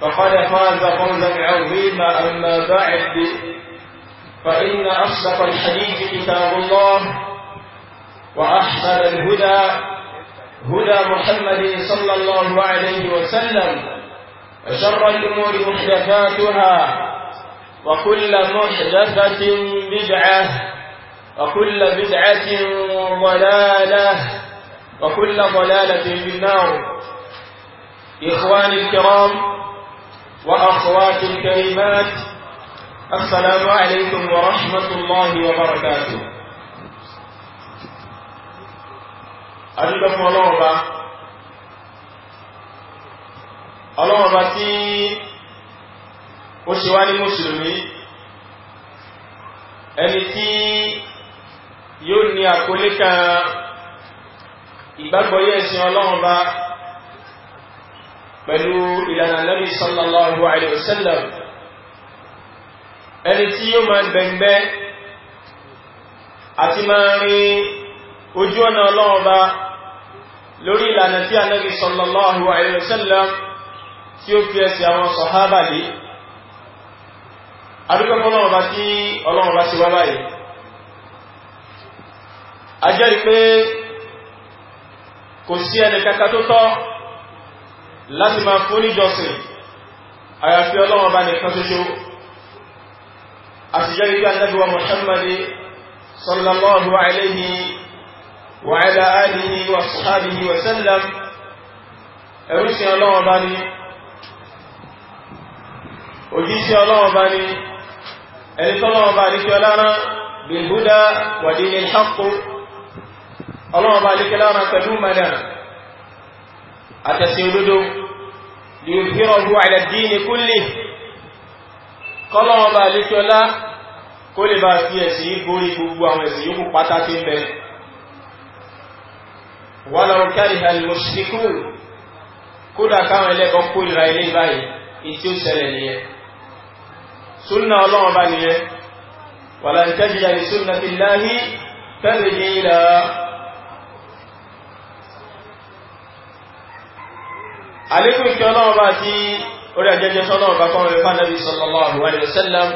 فقد فاز قول عظيما أما بعد فإن أصدق الحديث كتاب الله وأحسن الهدى هدى محمد صلى الله عليه وسلم وشر الأمور محدثاتها وكل محدثة بدعة وكل بدعة ضلالة وكل ضلالة في النار إخواني الكرام وأخوات الكريمات السلام عليكم ورحمة الله وبركاته أجدكم الله الله الله الله تي وشواني مسلمي ẹni tí yóò ní àkólé kan ìgbàgbọ́yé ẹ̀sìn ọlọ́run bá pẹ̀lú ìlànà Nabi sallallahu alaihi wasallam ẹni tí yóò máa gbẹ̀gbẹ́ àti máa rí ojú ọ̀nà ọlọ́ọ̀bá lórí ìlànà tí a Nabi sallallahu alaihi wasallam tí ó fi ẹsẹ̀ àwọn sọ̀hábà lé adúgbẹ́kọ́ ọlọ́ọ̀bá tí ọlọ́ọ̀bá sí wá báyìí a jẹ́rìí pé kò sí ẹnìkaka tó tọ́ láti máa fún níjọsìn àyàfi ọlọ́wọ́n bá nìkan ṣoṣo àti jẹ́rí bí Ànábì wa Muhammad sallallahu alayhi wa ala alihi wa sahbihi wa sallam ẹ̀rúsìn ọlọ́wọ́n bá ní òjíṣẹ́ ọlọ́wọ́n bá ní ẹni tọ́lọ́wọ́n bá ní kí ọlára bil àtẹ̀sìn òdodo liyudhhirahu ala ad-dini kullihi kọ́lọ́wọ́n bá lékiọlá kó lè bá fi ẹ̀sìn borí gbogbo àwọn ẹ̀sìn yóò pátá tí ń bẹ walaw kariha al-mushrikun kódà káwọn ẹlẹ́kọ́ kó ìra ilé báyìí àlékún ìkẹ́ ọlọ́run bá tí orí àjẹjẹ sọ́lọ́run bá kọ́rin fún anábì sallallahu alaihi wasallam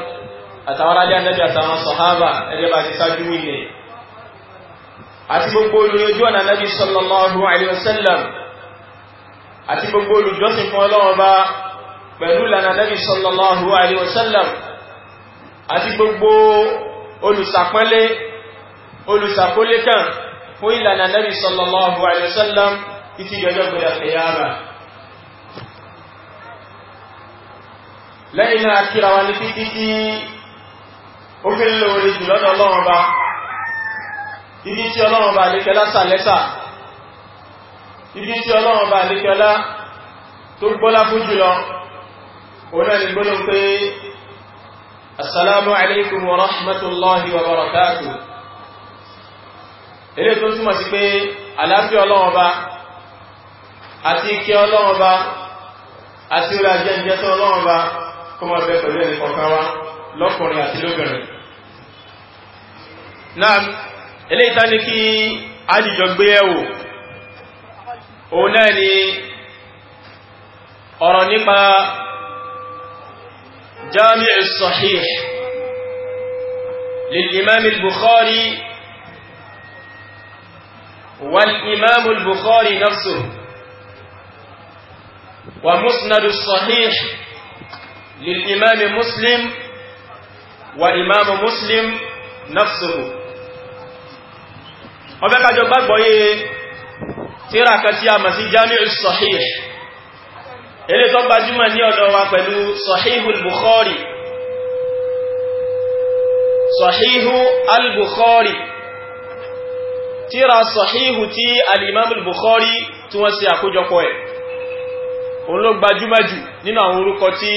àtàwọn arájá anábì àtàwọn sọ̀hábà ẹgbẹ́ bá ti sáájú ilẹ̀ àti gbogbo olójú ọ̀nà anábì sallallahu alaihi wasallam àti gbogbo olùjọ́sìn fún ọlọ́run bá pẹ̀lú lànà anábì sallallahu alaihi wasallam àti gbogbo olùsàpọ́nlé olùsàpọ́lé kan fún ìlànà gbọ́dọ̀ fẹ̀yà rà lẹ́yìn náà kíra wa ní títí tí ó fi lè orí jù lọ́dọ̀ ọlọ́run ba ibi tí ọlọ́run ba àlékẹ́lá sàlẹ́sà ibi tí ọlọ́run ba àlékẹ́lá tó gbọ́lá fún jùlọ ọ̀nà ni gbọ́lá pé assalamu alaikum wa rahmatullahi wa barakatuh ilé tó túnmọ̀ sí pé àlàáfíà ọlọ́run ba àti ìkẹ́ ọlọ́run ba àti ìrìnàjẹ́ ìjẹ́tọ́ ọlọ́run ba kó máa bẹ pẹ̀lú ẹni kọ̀ọ̀kan wá lọ́kùnrin àti lóbìnrin náà eléyìí tá ní kí adìjọ gbé ẹ̀wò òun náà ni ọ̀rọ̀ nípa جامع الصحيح للإمام البخاري والإمام البخاري نفسه ومسند الصحيح للإمام مسلم وإمام مسلم نفسه ọbẹ́ kájọ gbàgbọ́ yé tíra kan tí a mọ̀ sí jami'u sahih ilé tó gbajúmọ̀ ní ọ̀dọ̀ wa pẹ̀lú sahihul bukhari sahihu al-bukhari tíra sahihu tí al-imamul bukhari tí wọ́n ṣe àkójọpọ̀ ẹ̀ òun ló gbajúmọ̀ jù nínú àwọn orúkọ tí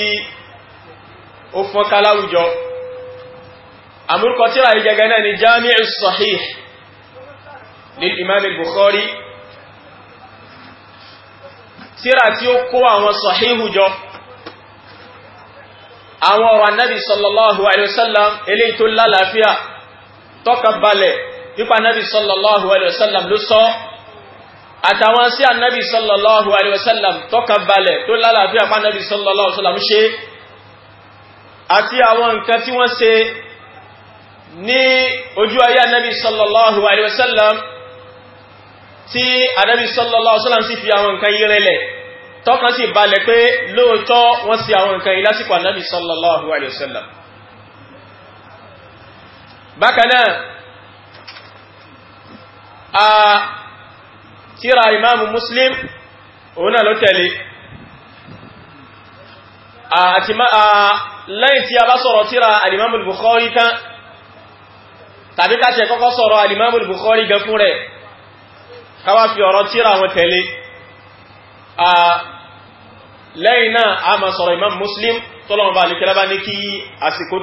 ó fọ́n ká láwùjọ àmúrúkọ tíra yìí gẹ́gẹ́ náà ni jami'u sahih lil imam al-bukhari tíra tí ó kó àwọn sahihu jọ àwọn ọ̀rọ̀ annabi sallallahu alaihi wasallam eléyìí tó lálàáfíà tọ́ka balẹ̀ nípa annabi sallallahu alaihi wasallam ló sọ àtàwọn sí annabi sallallahu alaihi wasallam tọ́ka balẹ̀ tó lálàáfíà pa annabi sallallahu alaihi wasallam ṣe àti àwọn nǹkan tí wọ́n ṣe ní ojú ayé anábì sallallahu alaihi wasallam tí anábì sallallahu alaihi wasallam sì fi àwọn nǹkan yìí rẹlẹ̀ tọ́kan sì balẹ̀ pé lóòótọ́ wọ́n ṣe àwọn nǹkan yìí lásìkò anábì sallallahu alaihi wasallam bákan a tíra imáàmù muslim òun náà ló tẹ̀lé lẹ́yìn tí a bá sọ̀rọ̀ tíra alimamul bukhari tán tàbí ká ṣe kọ́kọ́ sọ̀rọ̀ alimamul bukhari gan fún rẹ̀ káwà fi ọ̀rọ̀ tíra wọn tẹ̀lé a lẹ́yìn náà a ma sọ̀rọ̀ imam muslim tọ́lọ́mọba alikẹ́lábá ní kí àsìkò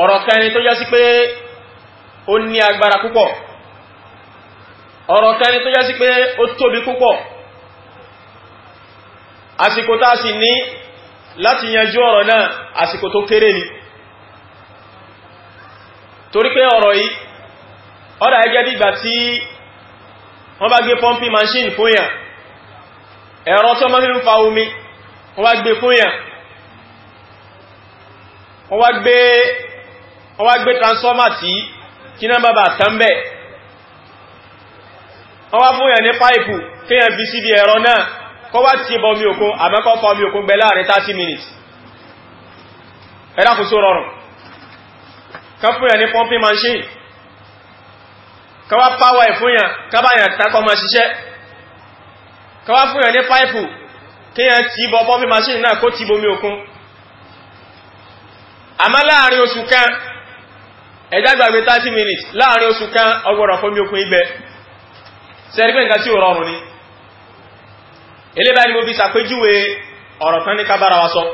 ọ̀rọ̀ yìí tó yá sí pé ó ní agbára púpọ̀ ọ̀rọ̀ kan ni tó jásí pé ó tóbi púpọ̀ àsìkò tá a sì ní láti yanjú ọ̀rọ̀ náà àsìkò tó kéré ni torí pé ọ̀rọ̀ yìí ọ̀dà ẹgẹ́ dìgbà tí wọ́n bá gbé pọ́mpì machine fún yàn ẹ̀rọ tó mọ́ ń fa omi wọ́n wá gbé fún yàn wọ́n wá gbé transformer tí kí náà bàbà tán bẹ́ wọ́n wá fún yà ní páìpù kíyàn fi síbi ẹ̀rọ náà kọ́ wá ti bọ́ mi òkun àmẹ́kọ́ fọ́ mi òkun gbẹ láàrin 30 minutes ẹ̀dá kò só rọrùn ká fún yà ní pumping machine ká wá pàwà ìfúnyà ká bá yàn takọ́ ma ṣiṣẹ́ ká wá fún yà ní páìpù kíyàn ti bọ́ pumping machine náà kó ti bọ́ mi òkun àmá láàrin oṣù kan ẹ̀dá gbàgbé 30 minutes láàrin oṣù kan ọgbọ̀rọ̀ fómi okùn ibẹ̀ sẹ́rípẹ́ nǹkan tí ò rọrùn ni elébá ni mo fi sàpéjúwe ọ̀rọ̀ kan ní kábára wa sọ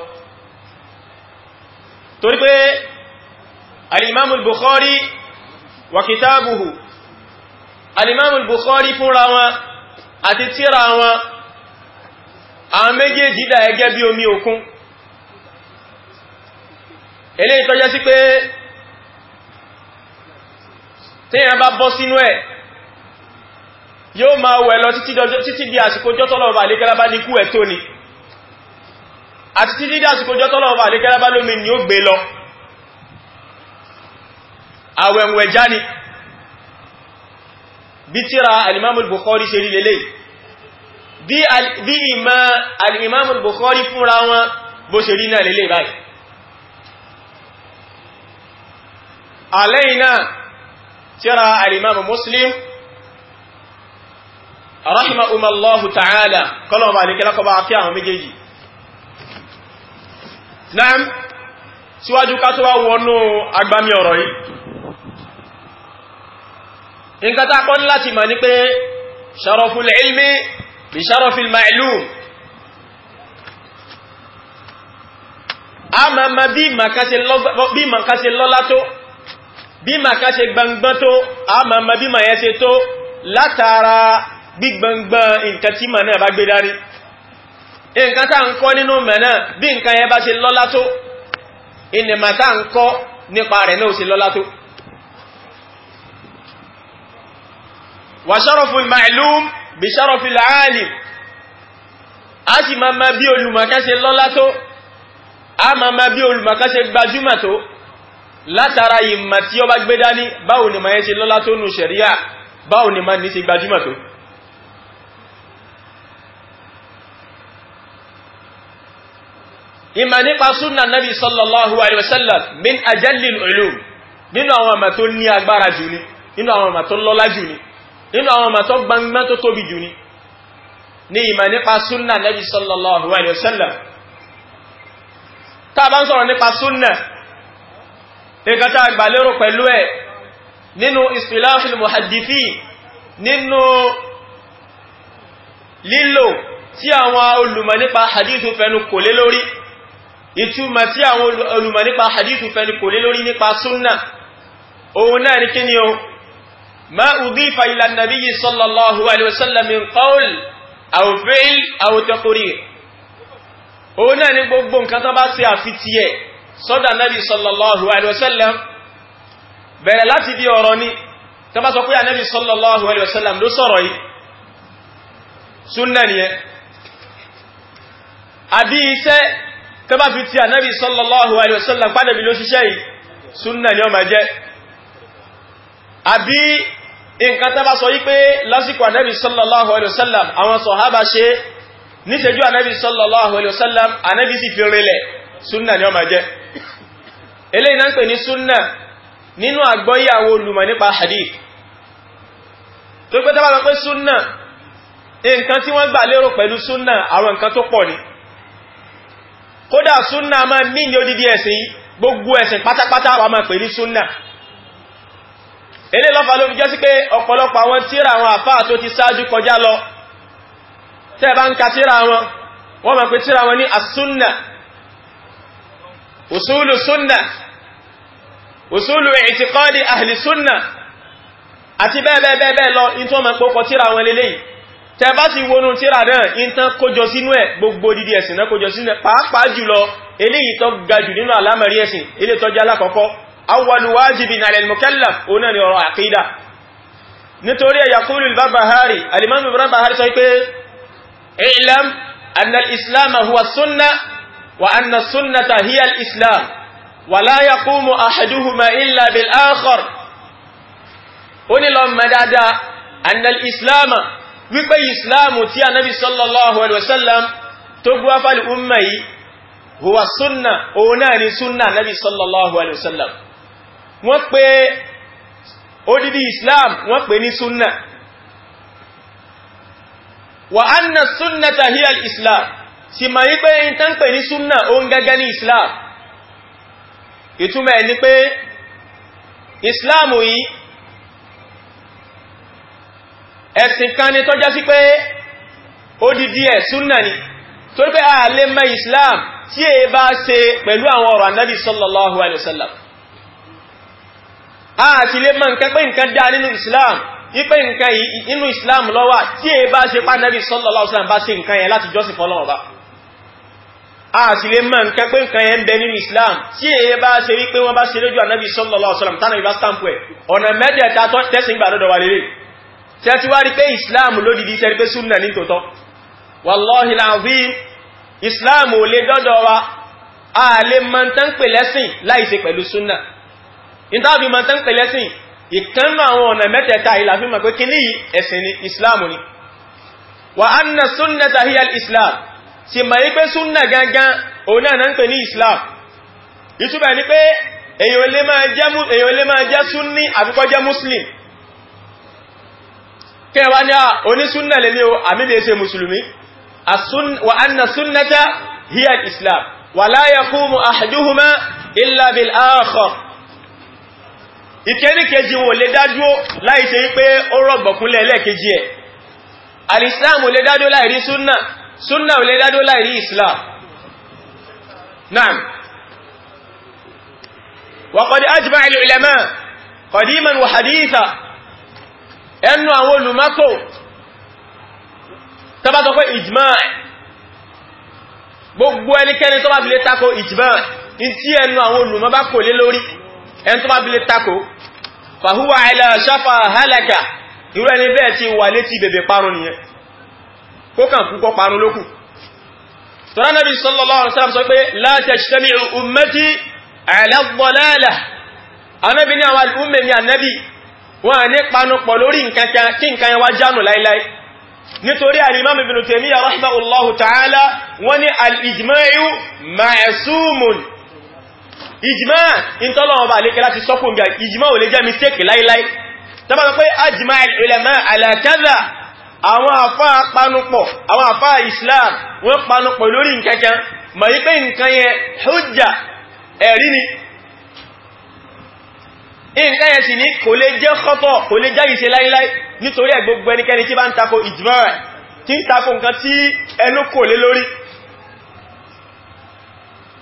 torí pé alimamul bukhari wa kitabuhu alimamul bukhari fúnra wọn àti tíra wọn àwọn méjèèjì dà ẹgẹ́ bí omi òkun eléyìí tó sí pé téèyàn bá bọ́ sínú ẹ̀ yóò máa wẹ̀ lọ títí di àsìkò jọ́tọ́lọ́ọ̀bà àlékẹ́lá bá ní kú ẹ̀ tó ni àti títí di àsìkò jọ́tọ́lọ́ọ̀bà àlékẹ́lá bá lómi ni ó gbé lọ àwẹ̀wẹ̀ jáni bí tíra alimamul Bukhari ṣe rí lélẹ̀ bí ìmá alimamul Bukhari fúnra tírà alimamu muslim rahima umarlahu ta'ala kọlọ̀wọ̀ alikẹ́lá kọba akí àwọn méjèèjì náà síwájú ká tó wá wọnú agbámi ọ̀rọ̀ yìí nǹkan tá kọ́ láti mọ̀ ní pé ṣarọ̀fún ilmi bí ṣarọ̀fún ma'lum a ma ma bí ma ká ṣe lọ́lá bí ma ká ṣe gbangban tó a ma ma bí ma yẹ ṣe tó látara gbígbangban nǹkan tí ma náà bá gbé dání nǹkan tá ń kọ́ nínú mẹ́ náà bí nǹkan yẹ bá ṣe lọ́lá tó ìnìmà tá ń kọ́ nípa rẹ̀ náà ṣe lọ́lá tó wà ṣọ́rọ̀fù bí ṣọ́rọ̀fù láàálì a sì ma ma bí olùmọ̀ká ṣe lọ́lá tó a ma ma bí olùmọ̀ká ṣe gbajúmọ̀ tó látara ìmọ̀ tí ó bá gbé dání báwo ni ma yẹ́ ṣe lọ́lá tó nù ṣẹ̀ríà báwo ni ma ní ṣe gbajúmọ̀ tó ìmọ̀ nípa súnà nabi sallallahu alaihi wasallam min ajallil ulum nínú àwọn ọmọ tó ní agbára jù ni nínú àwọn ọmọ tó lọ́lá bá ń sọ̀rọ̀ nípa súnà nǹkan tá àgbàlérò pẹ̀lú ẹ̀ nínú istilahul muhaddithin nínú lílò tí àwọn olùmọ̀ nípa hadithu fẹnu kò lé lórí ìtumọ̀ tí àwọn olùmọ̀ nípa hadithu fẹnu kò lé lórí nípa súnnà òun náà ní kíni o ma udifa ila nabiyyi sallallahu alaihi sọ́dà nẹ́bí sallallahu alaihi wasallam bẹ̀rẹ̀ láti bí ọ̀rọ̀ ní tó bá sọ pé ànẹ́bí sallallahu alaihi wasallam ló sọ̀rọ̀ yìí súnnà nìyẹn àbí iṣẹ́ tó bá fi ti ànẹ́bí sallallahu alaihi wasallam pàdàbí ló ṣiṣẹ́ yìí súnnà ni ó máa jẹ́ àbí nǹkan tó bá sọ yí pé lásìkò ànẹ́bí sallallahu alaihi wasallam àwọn sọ̀hábà ṣe níṣẹ́jú ànẹ́bí sì fi rinlẹ̀ súnnà ni ó jẹ́ eléyìí náà ń pè ní súnnà nínú àgbọ́yé àwọn olùmọ̀ nípa hadith tó pé tábà lọ pé súnnà nǹkan tí wọ́n gbà lérò pẹ̀lú súnnà àwọn nǹkan tó pọ̀ ni kódà súnnà máa mí ní odidi ẹ̀sìn gbogbo ẹ̀sìn pátápátá wà máa pè ní súnnà eléyìí lọ́fà ló fi jẹ́ sí pé ọ̀pọ̀lọpọ̀ àwọn tíra wọn wọ́n asúnnà usulu sunna usulu i'tiqadi أهل sunna àti bẹ́ẹ̀bẹ́ẹ̀bẹ́ẹ̀ lọ in tó mọ̀ pọ́pọ̀ tíra àwọn eléyìí tẹ bá sì wọnú tíra náà in tán kójọ sínú ẹ̀ gbogbo dídí ẹ̀sìn náà kójọ sínú ẹ̀ pàápàá jùlọ eléyìí tó ga jù nínú àlámọ̀rí ẹ̀sìn ilé tó jẹ́ alákọ̀ọ́kọ́ awwalu wajibin 'ala al وأن السنة هي الإسلام ولا يقوم أحدهما إلا بالآخر أني لهم مدادا أن الإسلام wípé ìsìláàmù tí a nábi sallallahu alaihi wasallam tó gbá fàlì umma yìí huwa súnà òun náà ni súnà nábi sallallahu alaihi wasallam wọ́n pé odidi islam wọ́n pè ní súnà wa anna súnà tahiyar islam sì máa yí pé ìtàn pè ní súnà ó ń gẹ́gẹ́ ní islam ìtumọ̀ ní pé islam yìí ẹ̀sìn kan ni tọ́já sí pé ó di díẹ̀ súnà ni torí pé a lè mọ̀ islam tí è bá ṣe pẹ̀lú àwọn ọ̀rọ̀ anábì sallallahu alaihi wasallam a ti lè mọ̀ nǹkan pé nǹkan dá nínú islam wípé nǹkan yìí islam ló tí è bá ṣe pàdánàbì sallallahu alaihi wasallam bá ṣe nǹkan yẹn láti jọ́sìn fọ́lọ́run bá a sì lè mọ̀ nǹkan pé nǹkan yẹn ń bẹ nínú islam tí èyí bá ṣe wípé wọ́n bá ṣe lójú ànábì sallallahu alaihi wasallam tánà ìbá stampu ẹ̀ ọ̀nà mẹ́tẹ̀ẹ̀ta tẹ́sìn gbà lọ́dọ̀ wà lérè tí a ti wá rí pé islam lódìdí tẹ́rí pé súnà ní tòótọ́ wallahi alazim islam ò lè dọ́dọ̀ wa a lè mọ̀ tán pè lẹ́sìn láìṣe pẹ̀lú súnà ìtàbí mọ̀ tán pè lẹ́sìn ìkànnà àwọn ọ̀nà ẹ̀sìn ni islam ni wa anna sunnata hiya al-islam sì mọ̀ yí pé súnnà gangan òun náà na ń pè ní islam ìtúbà ní pé èyàn lè máa jẹ́ súnní àfikọ́ jẹ́ muslim kẹwa ní à onísúnnà lè ní o àmìbẹ̀ ṣe musulmi wa anna súnnata hiya islam wa la yaqumu ahaduhuma illa bil akhar ìkẹ́ni kejì wọn lè dájú láìṣe pé ó rọ̀gbọ̀kúnlẹ̀ lẹ́ẹ̀kejì ẹ̀ alìsìláàmù lè dájú láìrí súnnà súnà ò lè dádó láì ní islam naam wàkọ̀dí ajima ilẹ̀ ilẹ̀mẹ́ kọ̀díman wà hadita ẹnu àwọn olùmọ́tò tàbátọ̀ pé ìjìmá gbogbo ẹnikẹ́ni tó bá fi lè tako ìjìmá in tí ẹnu àwọn olùmọ́ bá kò lé lórí ẹn tó tako fàhúwà ilẹ̀ ṣáfà hálàkà irú ẹni bẹ́ẹ̀ ti wà létí bèbè parun nìyẹn kó kàn fún kó parun lókù tọ́rọ nàbí sallallahu alaihi wasallam sọ pé la tajtami'u ummati ala dhalalah anábi ní àwọn alùmẹ̀ ní ànábì wọ́n ní panupọ̀ lórí nǹkan kí nǹkan yẹn wá jánu láíláí nítorí al-imam ibn Taymiyyah rahimahullahu ta'ala wọ́n ní al-ijma'u ma'sumun ìjìmá bá àwọn àfáà panupọ̀ àwọn àfáà Islam wọ́n panupọ̀ lórí nkẹ́kẹ́ ma yí pé nǹkan yẹn hujja ẹ̀rí ni nǹkan yẹn sì ní kò lè jẹ́ kọ́tọ̀ kò lè jáyìí ṣe láíláí nítorí ẹ̀ gbogbo ẹnikẹ́ni tí bá ń tako ìjìmọ́ rẹ̀ tí ń tako nǹkan tí ẹnu kò lé lórí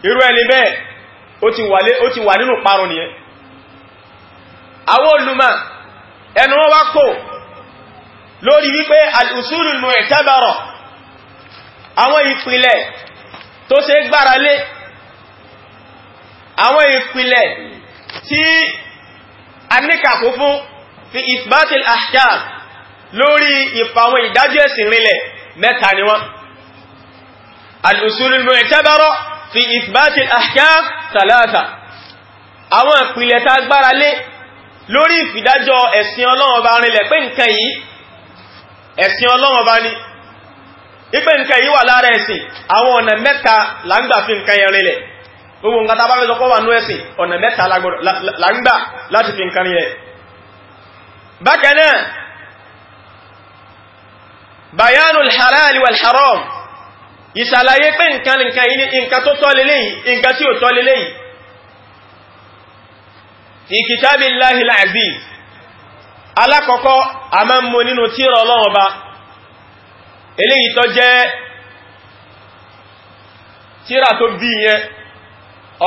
irú ẹni bẹ́ẹ̀ ó ti wà nínú parun nìyẹn àwọn olùmọ̀ ẹnu wọn wá kò lórí wípé al'usulul mu'tabara àwọn ìpìlẹ̀ tó ṣe gbára lé àwọn ìpìlẹ̀ tí a níkàkó fún fi isbatil ahkam lórí ìfàwọn ìdájọ́ ẹ̀sìn rinlẹ̀ mẹ́ta ni wọ́n al'usulul mu'tabara fi isbatil ahkam talata àwọn ìpìlẹ̀ tá gbára lé lórí ìfìdájọ́ ẹ̀sìn Ọlọ́run bá rinlẹ̀ pé nǹkan yìí ẹ̀sìn ọlọ́run bá ní ipé nǹkan yìí wà lára ẹ̀sìn àwọn ọ̀nà mẹ́ta láńgbà fi nǹkan yẹn rinlẹ̀ gbogbo nǹkan tá bá fẹ́ sọpọ̀ wà ní ẹ̀sìn ọ̀nà mẹ́ta láńgbà láti fi nǹkan rinlẹ̀ bákan náà bayanul halal wal haram ìṣàlàyé pé nǹkan nǹkan yìí ní nǹkan tó tọ́ lélẹ́yìí nǹkan tí ò tọ́ lélẹ́yìí fi kitabillahi al alákọ̀ọ́kọ́ a máa ń mú nínú tírà Ọlọ́run Ọba eléyìí tó jẹ́ tírà tó bí yẹn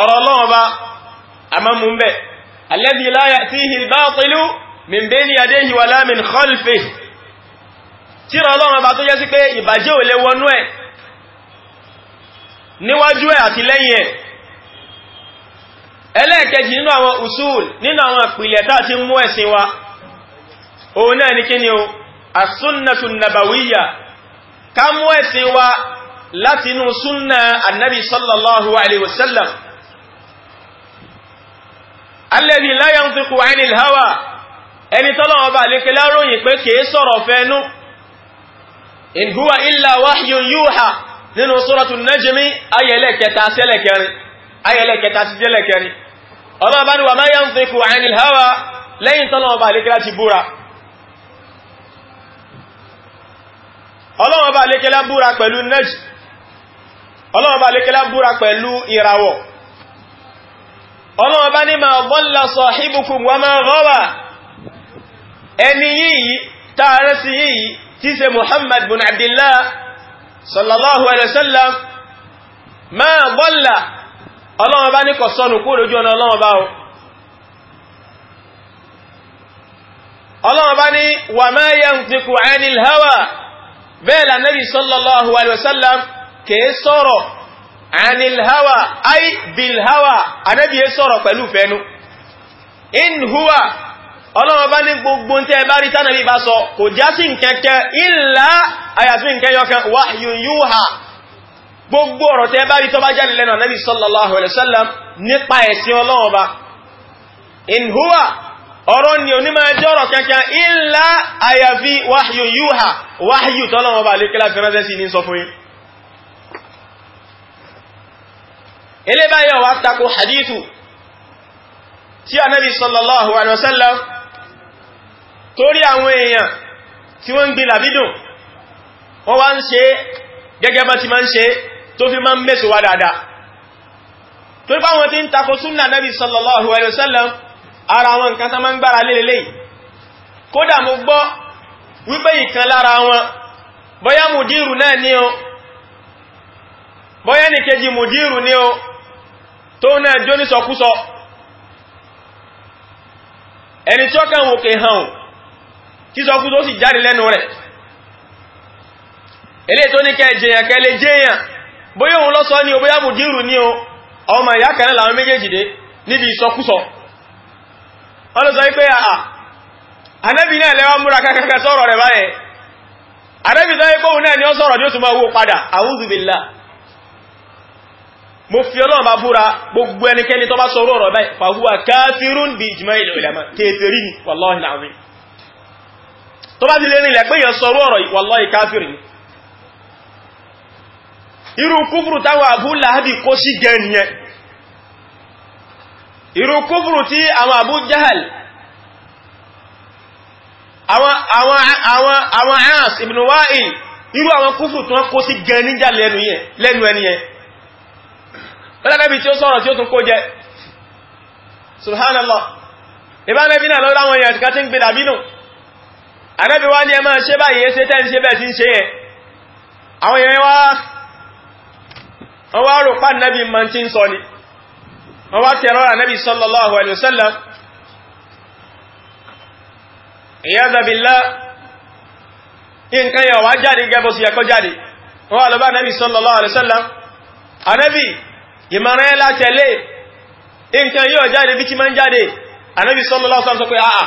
ọ̀rọ̀ Ọlọ́run Ọba a máa ń mú bẹ́ alladhi la ya'tihi al-batilu min bayni yadayhi wala min khalfihi tírà Ọlọ́run Ọba tó jẹ́ sí pé ìbàjẹ́ ò lè wọnú ẹ̀ níwájú ẹ̀ àti lẹ́yìn ẹ̀ ẹlẹ́ẹ̀kejì nínú àwọn usul nínú àwọn ìpìlẹ̀ tá a ti mú ẹ̀sìn wa òun náà ni kí ni o asúnnàtù nàbàwíyà ká mú ẹ̀sìn wa láti inú súnnà annabi sallallahu alaihi wasallam alladhi la yantiqu anil hawa ẹni tọ́lọ́wọ́ bá lè kẹlẹ́ ròyìn pé kìí sọ̀rọ̀ fẹ́nu in huwa illa wahyun yuha nínú suratul najmi ayẹlẹ́ kẹta sẹ́lẹ̀ kẹrin ayẹlẹ́ kẹta sẹ́lẹ̀ kẹrin ọlọ́ọ̀bá ni wa ma yantiqu anil lẹ́yìn tọ́lọ́wọ́ bá lè kẹlẹ́ búra ọlọ́wọ́n bá lékẹ́lá búra pẹ̀lú nẹ́jì ọlọ́wọ́n bá lékẹ́lá búra pẹ̀lú ìràwọ̀ ọlọ́wọ́n bá ní ma bọ́lá sahibukum wa ma ghawa ẹni yìí tààrẹ sí yìí tí ṣe Muhammad bin Abdillah sallallahu alaihi wasallam ma bọ́lá ọlọ́wọ́n bá ní kọ̀ sọ́nù kúrò wa ma yantiqu anil hawa bẹ́ẹ̀ la nabi sallallahu alayhi wa sallam kìí sọ̀rọ̀ anil hawa ay bil hawa anabi yẹ sọ̀rọ̀ pẹ̀lú fẹ́nu in huwa ọlọ́run bá ní gbogbo tẹ́ bá rí tánàbí bá sọ kò já sí nkẹ́kẹ́ illa àyàfí nkẹ́yọkan wahyun yuha gbogbo ọ̀rọ̀ tẹ́ bá rí tọ́ bá jáde lẹ́nu nabi sallallahu alayhi nípa ẹ̀sìn ọlọ́run ọ̀rọ̀ ni onímọ̀ ẹjọ́ ọ̀rọ̀ kankan illa àyàfi wáhíyù yúhà wáhíyù tọ́lọ́wọ́ bá lè kílá fẹ́rẹ́ sí ní sọ fún yín ilé báyọ̀ wá tako hadithu tí anábi sallallahu alaihi wasallam torí àwọn èèyàn tí wọ́n ń gbin làbídùn wọ́n wá ń ṣe gẹ́gẹ́ bá ti tó fi máa ń mẹ́sùwá dáadáa torí báwọn tí ń tako súnnà anábi sallallahu alaihi wasallam ara wọn nǹkan tán máa ń gbára lélelé kódà mo gbọ́ wípé ìkan lára wọn bóyá mùdírù náà ní o bóyá nìkejì mùdírù ní o tó náà jó ní sọkúsọ ẹni tí ó kàn wòkè hàn tí sọkúsọ sì jáde lẹ́nu rẹ̀ eléyìí tó ní kẹ́ jẹyàn kẹ́ lè jẹyàn bóyá òun lọ́sọ́ ní o bóyá mùdírù ní o ọmọ ìyá kan náà làwọn méjèèjì dé níbi ìsọkúsọ ọlọ́sọ wípé àà ah, anẹ́bì ah, náà lẹ́wọ́n múra kẹ́kẹ́kẹ́ sọ́rọ̀ rẹ̀ báyẹ̀ anẹ́bì tó wípé òun náà ni ó sọ̀rọ̀ ní ó tún máa wó padà a'udhu billah mo fi ọlọ́run bá búra gbogbo ẹnikẹ́ni tó bá sọ ọ̀rọ̀ báyìí fa huwa kafirun bi irú kúfùrù tí àwọn Abu Jahal àwọn Aas ibn Wa'il irú àwọn kúfùrù tí wọ́n kó sí gan níjà lẹ́nu ẹni yẹn lọ́lẹ́bí tí ó sọ̀rọ̀ tí ó tún kó jẹ subhanallah ìbánẹ́bí náà lọ́rọ̀ àwọn èèyàn tí ń gbé dàbínú ànẹ́bí wá ní ẹ máa ṣe báyìí wọ́n wá tẹ̀rọ ànábì sallallahu alayhi wa sallam iyadha billah nǹkan yẹn wá jáde gẹ́gẹ́ bó sì yẹ kó jáde wọ́n wá lọ bá ànábì sallallahu alayhi wa sallam ànábì ìmọ̀ràn ẹ̀lá tẹ̀lé nǹkan yóò jáde bí ti máa ń jáde ànábì sallallahu alayhi wa sallam sọ pé àà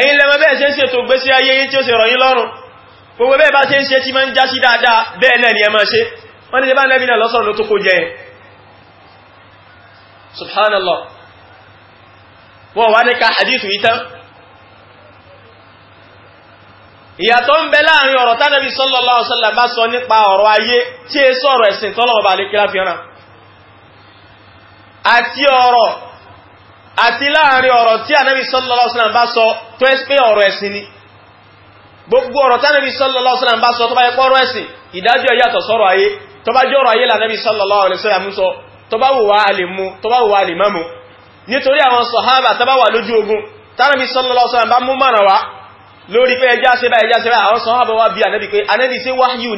ẹ̀yin lẹ́mọ bẹ́ẹ̀ ṣe ń ṣètò gbésí ayé yín tí ó sì rọ̀ yín lọ́rùn gbogbo bẹ́ẹ̀ bá ṣe ń ṣe tí máa ń já sí dáadáa bẹ́ẹ̀ náà ni ẹ máa ṣe wọ́n ní ṣe bá ń náà lọ́sọ̀rọ̀ ló tó kó jẹ subhanallah àti láàrin ọ̀rọ̀ tí ànábì sallallahu alaihi wasallam bá sọ tó ẹ́sì pé ọ̀rọ̀ ẹ̀sìn ni gbogbo ọ̀rọ̀ tí ànábì sallallahu alaihi wasallam bá sọ tó bá yẹ pọ́rọ̀ ẹ̀sìn ìdájọ́ yàtọ̀ sọ́rọ̀ ayé tó bá jọ́rọ̀ ayé lànábì sallallahu alaihi wasallam sọ tó bá wùwá alè mú tó bá wùwá alè má mú nítorí àwọn sàhábà tó bá wà lójú ogun tánàbí sallallahu alaihi wasallam bá mú mọ̀nà wá lórí pé ẹjá ṣe bá ẹjá ṣe bá àwọn sàhábà wá bí ànábì pé ànábì ṣe wáyù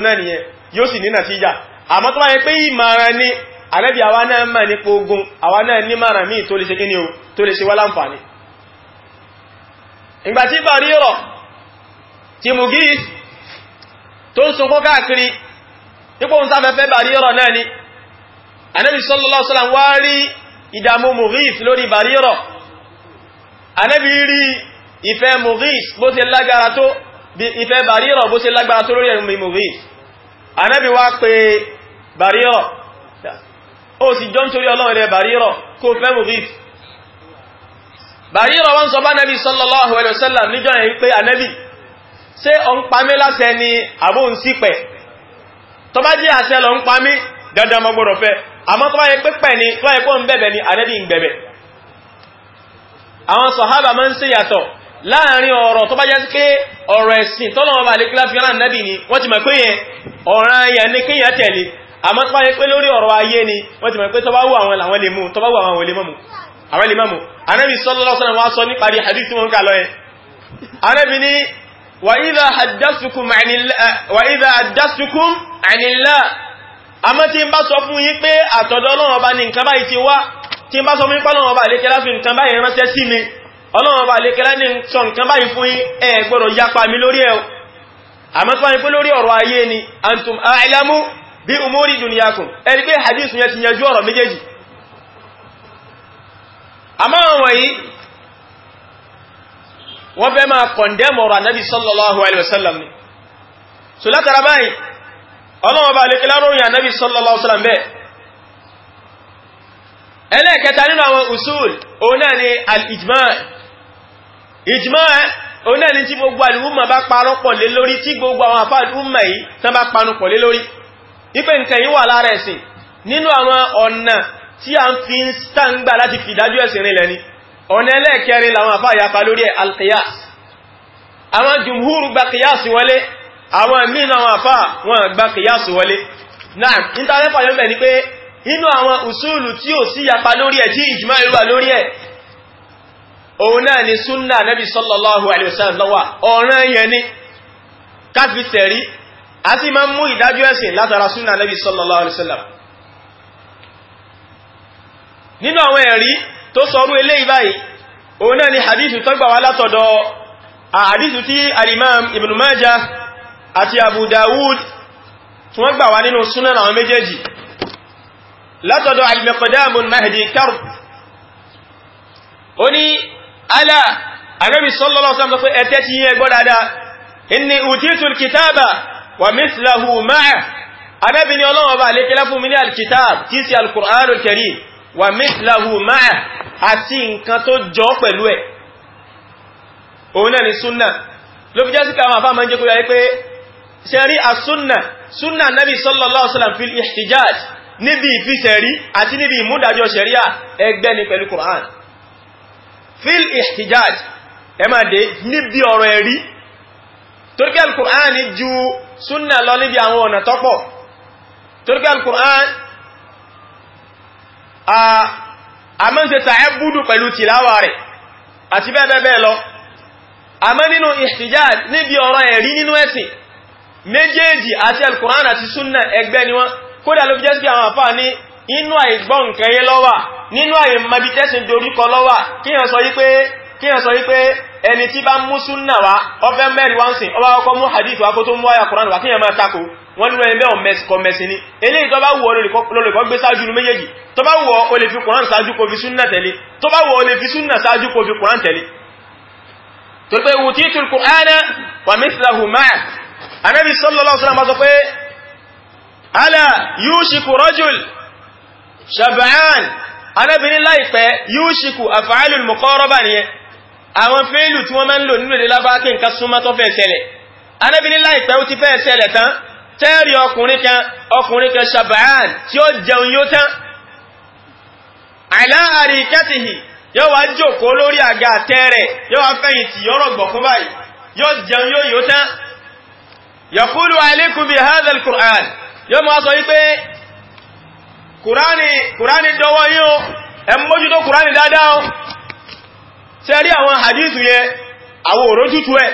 ni àmọ́ tó wáyé pé ìmàrà ní àrẹ́bì àwa náà mẹ́ nípa ogun àwa náà ní màrà míì tó lè ṣe kíni o tó lè ṣe wá láǹfààní ìgbà tí bàrí rọ̀ tí Mughith tó ń sunkún káàkiri nípa ohun sáfẹ́fẹ́ bàrí rọ̀ náà ni Ànábì sallallahu alaihi wasallam wá rí ìdààmú Mughith lórí bàrí rọ̀ Ànábì rí ìfẹ́ Mughith bó ṣe lágbára tó ìfẹ́ bàrí rọ̀ bó ṣe lágbára tó lórí ẹ̀rùn Mughith Ànábì wá pé bàríọ̀ ó sì jọ nítorí ọlọ́run rẹ̀ bàríọ̀ kó fẹ́ mugif bàríọ̀ wọ́n sọ bá nẹ́bí sallallahu alaihi wasallam níjọ́ yẹn pé ànẹ́bí ṣé ọ ń pamí láṣẹ ni àbó ń sípẹ̀ tó bá jẹ́ àṣẹ lọ ń pamí dandan mo gbọ́dọ̀ fẹ́ àmọ́ tó bá yẹ pé pẹ̀ ni tó bá ni ànẹ́bí ń bẹ̀bẹ̀ àwọn sọ̀hábà máa ń ṣe yàtọ̀ láàrin ọ̀rọ̀ tó bá jẹ́ pé ọ̀rọ̀ ẹ̀sìn tọ́lọ́wọ́ bá lè kíláfíà náà nẹ́bì ni wọ́n ti mọ̀ pé yẹn ọ̀ràn ayà ní kíyàn tẹ̀lé àmọ́ tó bá yẹ pé lórí ọ̀rọ̀ ayé ni wọ́n ti mọ̀ pé tó bá wù àwọn làwọn lè mú tó bá wù àwọn lè mọ́mù àwọn lè mọ́mù anábi sallallahu alaihi sọ nípa rí hadith tí kà lọ yẹn ni wa idha haddastukum eh, àmọ́ tí ń bá sọ fún yín pé àtọ̀dọ̀ Ọlọ́run bí umori duniyakum ẹni pé hadith yẹn ti yanjú ọ̀rọ̀ méjèèjì àmọ́ àwọn wọ̀nyí wọ́n fẹ́ máa kọ̀ndẹ́mù ọ̀rọ̀ anábì sallallahu alaihi wasallam ni so látara báyìí ọlọ́wọ́ bá lékelá ròyìn anábì sallallahu alaihi wasallam bẹ́ẹ̀ ẹlẹ́ẹ̀kẹta nínú àwọn usul òun náà ni al-ijma ijma òun náà ni tí gbogbo àlùmọ̀ bá parọ́ pọ̀ lé lórí tí gbogbo àwọn àfáà àlùmọ̀ yìí tán bá panu pọ̀ lé lórí ipe nǹkan yìí wà lára ẹ̀sìn nínú àwọn ọ̀nà tí a ń fi ń stangba láti fi ìdájú ẹ̀sìn rinlẹ̀ ni ọ̀nà ẹlẹ́ẹ̀kẹrin làwọn àfá ìyapa lórí alkiyas àwọn jùmhúrù gba kiyas wọlé àwọn mínú àwọn àfá wọn gba kiyas wọlé náà ìtàlẹ́fà yọ́mẹ̀ ni pé inú àwọn usúlù tí ò sí ìyapa lórí ẹ̀ tí ìjìmá ìrúwà lórí ẹ̀ sallallahu alaihi wasallam lọ́wà ọ̀ràn yẹn a sì máa mú ìdájọ́ ẹ̀sìn látara súnà Nabi sallallahu alaihi wasallam nínú àwọn ẹ̀rí tó sọrú eléyìí báyìí òun náà ni hadithu tó gbà wá látọ̀dọ̀ hadithu tí al-Imam Ibn Majah àti Abu Dawud tí wọ́n gbà wá nínú súnà àwọn méjèèjì látọ̀dọ̀ al-Miqdam ibn Mahdi Karb ó ní alá anábi sallallahu alaihi wasallam ẹ̀tẹ́ ti yí ẹgbọ́ dáadáa inni utitul kitaba wa mislahu ma'a Ànábì ní Ọlọ́run Ọba lè kẹ́lá fún mi ní alkitab tí sí alkùránù karim wa mislahu ma'a àti nǹkan tó jọ pẹ̀lú ẹ̀ òun náà ni súnnà ló fi jásíkà àwọn àfáà máa ń jẹ́ kúrò pé ṣẹ́rí àsúnnà súnnà Ànábì sallallahu alaihi wasallam fil ihtijaj níbi ìfisẹ̀rí àti níbi ìmúdájọ́ ṣẹ̀ríà ẹgbẹ́ ni pẹ̀lú Qur'an fil ihtijaj ẹ máa dé níbi ọ̀rọ̀ ẹ̀rí al-Qur'an ju súnà lọ níbi àwọn ọ̀nà tọ́pọ̀ torí pé al-Qur'an a mọ́ ṣe ta'abudu pẹ̀lú tìláwà ati àti bẹ́ẹ̀ bẹ́ẹ̀ lọ àmọ́ nínú ihtijaj níbi ọ̀rọ̀ ẹ̀rí nínú ẹ̀sìn méjèèjì àti al-Qur'an ati súnà ẹgbẹ́ ni wọ́n kódà ló fi jẹ́ sí àwọn àfáà ní inú àìgbọ́n nǹkan yẹ lọ́wà nínú àìmọ̀bí tẹ́sìn dorúkọ lọ́wà kíyàn sọ yí pé kí ẹ sọ wípé ẹni tí bá mú súnà wá ọfẹ́ mẹ́rin wá ń sìn ọba ọkọ̀ mú hadith wá kó tó mú àyà Qur'an wá kí ẹ máa tako wọ́n nínú ẹgbẹ́ ọ̀mẹ́sìkọ̀ mẹ́sìn ni eléyìí tó bá wù ọ́ lólùkọ́ gbé sáájú ní méjèèjì tó bá wù ọ́ o lè fi Qur'an sáájú kó fi súnà tẹ̀lé tó bá wù ọ́ o lè fi súnà sáájú kó fi Qur'an tẹ̀lé tó wù tí tùl Qur'ana wà mithlahu máa anábì sallallahu alaihi wasallam sọ pé ala yushiku àwọn fẹ́ẹ̀lù tí wọ́n máa ń lò nílò lábá kí nǹkan súnmọ́ tó fẹ́ ṣẹlẹ̀ anábìnrin láìpẹ́ ó ti fẹ́ ṣẹlẹ̀ tán tẹ́ẹ̀rì ọkùnrin kan ọkùnrin kan ṣàbáàn tí ó jẹun yóò tán àìlá àríkẹ́tìhì yóò wá jókòó lórí àga àtẹ́rẹ̀ yóò wá fẹ̀yìntì yọ́rọ̀ gbọ̀kún báyìí yóò jẹun yóò yóò tán yaqulu ṣe rí àwọn hadithu yẹ àwọn òrójútu ẹ̀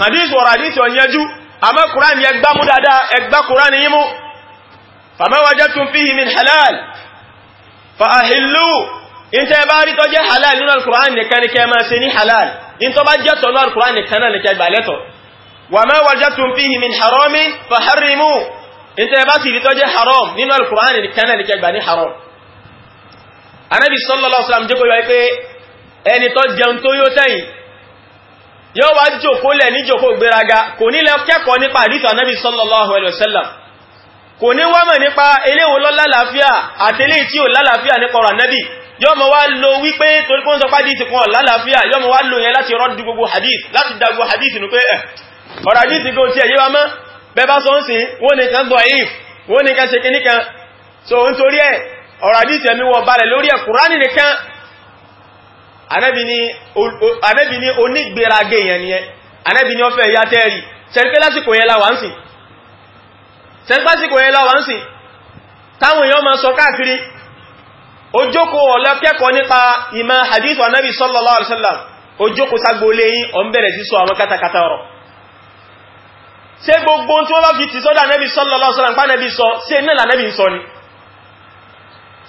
hadithu ọ̀rọ̀ hadithu ọ̀yẹjú àmọ́ kùrán yẹ gbá mú dáadáa ẹgbá kùrán yí mú fama wajadtum fihi min halal fa ahillu in tẹ bá rí tó jẹ́ halal nínú alkùrán nìkan ní kẹ máa ṣe ní halal in tó bá jẹ́ tọ́lú alkùrán nìkan náà ní kẹ gbà lẹ́tọ̀ wa ma wajadtum fihi min haramin fa harrimu bá sì rí tó haram nínú alkùrán nìkan náà ní kẹ ní haram anabi sallallahu alaihi ẹni tó jẹun tó yó sẹ́yìn yóò wá jòkó lẹ̀ ní jòkó gbéraga kò ní lọ kẹ́kọ̀ọ́ nípa àdìsọ anábì sallallahu alaihi wasallam kò ní wá mọ̀ nípa eléwo lọ lálàáfíà àtẹlé tí ò lálàáfíà nípa ọ̀rọ̀ anábì yóò mọ̀ wá lo wípé torí pọ́n sọpá dìtì kan lálàáfíà yóò mọ̀ wá lo yẹn láti rọ́dù gbogbo hadith láti da gbogbo hadith nù pé eh, ọ̀rọ̀ hadith kò tiẹ̀ yé wa mọ́ bẹ́ẹ̀ bá sọ anẹ́bì ní onígbèrage èèyàn ni ẹ anẹ́bì ní ọfẹ́ ìyá tẹ́ẹ̀rì sẹ́rípẹ́ lásìkò yẹn láwà ń sìn sẹ́rípẹ́ lásìkò yẹn láwà ń sìn táwọn èèyàn máa sọ káàkiri ojoko ọlọ́kẹ́kọ̀ọ́ nípa ìmọ̀ hadith anẹ́bì sallallahu alaihi wasallam ojoko sagbolé yín ọ̀n bẹ̀rẹ̀ sí sọ àwọn kátàkátà ọ̀rọ̀ ṣé gbogbo tí wọ́n bá fi ti sọ́dọ̀ anẹ́bì sallallahu alaihi wasallam pánẹ́bì sọ ṣé náà lànẹ́bì ń sọ ni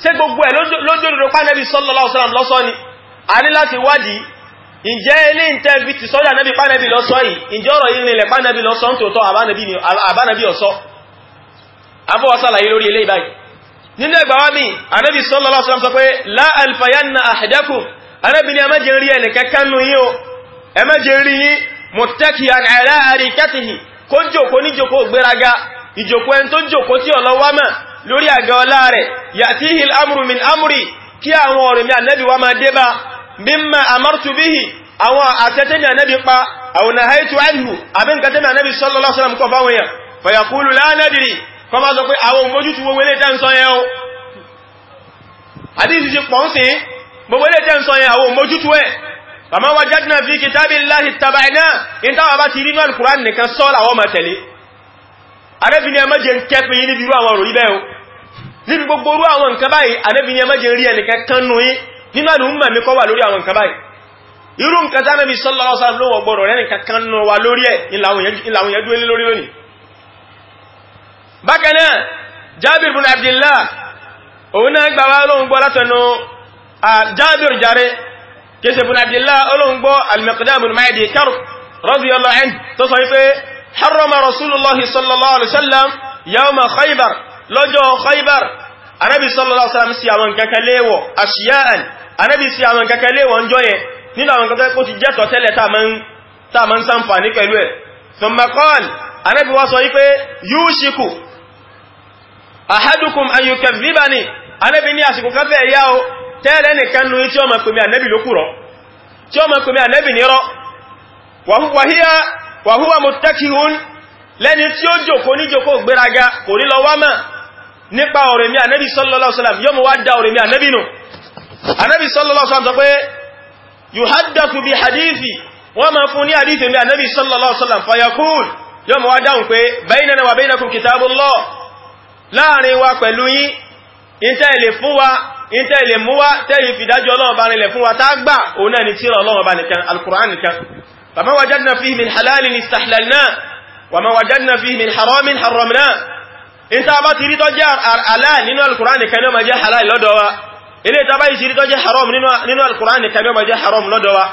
ṣé gbogbo ẹ̀ lójódodo pánẹ́bì sallallahu alaihi wasallam lọ́sọ́ ni a ní láti wádìí ǹjẹ́ ilé ìtẹ́bí ti sọ́jà nẹ́bí pánẹ́bí lọ sọ yìí ǹjẹ́ ọ̀rọ̀ yìí rìnlẹ̀ pánẹ́bí lọ sọ ń tòótọ́ àbánẹ́bí ọ̀sọ́ afọ́wọ́sàlàyé lórí ilé ìbáyìí nínú ẹgbàwá mi anẹ́bí sọ́lọ́lá sọ́lá sọ pé láàlfàyánà àhẹ́dẹ́kù anẹ́bí ni ẹmẹ́jẹ rí ẹnì kẹ́kẹ́nu yí o ẹmẹ́jẹ rí yí mọ̀tẹ́kì àrẹ́ àríkẹ́tìhì kó jòkó ní jòkó gbéraga ìjòkó ẹni tó jòkó tí ọlọ́wámẹ̀ lórí àga kí àwọn ọ̀rẹ̀ mi anẹ́bí máa dé bá mímọ̀ àmọ́rtù bíhì àwọn àtẹ́tẹ́mì ànẹ́bí pa àwọn àhẹ́tù àìhù àbí nǹkan tẹ́mì ànẹ́bí sallallahu alaihi wasallam kọ fáwọn èèyàn fàyàkúlù lánàdìrí kọ máa sọ pé àwọn mójútù gbogbo ilé tẹ́ ń sọ yẹn o àdíjì ti pọ̀ ń sí gbogbo ilé tẹ́ ń sọ yẹn àwọn mójútù ẹ̀ bàmá wa jẹ́dínà fi kitabillahi tàbàìná in táwà bá ti rí náà kùrán nìkan sọ́ọ̀lá àwọn ọmọ tẹ̀lé arẹ́bìnrin ẹmẹ́jẹ ń kẹ́pin yí níbi irú àwọn òrò ibẹ̀ o níbi gbogbo orú àwọn nǹkan báyìí arẹ́bìnrin ẹmẹ́jẹ ń rí ẹnìkan kánú yí nínú àlùmọ̀ mi kọ́ wà lórí àwọn nǹkan báyìí irú nǹkan tá Nábì sallallahu alaihi wasallam ló wọ̀ gbọ́dọ̀ rẹ́ nìkan kan nù wa lórí ẹ̀ ìlàwọn yẹn dúró lé lórí lónìí bákan náà Jábìr bin Abdillah òun náà gbà wá lóhun gbọ́ látọ̀nù Jábìr jàre kése bin Abdillah olóhun gbọ́ al-Miqdam bin Ma'di Karb radiyallahu anhu tó sọ wípé harrama rasulullahi sallallahu alaihi wasallam yawma Khaybar Ànábì sí àwọn kẹkẹ léwọ̀n jọ yẹn nínú àwọn kẹkẹ kó ti jẹ́tọ̀ tẹ́lẹ̀ tá ma ń sàǹfàní pẹ̀lú ẹ̀ thumma qala Ànábì wá sọ wípé yúṣìkù ahadukum an yukadhibani Ànábì ní àsìkò kẹfẹ́ ìyá o tẹ́lẹ̀ nìkan nu tí ó ma pèmí Ànábì lókùrọ̀ tí ó ma pèmí Ànábì nírọ́ wa huwa muttakihun lẹ́ni tí ó jòkó sallallahu alaihi wasallam yóò mú wá anabi sallallahu alaihi wasallam sọ pé yuhaddathu bi hadithi wọ́n ma fún ní hadithi mi anabi sallallahu alaihi wasallam fayakul yóò mọ̀ wá dáhùn pé bainana wa bainakum kitabullah láàrin wa pẹ̀lú yín ìtẹ́ ilé fún wa ìtẹ́ ilé mú wa tẹ́yìn fìdájọ́ ọlọ́run bá rinlẹ̀ fún wa tá gbà òun náà ni tíra ọlọ́run bá nìkan alkùrán nìkan fama wajadna fihi min halalin istahlalna wa ma wajadna fihi min haramin haramna ìta bá ti rí tọ́jẹ́ halal nínú alkùrán nìkan náà ma jẹ́ halal lọ́dọ̀ wa ilé ìtàbá ìṣìrí tó jẹ́ haram nínú alkùrán ní kàbí ọmọ jẹ́ haram lọ́dọ̀wá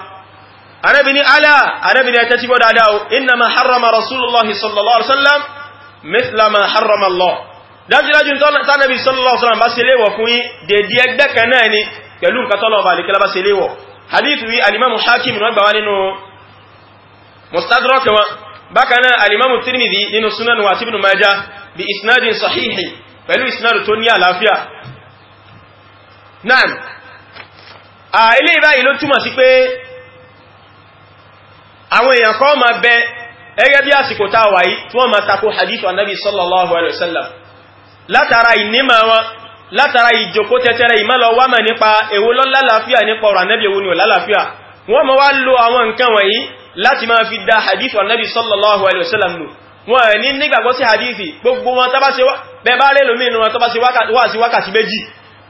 anábi ni alá anábi ni ẹ̀tẹ́ tí gbọ́dá dáa iná ma harama rasulullahi sallallahu alaihi wasallam mithla ma harama Allah dájúdájú tánàbí sallallahu alaihi wasallam bá ṣe léwọ̀ fún yín dèdí ẹgbẹ́ kan náà ni pẹ̀lú nǹkan tọ́lọ̀ bá lè kílábá ṣe léwọ̀ hadith wi alimamu hakim wọn gbà wá nínú mustadrak wọn bákan tó ní àlàáfíà náà à ilé ìbáyìí ló túmọ̀ sí pé àwọn èèyàn kọ́ ma bẹ ẹgẹ́ bí àsìkò tá wà yìí tí wọ́n ma tako hadith annabi sallallahu alaihi wasallam látara ìnímà wọn látara ìjòkó tẹ́tẹ́rẹ ìmọ́lọ wámà nípa èwo ló lálàáfíà nípa ọ̀rọ̀ annabi èwo ni ò lálàáfíà wọ́n ma wá lo àwọn nǹkan wọ̀nyí láti ma fi da hadith annabi sallallahu alaihi wasallam lò wọ́n ní nígbàgbọ́ sí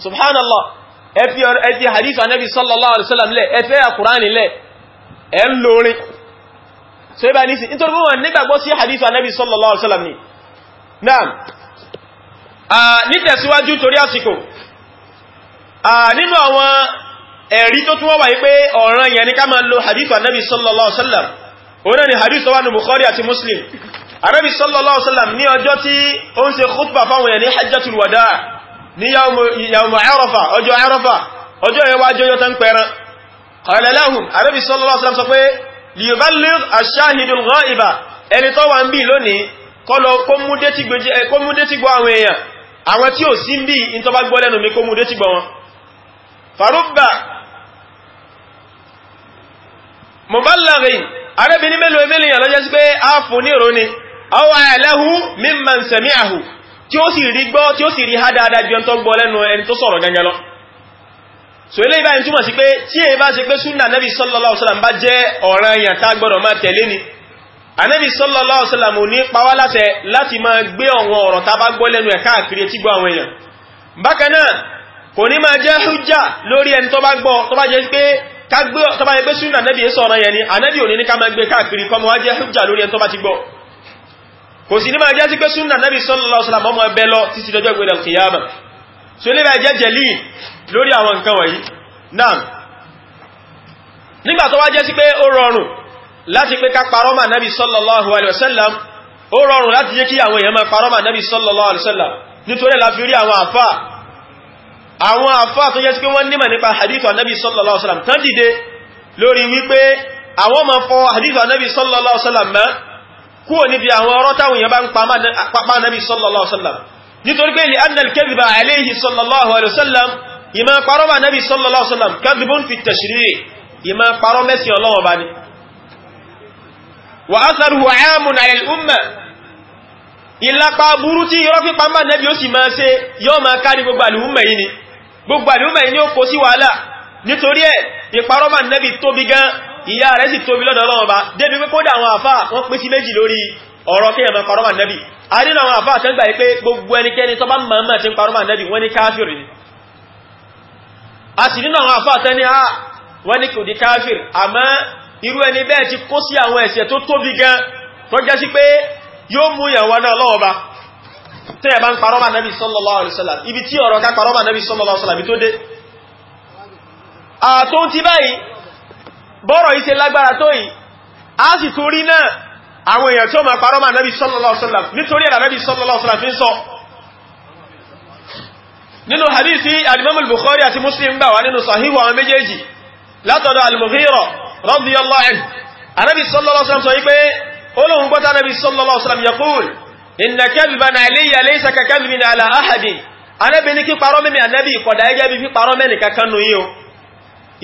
subhanallah ẹfi ẹfi hadith anabi sallallahu alaihi wasallam lẹ ẹfẹ́ àkùránì lẹ ẹ ń lórin so ibà nísì nítorí wọn nígbàgbọ́ sí hadith anabi sallallahu alaihi wasallam ni naam nítẹ̀síwájú torí àsìkò nínú àwọn ẹ̀rí tó tún wọ́wà wípé ọ̀ràn yẹn ni ká máa lo hadith anabi sallallahu alaihi wasallam òun náà ni hadith tó wà ní bukhari àti muslim anabi sallallahu alaihi wasallam ní ọjọ́ tí ní yàmù àrọ́fà ọjọ́ àrọ́fà ọjọ́ ẹwà jọjọ́ tán pẹ̀rán ọ̀lẹ́láhùn àrẹ́bì sallallahu alaihi wasallam sọ pé liyuballigh ash-shahidul ghaiba ẹni tó wà ń bí lónìí kọlọ kómúdétígbọ́ eh, àwọn èèyàn àwọn tí ò sí ń bí in tó bá gbọ́ lẹ́nu mi tí ó sì rí gbọ́ tí ó sì rí há dáadáa jẹun tó gbọ́ lẹ́nu ẹni tó sọ̀rọ̀ gangan lọ so ilé ìbáyìí túmọ̀ sí pé tí èyí bá ṣe pé súnà anábì sallallahu ni anábì sallallahu alaihi wasallam ní pawá láṣẹ láti máa gbé ọ̀wọ̀n ọ̀rọ̀ tá bá gbọ́ lẹ́nu ẹ̀ káàkiri tí gbọ́ àwọn èèyàn bákan hujja lórí ẹni tó bá gbọ́ tó bá jẹ́ pé ká gbé tó bá jẹ́ pé súnà anábì ni anábì ò ní ní ká hujja lórí ẹni tó bá kò sí ní máa jẹ́ sí pé súnà nábì sallallahu alaihi wasallam ọmọ ẹbẹ́ lọ títí dọjọ́ ìgbèrè alkiyama so ilé máa jẹ́ jẹ̀lì lórí àwọn nǹkan wọ̀nyí náà nígbà tó wá jẹ́ sí pé ó láti pé ká parọ́mà nábì sallallahu alaihi wasallam ó rọrùn láti jẹ́ kí àwọn èèyàn máa parọ́mà nábì sallallahu alaihi wasallam nítorí la rí àwọn àfà àwọn àfà tó jẹ́ sí pé wọ́n nímọ̀ nípa hadith anábì sallallahu alaihi wasallam tán dìde lórí wípé àwọn kúrò níbi àwọn ọ̀rọ̀ táwọn èèyàn bá ń pa nábi sallallahu alaihi wasallam nítorí pé lè annal kẹ́dìbà aléhì sallallahu alaihi wasallam ìmá parọ́ bá nábi sallallahu alaihi wasallam kẹ́dìbùn fi tashri' ìmá parọ́ mẹ́sìn ọlọ́wọ́ bá ní wa atharuhu 'amun 'ala al-umma ìlàpá burú tí irọ́ pípa máa nẹ́bí ó sì máa ṣe yóò máa kárí gbogbo ìyà rẹ̀ sì tóbi lọ́dọ̀ Ọlọ́run Ọba débi pé kódà àwọn àfáà wọ́n pín sí méjì lórí ọ̀rọ̀ kí ẹ̀mọ̀ parọ́mà nẹ́bì àdínà àwọn àfáà tẹ́ gbà yí pé gbogbo ẹnikẹ́ni tó bá mọ̀ mọ̀ tí ń parọ́mà nẹ́bì wọ́n ní káfíìrì ni a sì nínú àwọn àfáà tẹ́ ní a wọ́n ní kò di káfíìrì àmọ́ irú ẹni bẹ́ẹ̀ ti kó sí àwọn bọ́rọ̀ yìí ṣe lágbára tó yìí a sì tún rí náà àwọn èèyàn tí ó máa parọ́ máa nẹ́bí sallallahu alaihi wasallam nítorí ẹ̀rà nẹ́bí sallallahu alaihi wasallam fi ń sọ nínú hadithi al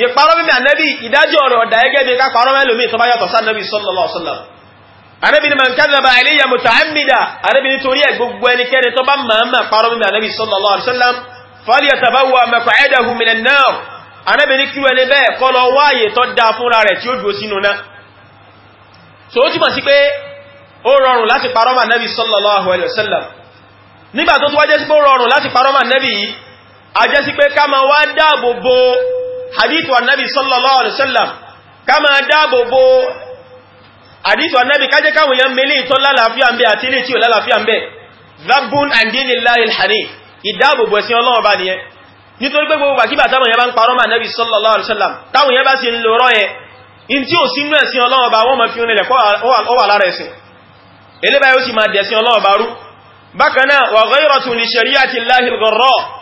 ìparọ́ mímẹ́ ànábì ìdájọ́ rẹ̀ ọ̀dà ẹgẹ́ bí ká parọ́ mẹ́lòmí tó bá yàtọ̀ sánàbì sallallahu alaihi wasallam ànábì ni man kadhaba alayya muta'ammida ànábì nítorí ẹ̀ gbogbo ẹnikẹ́ni tó bá máa máa parọ́ mímẹ́ ànábì sallallahu alaihi wasallam falyatabawwa maq'adahu minan nar ànábì ní kíwẹ́ ní bẹ́ẹ̀ kọ́ lọ wáyé tó dá fúnra rẹ̀ tí ó dúró sínú náà so ó túmọ̀ sí pé ó rọrùn láti parọ́ mọ́ ànábì sallallahu alaihi wasallam hadithu annabi sallallahu alaihi wasallam kama dáàbò bo hadithu annabi kájẹ́ káwọn yẹn mẹ́lẹ̀ ìtọ́ lálàáfíà ń bẹ àti ilé tí ó lálàáfíà ń bẹ zabun andini lahil hanif ìdáàbò bo ẹ̀sìn ọlọ́run bá nìyẹn nítorí pé gbogbo àkíbà táwọn yẹn bá ń parọ́ mà nabi sallallahu alaihi wasallam táwọn yẹn bá sì ń lò rọ́ yẹn in tí ò sínú ẹ̀sìn ọlọ́run bá wọ́n mọ̀ fi onílẹ̀ ó wà lára ẹ̀sìn elébáyé ó sì máa dẹ̀sìn ọlọ́run bá rú bákan wa ghayratu li shari'ati lahil gharra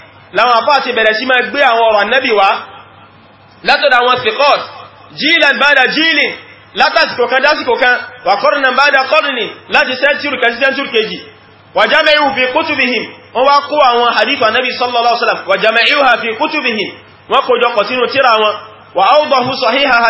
láwọn àfá ti bẹ̀rẹ̀ sí máa gbé àwọn ọ̀rọ̀ annabi wá látọ̀dọ̀ àwọn sikọ́t jílan bada jílin látàsìkò kan dásìkò kan wà kọ́rùnà bada kọ́rùnì láti sẹ́ntúrù kẹsí sẹ́ntúrù kejì wà jámẹ́yù fi kútùbìhìm wọ́n wá kó àwọn hadith annabi sallallahu alaihi wasallam wà jámẹ́yù ha fi kútùbìhìm wọ́n kó jọpọ̀ sínú tíra wọn wà áwùdọ̀hù sahihaha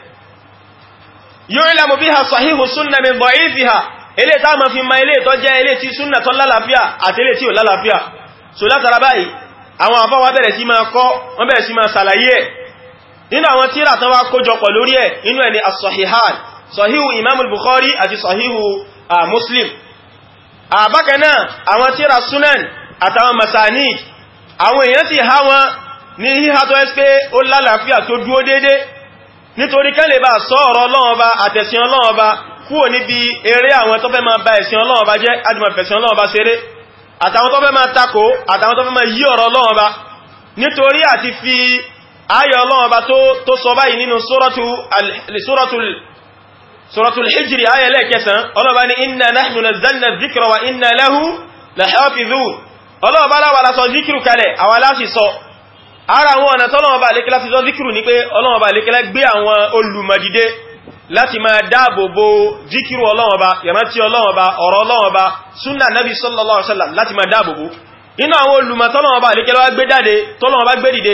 yu'lamu biha sahihu súnnà min dha'ifiha ilé tá ma fi ma ilé tó jẹ́ ilé tí súnnà tó lálàáfíà àti ilé tí ò lálàáfíà so látara báyìí àwọn àfáwà bẹ̀rẹ̀ sí máa kọ́ wọ́n bẹ̀rẹ̀ sí máa sàlàyé ẹ̀ nínú àwọn tíra tán wá kójọpọ̀ lórí ẹ̀ inú ẹ̀ ni as-sahihan sahihu imamul bukhari àti sahihu muslim àbákanáà àwọn tíra sunan àtàwọn masanid àwọn èèyàn nítorí kẹ́lẹ̀ bá sọ ọ̀rọ̀ Ọlọ́run Ọba àtẹ̀sìn Ọlọ́run Ọba kúrò níbi eré àwọn tó fẹ́ máa ba ẹ̀sìn Ọlọ́run Ọba jẹ́ adìmọ̀fẹ̀sìn Ọlọ́run Ọba ṣeré àtàwọn tó fẹ́ máa takò àtàwọn tó fẹ́ máa yí ọ̀rọ̀ Ọlọ́run Ọba nítorí àti fi ayọ̀ Ọlọ́run Ọba tó sọ báyìí nínú suratul hijri ayẹ̀ lẹ́ẹ̀kẹsàn Ọlọ́run Ọba ní inna nahnu nazzalna dhikra wa inna ara àwọn ọ̀nà tọ́lọ́wọ́ bá lékẹ́lá fi sọ zikiru ní pé ọlọ́wọ́ bá lékẹ́lá gbé àwọn olùmọ̀dìde láti máa dáàbò bo zikiru ọlọ́wọ́ bá yàmátí ọlọ́wọ́ bá sallallahu alaihi wasallam láti máa dáàbò bo inú àwọn olùmọ̀ tọ́lọ́wọ́ bá lékẹ́lá gbé dáde tọ́lọ́wọ́ bá gbé dìde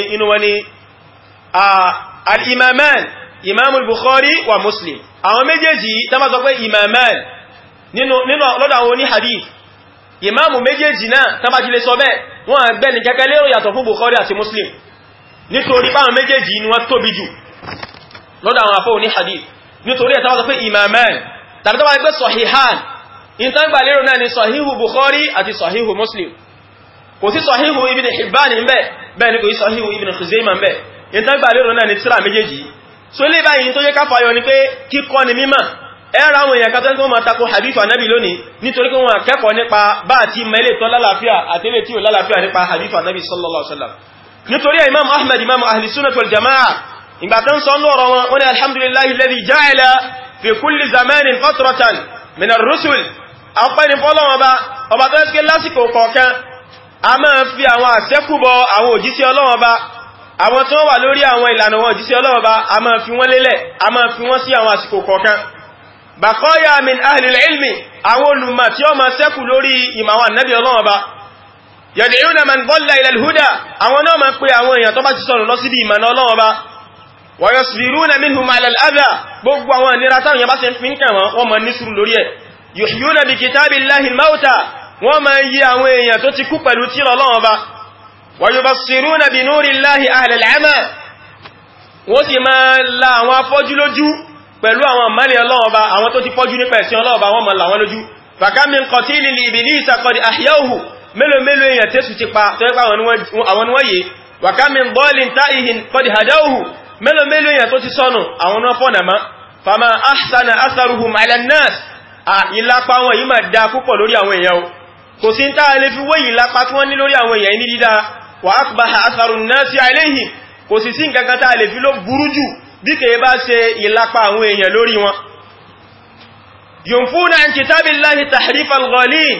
imamul bukhari wa muslim àwọn méjèèjì tá bá sọ pé imaman nínú lọ́dọ̀ àwọn oní hadith ìmáàmù méjèèjì náà tàbájílé sọ bẹ́ẹ̀ wọ́n gbẹ́ni kẹ́kẹ́ lérò yàtọ̀ fún bukhari àti muslim nítorí báwọn méjèèjì ni wọ́n tóbi jù lọ́dọ̀ àwọn afọ́ òní hadith nítorí ẹ̀ta wọ́n sọ pé imaman tàbí tọ́wọ́ ẹgbẹ́ sahihan ìtàngbà lérò náà ni sahihu bukhari àti sahihu muslim kò sí sahihu ibn hibban ń bẹ bẹ́ẹ̀ ni kò sí sahihu ibn khuzaimah ń bẹ ìtàngbà lérò náà ni tíra méjèèjì so lè báyìí tó yẹ ká fàyọ ni pé kíkọ́ ni mímọ̀ ẹ̀rọ àwọn èèyàn kátó wọ́n máa tako hadith anabi lónìí nítorí pé wọ́n akẹ́kọ̀ọ́ nípa bá àti mẹ́lẹ̀ tọ́ lálàáfíà àtẹ́lẹ̀ tí ò lálàáfíà nípa hadith anabi sallallahu alaihi wasallam nítorí imam ahmed imam ahli sunnah wal jama'a ìgbàtán sọ lọ́rọ̀ wọn wọ́n ni alhamdulillahi alladhi ja'ala fi kulli zamanin fatratan min ar-rusul ọpẹ́ ni fọ́lọ́wọ́n bá ọba tó ẹ́sìké lásìkò kọ̀ọ̀kan a máa fi àwọn àṣẹ́kùbọ̀ àwọn òjíṣẹ́ Ọlọ́run bá àwọn tó wà lórí àwọn ìlànà wọn òjíṣẹ́ Ọlọ́run bá a máa fi wọ́n lélẹ̀ a máa fi wọ́n sí àwọn àsìkò kọ̀ọ̀kan bàkọ́yà min ahlil ilmi àwọn olùmọ̀ tí ó máa ṣẹ́kù lórí ìmọ̀ àwọn ànábì bá yad'una man dhalla ila al-huda àwọn náà máa pè àwọn èèyàn tó bá ti sọnù lọ síbi ìmọ̀nà Ọlọ́run Ọba wa yasbiruna minhum ala al-adha gbogbo àwọn ìnira táwọn èèyàn bá ṣe ń fi ń kàn wọ́n wọ́n máa ní sùúrù lórí ẹ̀ yuhyuna bi kitabillahi al-mauta wọ́n máa yí àwọn èèyàn tó ti kú pẹ̀lú tírà Ọlọ́run mélòó mélòó èèyàn tẹ́sù ti pa tọ́ẹ́pá àwọn níwọ́ye wàkámi bọ́ọ̀lì ń táìhìn kọ́dì hàdáhù mélòó mélòó èèyàn tó ti sọ́nù àwọn náà fọ́nà má fama ahsana asaruhum alanas a ìlapa wọn yìí máa da púpọ̀ lórí àwọn èèyàn o kò sí ń tá a lè fi wéyìí lápá tí wọ́n ní lórí àwọn èèyàn ní dídá wà akbaha asarun nasi alayhim kò sì sí nǹkan kan tá fi ló burú jù bí kèé bá ṣe ìlapa àwọn èèyàn lórí wọn yunfuna an kitabillahi tahrifal ghalin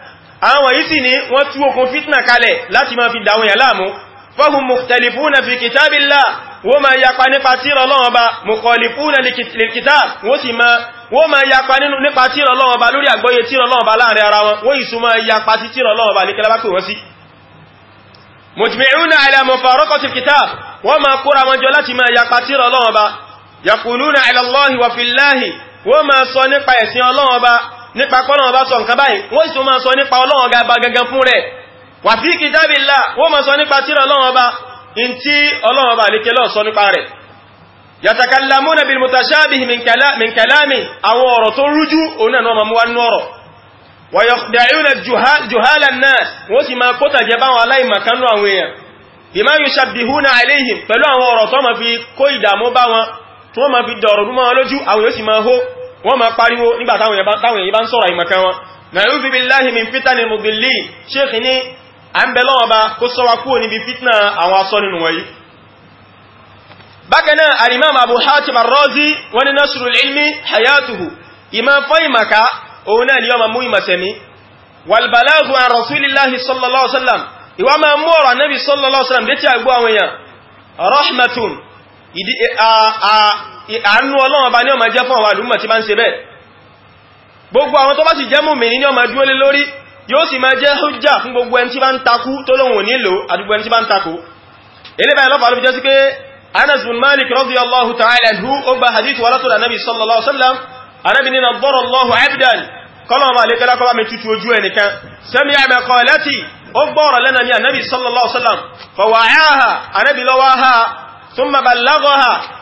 àwọn yìí sì ní wọ́n tú okùn fitna kalẹ̀ láti máa fi dáwọn yà láàmú fọ́hùn mukhtalifuna fi kitabillah wọ́n máa yapa nípa tíra lọ́wọ́ bá mukhalifuna lilkitab wọ́n sì máa wọ́n máa yapa nínú nípa tíra lọ́wọ́ bá lórí àgbọ́yé tíra lọ́wọ́ bá láàrin ara wọn nípa pọ́lọ́wọ́ bá sọ nǹkan báyìí wọ́n sì máa sọ nípa ọlọ́wọ́ gaba gangan fún rẹ̀ wà fí kitabillah wọ́n máa sọ nípa tíra ọlọ́wọ́ bá in tí ọlọ́wọ́ bá lékẹ́ lọ́ sọ nípa rẹ̀ yatakallamuna bil mutashabih min kalami àwọn ọ̀rọ̀ tó rújú òun náà máa mú wá nú ọ̀rọ̀ wa yakhda'una juhala an wọ́n máa pariwo nígbà táwọn èyí bá ń sọ̀rọ̀ ìmọ̀kan wọn na'udhu billahi min fitani mudilli ṣéèkì ní à ń bẹ lọ́wọ́ bá kó sọ́wá kúrò níbi fitna àwọn asọ́ nínú wọ̀nyí bákan náà al abu hatim ar wọ́n ní nasrul ilmi hayatuhu ìmọ̀ fọ́ ìmọ̀ká òun náà ni yọ́ àánú Ọlọ́run ọba ní ọmọ jẹ́ fún àwọn àlúmọ̀ tí bá ń ṣe bẹ́ẹ̀ gbogbo àwọn tó bá sì jẹ́ mùmínì ní ọmọ dúró lé lórí yóò sì máa jẹ́ hujja fún gbogbo ẹni tí bá ń takú tó lóhun ò nílò àdúgbò ẹni tí bá ń takú eléba ẹlọ́pàá ló fi jẹ́ sí pé Anas bin Malik radiyallahu ta'ala anhu ó gba hadith wa látọ̀dọ̀ anabi sallallahu alaihi wasallam anabi ní nadhara Allahu abdan lẹ́nà ní anabi sallallahu alaihi wasallam fọwọ́ àyáha anabi lọ́wọ́ ha thumma ballaghaha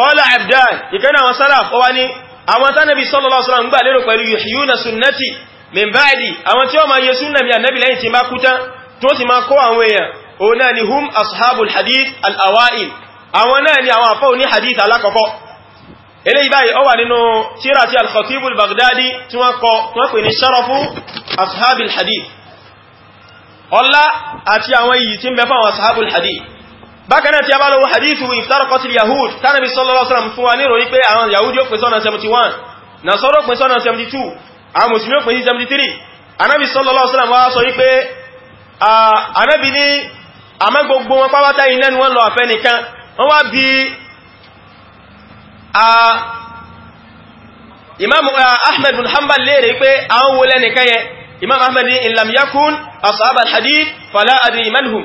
qala abdan ìkẹ́nà àwọn salaf ó wá ní àwọn tánàbí sallallahu alaihi wasallam gbà lérò pẹ̀lú yuhyuna sunnati min ba'di àwọn tí ó máa yẹ súnnà mi ànábì lẹ́yìn tí bá kúta tó sì máa kọ́ àwọn èèyàn o náà ni hum ashabul hadith al-awa'il àwọn náà ni àwọn àfáà ní hadith alákọ̀ọ́kọ́ eléyìí báyìí ó wà ashabul hadith bákanáà tí a bá lọ́wọ́ hadithu iftarqatil yahud tánàbí sallallahu alaihi wasallam fún wa ní ròyí pé àwọn yahudi ó pín sọ́nà 71 nasara ó pín sọ́nà 72 àwọn musulmi ó pín sí 73 anábi sallallahu alaihi wasallam wá sọ wípé anábi ní àmá gbogbo wọn pàwátá iná ni wọ́n lọ àfẹ́ nìkan wọ́n wá bí imam ahmed bin hanbal léèrè pé àwọn wo lẹ́nìkan yẹn imam ahmed in lam yakun ashab hadith fala adri manhum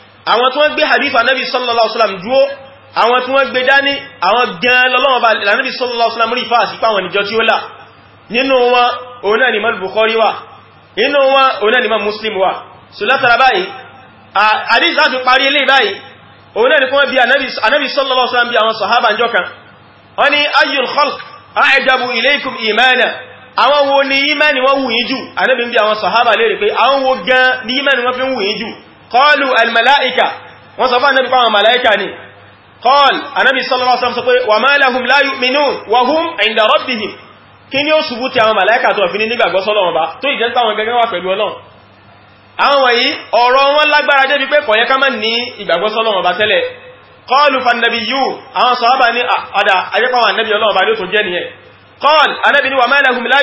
àwọn tí wọ́n gbé hadith anabi sallallahu alaihi wasallam dúró àwọn tí wọ́n gbé dání àwọn gan lọ́lọ́wọ́ bá lànàbí sallallahu alaihi wasallam rí fáàsì pa àwọn ìjọ tí ó là nínú wọn òun náà ni mal bukhari wọ́n ni ayyul khalq a'jabu ilaykum imana àwọn wo ni imani wọ́n wù yín anabi ń bí àwọn sahaba lérè pé àwọn wo gan ni imani wọ́n fi ń wù kọlu almalaika wọ́n sọ fún anábi pàwọn malaika ni kọl anábi sallallahu alaihi wasallam sọ pé wà máa lahum la yu'minun wà hum inda rabbihim kí ni ó ṣubú ti àwọn malaika tó fi ní nígbàgbọ́ sọ́lọ́wọ́n bá tó ìjẹ́ táwọn gẹ́gẹ́ wà pẹ̀lú ọlọ́run àwọn wọ̀nyí ọ̀rọ̀ wọn lágbára débi pé kò yẹ ká má ní ìgbàgbọ́ sọ́lọ́wọ́n bá tẹ́lẹ̀ kọlu fannabi yú àwọn sọ́ọ́bà kọl anábi wà máa lahum la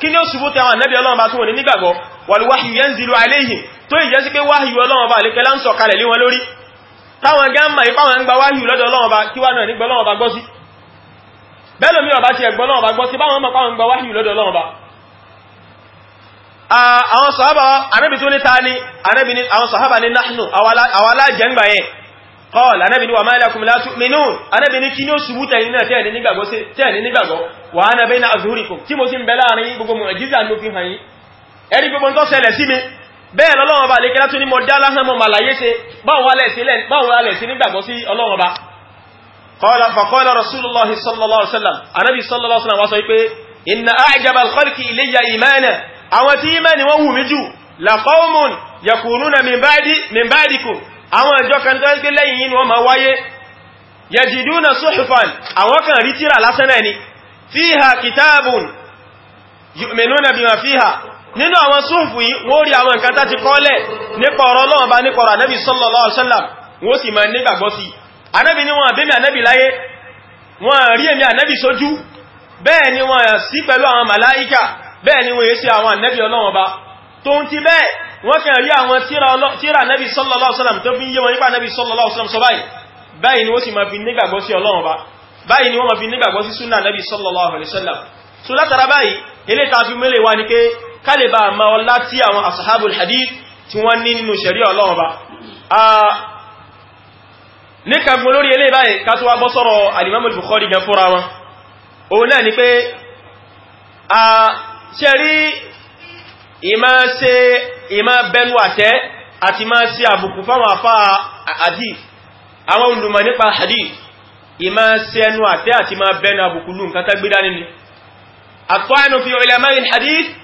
kí ni ó ṣubú ti àwọn annabi ọlọ́run bá tó wọ́n ní nígbàgbọ́ wàlúwáhì yanzilu aléhìn tó ìjẹ́ sí pé wáhì ọlọ́wọ́ bá lékẹ́lá ń sọ̀kalẹ̀ lé wọn lórí táwọn gánmà ipáwọn ń gba wáhì lọ́dọ̀ ọlọ́wọ́ bá kí wá náà ní gbọ́lọ́wọ́ bá gbọ́ sí bẹ́ẹ̀ lómi ọ̀bá ti ẹ̀gbọ́ lọ́wọ́ bá gbọ́ sí báwọn mọ̀ páwọn ń gba wáhì lọ́dọ̀ ọlọ́wọ́ bá àwọn sọ̀hábà anábì tó ní ta ni anábì ni àwọn sọ̀hábà ni nahnu àwàlá jẹ́ngbà yẹn qal anábì ni wà máa lakum la tu'minun anábì ni kí ní ó ṣubúta yìí náà tẹ́ẹ̀ni nígbàgbọ́ wa ana bayna azhurikum tí mo sì ń bẹ láàrin gbogbo mọ̀ jíza ló fi hàn yìí ẹ̀rí gbogbo tó ṣẹlẹ̀ sí mi bẹ́ẹ̀ lọ́lọ́wọ́ bá lékẹ́lá tó ní mọ̀ dá lásán mọ̀ màlàyé ṣe báwọn alẹ̀ sí nígbàgbọ́ sí ọlọ́wọ́ bá faqala rasulullah sallallahu alaihi wasallam anábi sallallahu alaihi wasallam wá sọ pé inna a'jaba al-khalqi ilayya imanan àwọn tí imani wọ́n wù mí jù la qawmun yakununa min ba'di min ba'dikum àwọn ìjọ kan tó ń gbé lẹ́yìn yìí wọ́n wáyé yajiduna suhufan àwọn kan rí tíra lásán náà ni fiha kitabun yu'minuna bima fiha nínú àwọn súnfù yìí wọ́n rí àwọn nǹkan tàti kọ́lẹ̀ nípa ọ̀rọ̀ náà bá nípa ọ̀rọ̀ ànábì sallallahu alaihi wasallam wọ́n sì máa nígbàgbọ́ sí ànábì ní wọn àbẹ́mì ànábì láyé wọn rí èmì ànábì sójú bẹ́ẹ̀ ni wọn sí pẹ̀lú àwọn màláíkà bẹ́ẹ̀ ni wọ́n yé sí àwọn ànábì ọlọ́wọ́n bá tó ń ti bẹ́ẹ̀ wọ́n kàn rí àwọn tíra ànábì sallallahu alaihi wasallam tó fi ń yé wọn nípa ànábì báyìí ni wọ́n sì fi nígbàgbọ́ sí súnà ànábì sallallahu alaihi so látara báyìí ilé ta fi mẹ́lẹ̀ wá ní pé kálẹ̀bà àmà ọlá tí àwọn asahabul hadith tí wọ́n ní nínú ṣẹ̀rí ọlọ́run ba ní kagbọn lórí ilé báyìí ká tó wá bọ́ sọ́rọ̀ alimamul bukhari gan fúnra wọn òun náà ni pé a ṣẹ̀rí ìmá ṣe ìmá bẹnu àtẹ́ àti máa ṣe àbùkù fáwọn afá hadith àwọn olùmọ̀ nípa hadith àtọ́ ẹnu fi ulama al-hadith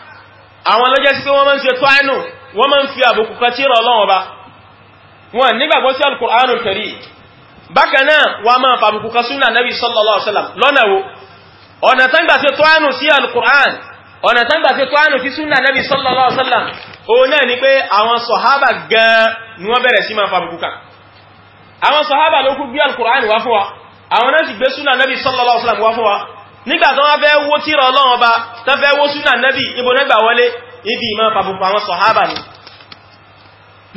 àwọn lọ́jẹ́ sí pé wọ́n máa ń ṣe tó àìnù wọ́n máa ń fi àbùkù kan tí Ọlọ́run bá wọn nígbàgbọ́ sí Al-Qur'anul Karim bákan náà wọ́n máa fàbùkù kan súnà Nabi sallallahu alaihi wasallam lọ́nà wo ọ̀nà tán gbà ṣe tó àìnù sí Al-Qur'an ọ̀nà tán gbà ṣe tó àìnù sí súnà Nabi sallallahu alaihi wasallam òun náà ni pé àwọn sọ̀hábà nígbà tó wọ́n fẹ́ wó tírà Ọlọ́run Ọba tó fẹ́ wó súnà nẹ́bì ibo nẹ́gbà wọlé ibi ìmọ̀ pàbùkù àwọn sọ̀hábà ni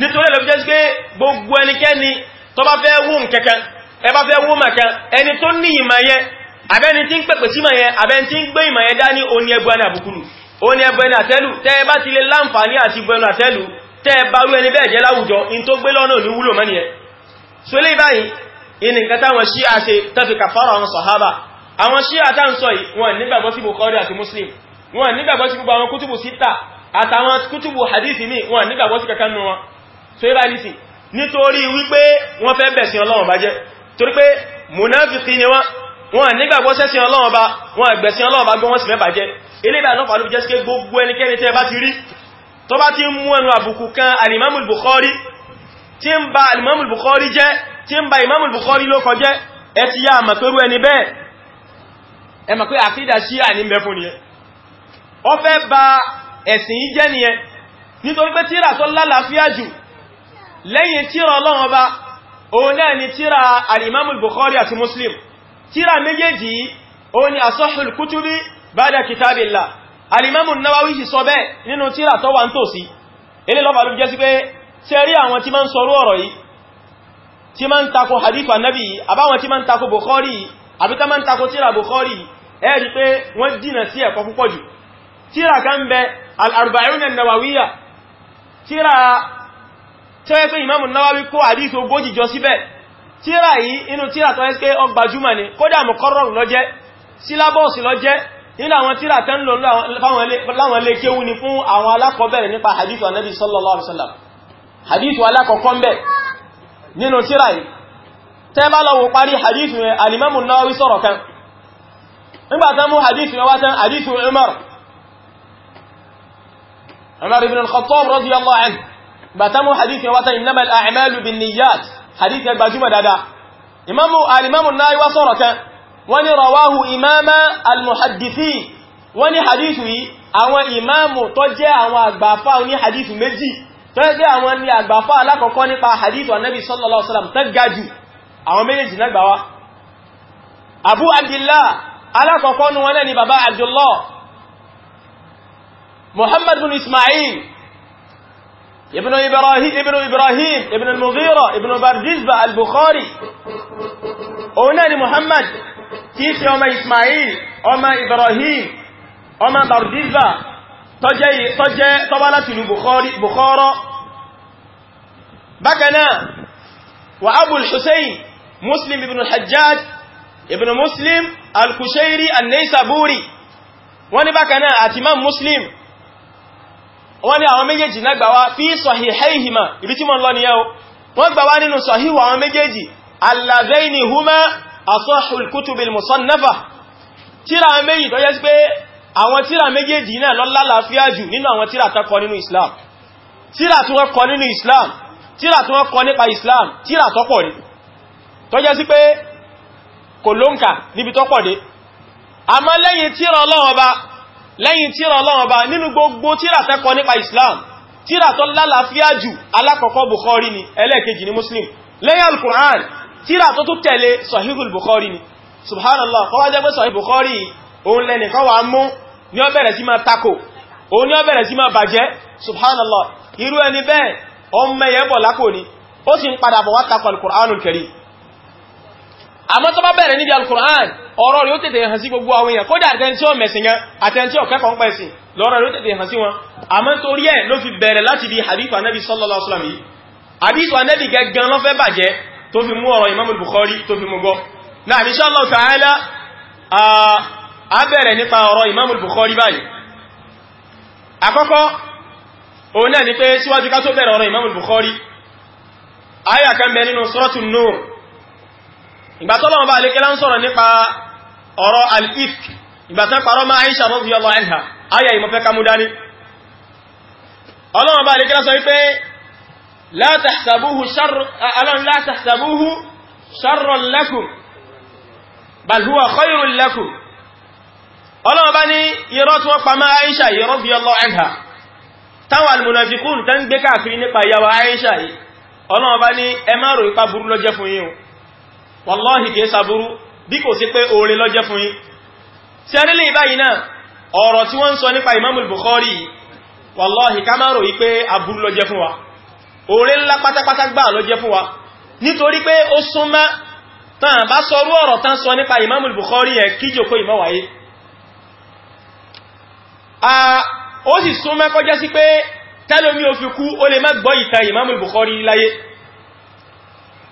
nítorí ẹ̀lọ́bí jẹ́ pé gbogbo ẹnikẹ́ni tó bá fẹ́ wó nkẹ́kẹ́ ẹ bá fẹ́ wó màkẹ́ ẹni tó ní ìmọ̀ yẹn abẹ́ni tí ń pẹ̀pẹ̀ sí mọ̀ yẹn abẹ́ni tí ń gbé ìmọ̀ yẹn dání oní ẹbu ẹni àbùkù nù oní ẹbu ẹni àtẹ́lù tẹ́ ẹ bá ti lè láǹfààní àti bu ẹnu àtẹ́lù tẹ́ kàfàrà àwọn sọ̀hábà àwọn Shia tá ń sọ yìí wọ́n nígbàgbọ́ sí Bukhari àti Muslim wọ́n nígbàgbọ́ sí gbogbo àwọn kútùbù síta àtàwọn kútùbù hadithi mi, wọ́n nígbàgbọ́ sí kankan nù wọn so yíba ní sí nítorí wípé wọ́n fẹ́ bẹ̀sìn Ọlọ́run bá jẹ́ torí pé munafiki ni wọ́n wọ́n nígbàgbọ́ sẹ́sìn Ọlọ́run bá wọ́n ẹgbẹ̀sìn Ọlọ́run bá gbọ́ wọ́n sì mẹ́bà jẹ́ ilé ìbá lọ́pàá ló jẹ́ sí imamul Bukhari ló kọjẹ́ ẹ ti yá àmà ẹni bẹ́ẹ̀ ẹ mọ̀ pé àkídà ṣíà ní bẹ fún nìyẹn ọ fẹ́ ba ẹ̀sìn yìí jẹ́ nìyẹn nítorí pé tíra tó lálàáfíà jù lẹ́yìn tíra ọlọ́run ọba òun náà ni tíra alimamul bukhari àti muslim tíra méjèèjì òun ni asọ́hùl kútúbí bada kitabillah alimamul nawawi sì sọ bẹ́ẹ̀ nínú tíra tó wà ń tòsí ilé lọ́fà ló jẹ́ tako hadith anabi àbáwọn tí máa ń tako bukhari àbí tá máa tako tíra bukhari ẹ rí pé wọ́n jìnà sí ẹ̀kọ́ púpọ̀ jù tíra kan bẹ al-arba'una nawawiyya tíra tẹ́wẹ́ pé Imam nawawi kó hadith ogójì jọ síbẹ̀ tíra yìí inú tíra tọ́ ẹ́sẹ́ ọgbà júmọ̀ ni kódà muqarrar lọ́jẹ́ sílábọ̀sì lọ́jẹ́ nínú àwọn tíra tẹ́ ń lò ni fún àwọn alákọ̀ọ́bẹ̀rẹ̀ sallallahu alaihi wasallam hadith alákọ̀ọ́kọ́ ń bẹ nínú tíra yìí tẹ́ bá lọ wò nawawi sọ̀rọ̀ nígbàtán mú hadithi wá tán hadithi umar umar ibn al-khattab radiyallahu anhu bàtán mú hadithi wá tán innamal a'malu bin niyyat hadithi gbajúmọ̀ dada imamu alimamu náà wá sọ̀rọ̀ kan wani rawahu imama al-muhaddisi wani hadithi yìí àwọn imamu tó jẹ́ àwọn àgbàfà oní hadithi méjì tó jẹ́ àwọn ní àgbàfà alákọ̀ọ́kọ́ nípa hadithi wa nabi sallallahu alaihi wasallam tó gajù àwọn méjèèjì náà gbàwá abu abdillah alákọ̀ọ́kọ́ nu wọn ní bàbá Abdullah Muhammad bin Ismail ibn Ibrahim ibn Ibrahim ibn al-Mughira ibn Bardizba al-Bukhari òun náà ni Muhammad kìí ṣe ọmọ Ismail ọmọ Ibrahim ọmọ Bardizba tọ́jẹ́ tọ́bá láti ìlú Bukhara bákanáà wa Abu al-Husayn Muslim ibn al-Hajjaj ibn muslim al-kushairi an-naysaburi wọ́n ní bákanáà àti imam muslim wọ́n ní àwọn méjèèjì náà gbàwá fi sahihayhima ibi tí mọ́ lọ níyàwó wọ́n gbàwá nínú sahihu àwọn méjèèjì alladhaini huma asahhul kutubil musannafa tíra méjì tó yẹ sí pé àwọn tíra méjèèjì náà lọ lálàáfíà jù nínú àwọn tíra tó kọ nínú islam tíra tó wọ́n kọ islam tíra tó wọ́n kọ islam tíra tó pọ̀ ní tó yẹ sí pé kò ló ń kà níbi tó pọ̀ dé àmọ́ lẹ́yìn tíra Ọlọ́run Ọba lẹ́yìn tíra Ọlọ́run Ọba nínú gbogbo tíra tẹ́kọ nípa Islam tíra tó lálàáfíà jù alákọ̀ọ́kọ́ Bukhari ni ẹlẹ́ẹ̀kejì ni Muslim lẹ́yìn al-Qur'an tíra tó tún tẹ̀lé Bukhari ni subhanallah kọ́wá jẹ́ pé Bukhari òun lẹ́nì kan wà mú ní ó bẹ̀rẹ̀ sí máa subhanallah irú ẹni bẹ́ẹ̀ ọmọ ẹ̀yẹ́ bọ̀ lákò ni ó sì ń padà bọ̀ àmọ́ tó bá bẹ̀rẹ̀ níbi alukur'an ọ̀rọ̀ rí ó tètè hàn sí gbogbo àwọn èèyàn kódà àtẹ́ntí ọmẹ̀sìn gan àtẹ́ntí ọ̀kẹ́kọ̀ọ́ ń pẹ̀sìn lọ́rọ̀ rí ó tètè hàn sí wọn àmọ́ torí ẹ̀ ló fi bẹ̀rẹ̀ láti bí hadithu anabi sallallahu imam bukhari tó fi mú gọ́ náà insha Allah ta'ala a bẹ̀rẹ̀ imam bukhari báyìí àkọ́kọ́ òun náà ni pé síwájú ká imam bukhari aya kan bẹ nínú suratul ìgbà tọ́lọ́wọ́ bá alékẹ́lá ń sọ̀rọ̀ nípa ọ̀rọ̀ al-ifk ìgbà tán parọ́ máa Aisha radiyallahu anha ayà ìmọ̀fẹ́ kamúdání ọlọ́wọ́ bá alékẹ́lá sọ wípé la tahsabuhu sharran lakum bal huwa khayrun lakum ọlọ́wọ́ bá wàláhì kìí sàbúrú bí kò sí pé oore lọ́jẹ́ fún yín tí a nílé ìbáyìí náà ọ̀rọ̀ tí wọ́n ń sọ nípa Imamul Bukhari wàláhì ká máa rò yí pé aburú lọ́jẹ́ fún wa oore ńlá pátápátá gbà lọ́jẹ́ fún wa nítorí pé ó súnmọ́ tán bá sọrú ọ̀rọ̀ tán sọ nípa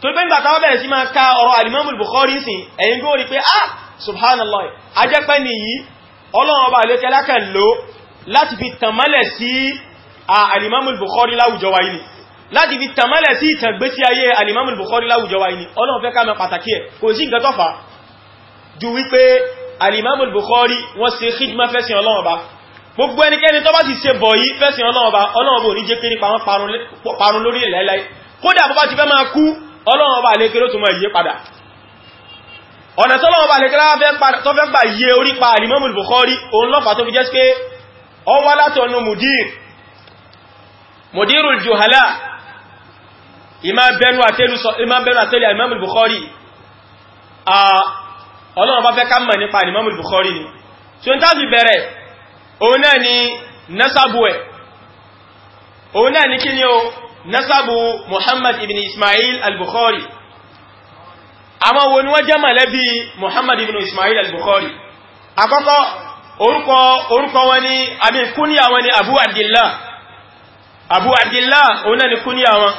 tó pé nígbà táwọn bẹ̀rẹ̀ sí máa ka ọ̀rọ̀ alimamul Bukhari sin ẹ̀yin gbọ́ rí pé ah subhanallah ajẹ́pẹ́ nìyí ọlọ́run ọba àlékẹ́ lákàn lò láti fi tàmálẹ̀ sí alimamul Bukhari láwùjọ wa yìí láti fi tàmálẹ̀ sí ìtàgbésí ayé alimamul Bukhari láwùjọ wa yìí ọlọ́run fẹ́ ká mẹ́ pàtàkì ẹ̀ kò sí nǹkan tọ́fà ju wípé alimamul Bukhari wọ́n ṣe khidma fẹ́sìn ọlọ́run ọba gbogbo ẹnikẹ́ni tó bá ti ṣe bọ̀ yìí fẹ́sìn ọlọ́run ọba kódà bó ti fẹ́ máa kú ọlọ́run ọba àlékẹ́ ló tún mọ̀ yí padà ọ̀nà tọ́lọ́run ọba àlékẹ́ tó fẹ́ gbà yí orí pa Imamul Bukhari òun lọ́fà tó fi jẹ́ pé ọ wá látọ̀nù mudir mudirul juhala ìmá bẹnu àtẹ́lẹ̀ Imamul Bukhari ọlọ́run ọba fẹ́ ká mọ̀ nípa Imamul Bukhari ni so n tàbí ni nasabu ẹ̀ òun ni kí nasabu muhammad ibn ismail al-bukhari àwọn wo ni wọ́n jẹ́ mọ̀lẹ́bí muhammad ibn ismail al-bukhari àkọ́kọ́ orúkọ orúkọ wọn ni àbí kúníyà wọn ni abu abdillah abu abdillah òun náà ni kúníyà wọn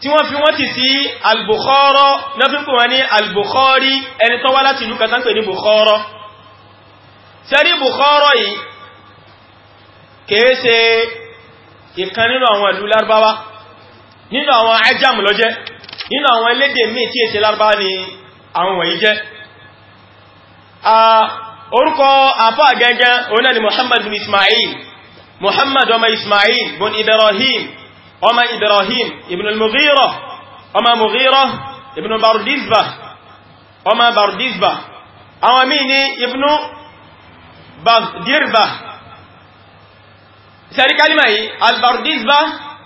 tí wọ́n fi wọ́n ti sí al-bukhara náà fi ń pè al-bukhari ẹni tó láti ìlú kan tán kèé ṣe ìkan nínú àwọn ìlú lárúbáwá nínú àwọn ajam ló jẹ́ nínú àwọn elédè míì tí èsè lárúbáwá ni àwọn wọ̀nyí jẹ́ orúkọ àfáà gẹ́gẹ́ oná ni muhammad bin ismail muhammad ọmọ ismail bin ibrahim ọmọ ibrahim ibn al-mughira ọmọ mughira ibn bardizba ọmọ bardizba àwọn míì ni ibn bagdirba sẹ́rí kálímà yìí albardisba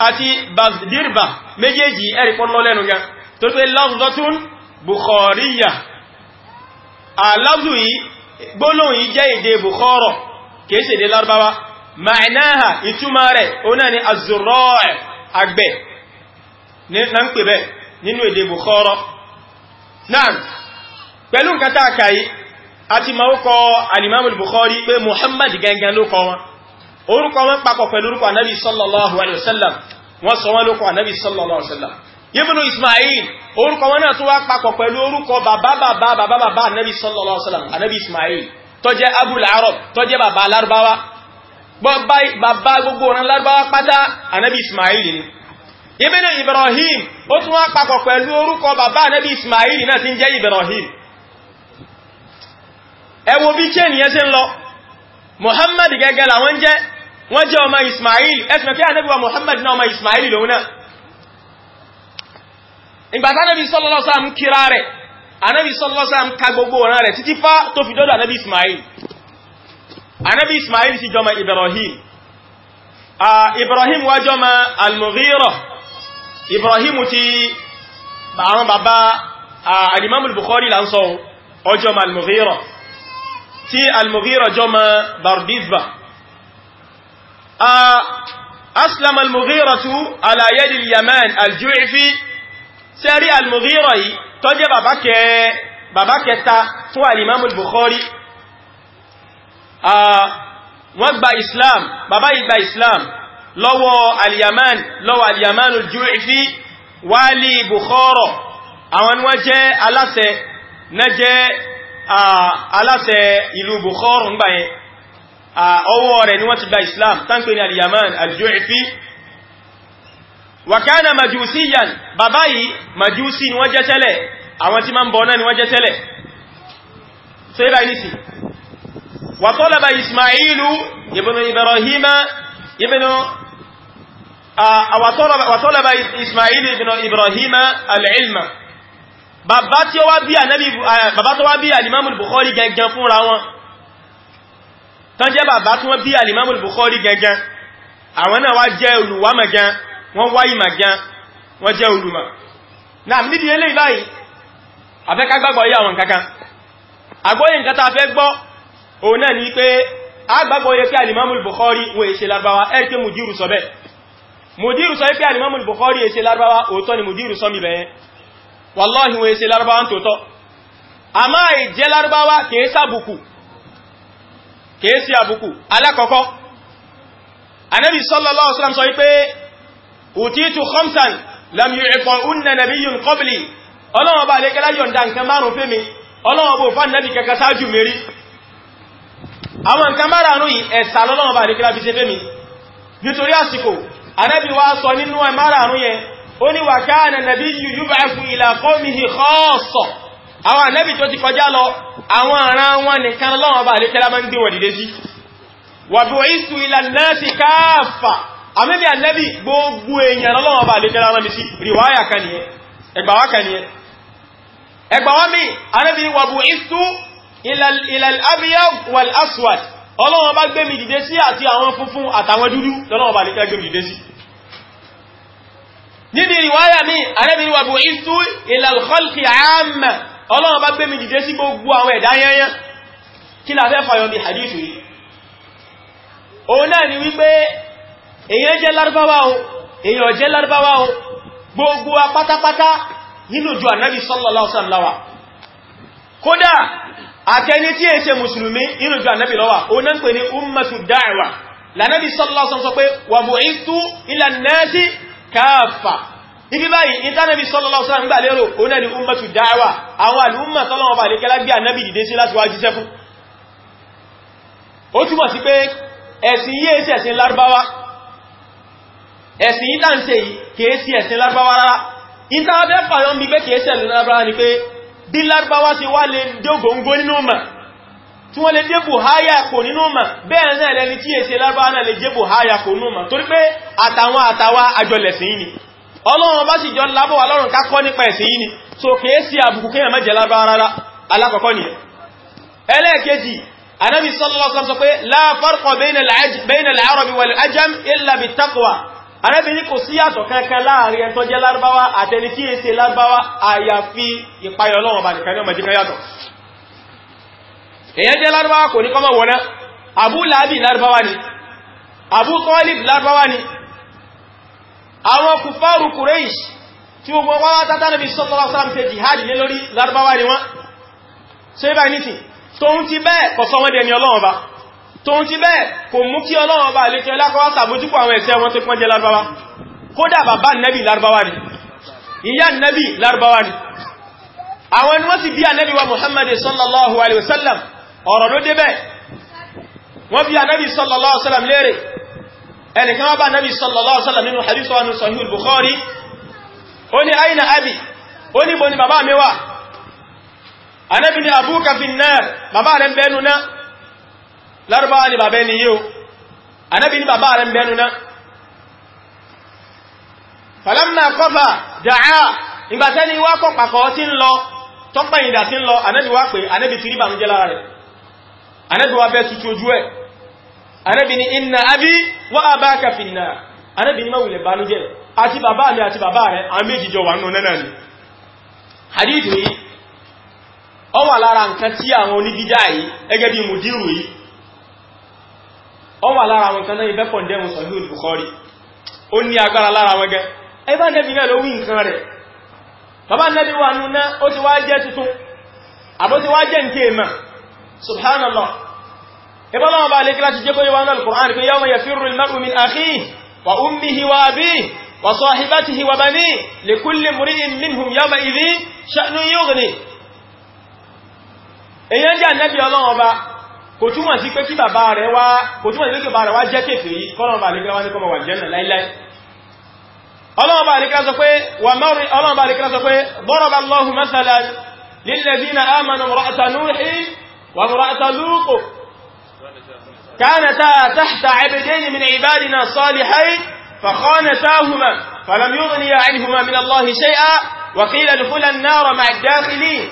àti basdirba méjèèjì ẹ̀rì pọ́nlọ́ lẹ́nu gan tó pé lafzatun bukhariya alafzu yìí gbólóhùn yìí jẹ́ èdè bukhoro kìí ṣèdè larbawa ma'naha ìtumà rẹ̀ oná ni azurọ́ àgbẹ̀ na ń pè bẹ́ nínú èdè bukhoro náà pẹ̀lú nǹkan tààkà orúkọ wọn papọ̀ pẹ̀lú orúkọ anabi sallallahu alayhi wa sallam wọ́n sọ wọn lókọ anabi sallallahu alayhi wa sallam ibnu ismail orúkọ wọn náà tún wá papọ̀ pẹ̀lú orúkọ bàbá bàbá bàbá bàbá anabi sallallahu alayhi wa sallam anabi ismail tó jẹ́ abul arab tó jẹ́ bàbá lárúbáwá bàbá gbogbo ọ̀ràn lárúbáwá pátá anabi ismail ni ibnu ibrahim ó tún wá papọ̀ pẹ̀lú orúkọ bàbá anabi ismail náà ti ń jẹ́ ibrahim ẹ bí chain yẹn ṣe ń lọ muhammad gẹ́gẹ́ làwọn jẹ́ wọ́n jẹ́ ọmọ Ismail ẹsùn pé ànábì wa Muhammad náà ọmọ Ismail lòun náà ìgbàtà ànábì sallallahu alaihi wasallam kíra rẹ̀ ànábì sallallahu alaihi wasallam ka gbogbo ọ̀ràn rẹ̀ títí fá tó fi dọ́dọ̀ ànábì Ismail ànábì Ismail sì jọmọ Ibrahim Ibrahim wá jọmọ Al-Mughira Ibrahim ti àwọn bàbá al bukhari là ń sọ ọjọ́mọ Al-Mughira jọmọ Bardizba aslam al-mughiratu ala yadi al-yaman al-ju'fi sẹ́rí al-mughira yìí tó jẹ́ bàbá kẹta fún al-imam al-bukhari wọ́n gba islam bàbá yìí gba islam lọ́wọ́ al-yaman lọ́wọ́ al-yaman al-ju'fi wali bukhara àwọn wọ́n jẹ́ aláṣẹ na jẹ́ aláṣẹ ìlú bukhara ń gbáyẹn ọwọ́ rẹ̀ ni wọ́n ti gba islam tánkù ní al-Yaman al-Ju'fi wàkánà majusiyan bàbá yìí majusi ni wọ́n jẹ́ tẹ́lẹ̀ àwọn tí ma ń bọ̀ náà ni wọ́n jẹ́ tẹ́lẹ̀ so yíba ní sí wa talaba ismailu ibnu ibrahima ibnu wa talaba ismailu ibnu ibrahima al-ilma bàbá tó wá bí al bukhari gẹ́gẹ́ fúnra wọn tán jẹ́ bàbá tí wọ́n bí alimamul Bukhari gangan àwọn náà wá jẹ́ olùwámà gan wọ́n wá ìmà gan wọ́n jẹ́ olùmà náà níbi eléyìí báyìí àfẹ́ká gbàgbọ́ yé àwọn kankan àgbọ́yé nǹkan tá a fẹ́ gbọ́ òun náà ni pé àgbàgbọ́ yé pé alimamul Bukhari wọ́n èṣe Lárúbáwá ẹ̀ pé mùdírù sọ bẹ́ẹ̀ mùdírù sọ pé kèésí àbùkù alákọ̀ọ́kọ́ anábì sallallahu alaihi wasallam sọ wípé òtítù khamsan lam yu'ta unna nabiyyun qabli ọlọ́wọ́ bá lékẹ́lá yọ̀nda nǹkan márùn fẹ́mi ọlọ́wọ́ bó fà nábì kẹka sáájú mérí àwọn nǹkan márùn yìí ẹ̀sà lọ́wọ́ bá lékẹ́lá fi ṣe fẹ́mi nítorí àsìkò anábì wá sọ nínú ẹ̀ márùn yẹn àwọn ànábì tó ti kọjá lọ àwọn àrán wọn nìkan lọ́wọ́ bá àlékẹ́lá máa ń gbé wọn dìde sí wàbí wọ́n ìsù ìlànà sí káàfà àmìbí ànábì gbogbo èèyàn lọ́wọ́ bá àlékẹ́lá máa bí sí ríwáyà kan nìyẹn ẹgbàwá kan nìyẹn ẹgbàwá mi ànábì wàbí ìsù ìlàlábíyàn wal aswad Ọlọ́run bá gbé mi dìde sí àti àwọn funfun àtàwọn dúdú lọ́wọ́ bá àlékẹ́lá gbé mi dìde àmà ọlọ́run bá gbé mi dìde sí gbogbo àwọn ẹ̀dá yẹnyẹn kí la fẹ́ fàyọ bí hadith yìí òun náà ni wípé èyàn jẹ́ lárúbáwá o èyàn jẹ́ lárúbáwá o gbogbo apátápátá nínú ju ànábì sallallahu alaihi wasallam kódà àtẹni tí è ṣe mùsùlùmí nínú ju ànábì lọ́wà òun náà ń pè ní ibi báyìí ìtànàbí sallallahu alaihi wasallam gbà lérò òun ẹni ummatu da'wa àwọn alùmọ̀ sọ́lọ́wọ́ bà lè kẹ́lá gbé ànábì dìde sí láti wá jíṣẹ́ fún ó túmọ̀ sí pé ẹ̀sìn yí èsì ẹ̀sìn lárúbáwá ẹ̀sìn yí tàǹsẹ̀ yìí kèésì ẹ̀sìn lárúbáwá rárá ìtàwọ́fẹ́ fàyọ́ mi pé kèésì ẹ̀sìn lárúbáwá ni pé bí lárúbáwá ti wá lè dógóngó ọlọ́run bá sì jọ lábọ̀ wà lọ́rùn ká kọ́ nípa ẹ̀sìn yìí ni so kìí sí àbùkù kéèyàn mẹ́jẹ lábára rárá alákọ̀ọ́kọ́ nìyẹn ẹlẹ́ẹ̀kejì anábi sallallahu sọ pé la farqa bayna al-arabi wal-ajam illa bit-taqwa anábi ní kò sí yàtọ̀ kankan láàrin ẹ̀tọ́ jẹ́ lárúbáwá àtẹni tí è ṣe lárúbáwá àyàfi ìpayọ̀ ọlọ́run bá nìkan ní ọmọ ìjìká yàtọ̀ àwọn kùfàrù kùrẹ́ìṣì tí gbogbo wọ́n tátà níbi sallallahu alaihi wasallam ṣe jihadi lé lórí lárúbáwá ni wọ́n ṣe bá nítì tóun ti bẹ́ẹ̀ kọ̀ sọ wọ́n dẹni ọlọ́wọ́n bá tóun ti bẹ́ẹ̀ kò mú kí ọlọ́wọ́n bá lékẹ́ lákọwá sàbójúkọ àwọn ẹ̀ṣẹ̀ wọn tó pọ́njẹ lárúbáwá kódà bàbá nẹ́bì lárúbáwá ni ìyá nẹ́bì lárúbáwá ni àwọn ni wọ́n sì bí ẹnìkan wá bá Nabi sallallahu alaihi wasallam nínú hadith wa nínú Sahih al-Bukhari ó ní aina abi ó ní bo ni bàbá mi wà Ànábì ní abuka fi nar bàbá rẹ̀ benu na larba ni bàbá ni yo Ànábì ní bàbá rẹ̀ benu na falamma qafa da'a ìgbà tẹ́ni wá kọ̀ pàkọ̀ tí ń lọ tọ́pẹ̀yìndà tí ń lọ Ànábì wá pé Ànábì ti rí bàmújẹ́ lára rẹ̀ Ànábì wá bẹ́ tutù ojú ẹ̀ Ànábì ní inna abi wa abaka finna Ànábì ní mawule bànújẹ́ ati baba mi ati baba rẹ̀ a méjì jọ wà nuna nani hadith yìí ó wà lára nǹkan tí àwọn onibida yìí gẹ́gẹ́ bí mudiru yìí ó wà lára àwọn kan náà ibe condemn sahih bukhari ó ní agbára lára wọn ge e ba nabi na ló wí nǹkan rẹ̀ bàbá nabi wa nuna o ti wá jẹ́ tuntun abo ti wá jẹ́ nke ma subhanallah ìbọ́lọ́wọ́ bá lè kíláti jẹ́ kóyíwá náà al-Qur'an pé yawma yafirru al-mar'u min akhihi wa ummihi wa abihi wa sahibatihi wa banihi li kulli imri'in minhum yawma idhin sha'nun yughni èyàn jẹ́ ànẹ́bí ọlọ́wọ́ bá kò pé kí bàbá rẹ̀ wá kò túmọ̀ sí pé kí bàbá rẹ̀ wá jẹ́ kèfèrí kọ́lọ́wọ́ bá ní lè kíláwá sọ pé wà mọ́rin ọlọ́wọ́ bá lè kíláwá sọ pé wa imra'ata Lutin كانتا تحت عبدين من عبادنا الصالحين فخانتاهما فلم يغني عنهما من الله شيئا وقيل ادخلا النار مع الداخلين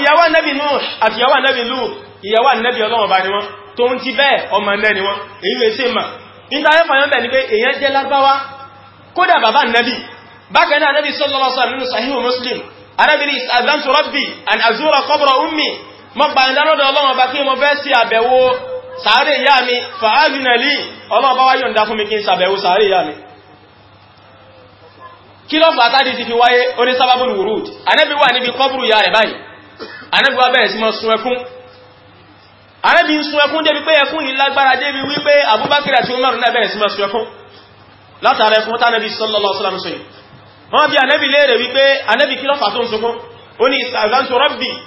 ìyàwó annabi nuh àti ìyàwó annabi lut ìyàwó annabi ọlọ́wọ̀ bá ní wọn tó ń ti bẹ́ẹ̀ ọmọ náà ni wọn èyí lè ṣe mà níta ẹ̀fà yọ́n bẹ̀ ní pé èyàn jẹ́ lágbáwá kódà bàbá annabi bákan náà annabi sallallahu alaihi wasallam nínú sahihu muslim mọ́ gbàyànjá lọ́dọ̀ ọlọ́run ọba kí mo fẹ́ sí àbẹ̀wò sàárè ìyá mi fàájúnẹ̀lì ọlọ́run bá wáyọ̀ ǹdá fún mi kí n sàbẹ̀wò sàárè ìyá mi kí ló fà tádì ti fi wáyé oní sábàbùn wùrúd anẹ́bí wà níbi kọ́bùrù ya rẹ̀ báyìí anẹ́bí wà bẹ̀rẹ̀ sí mọ́ sun ẹkún anẹ́bí sun ẹkún débi pé ẹkún yìí lágbára débi wípé Abubakar àti Umar náà bẹ̀rẹ̀ sí mọ́ sun ẹkún látara ẹkún tánẹ́bí sallallahu alaihi wasallam wọ́n bí anẹ́bí léèrè wípé anẹ́bí kí ló fà tó ń sunkún ó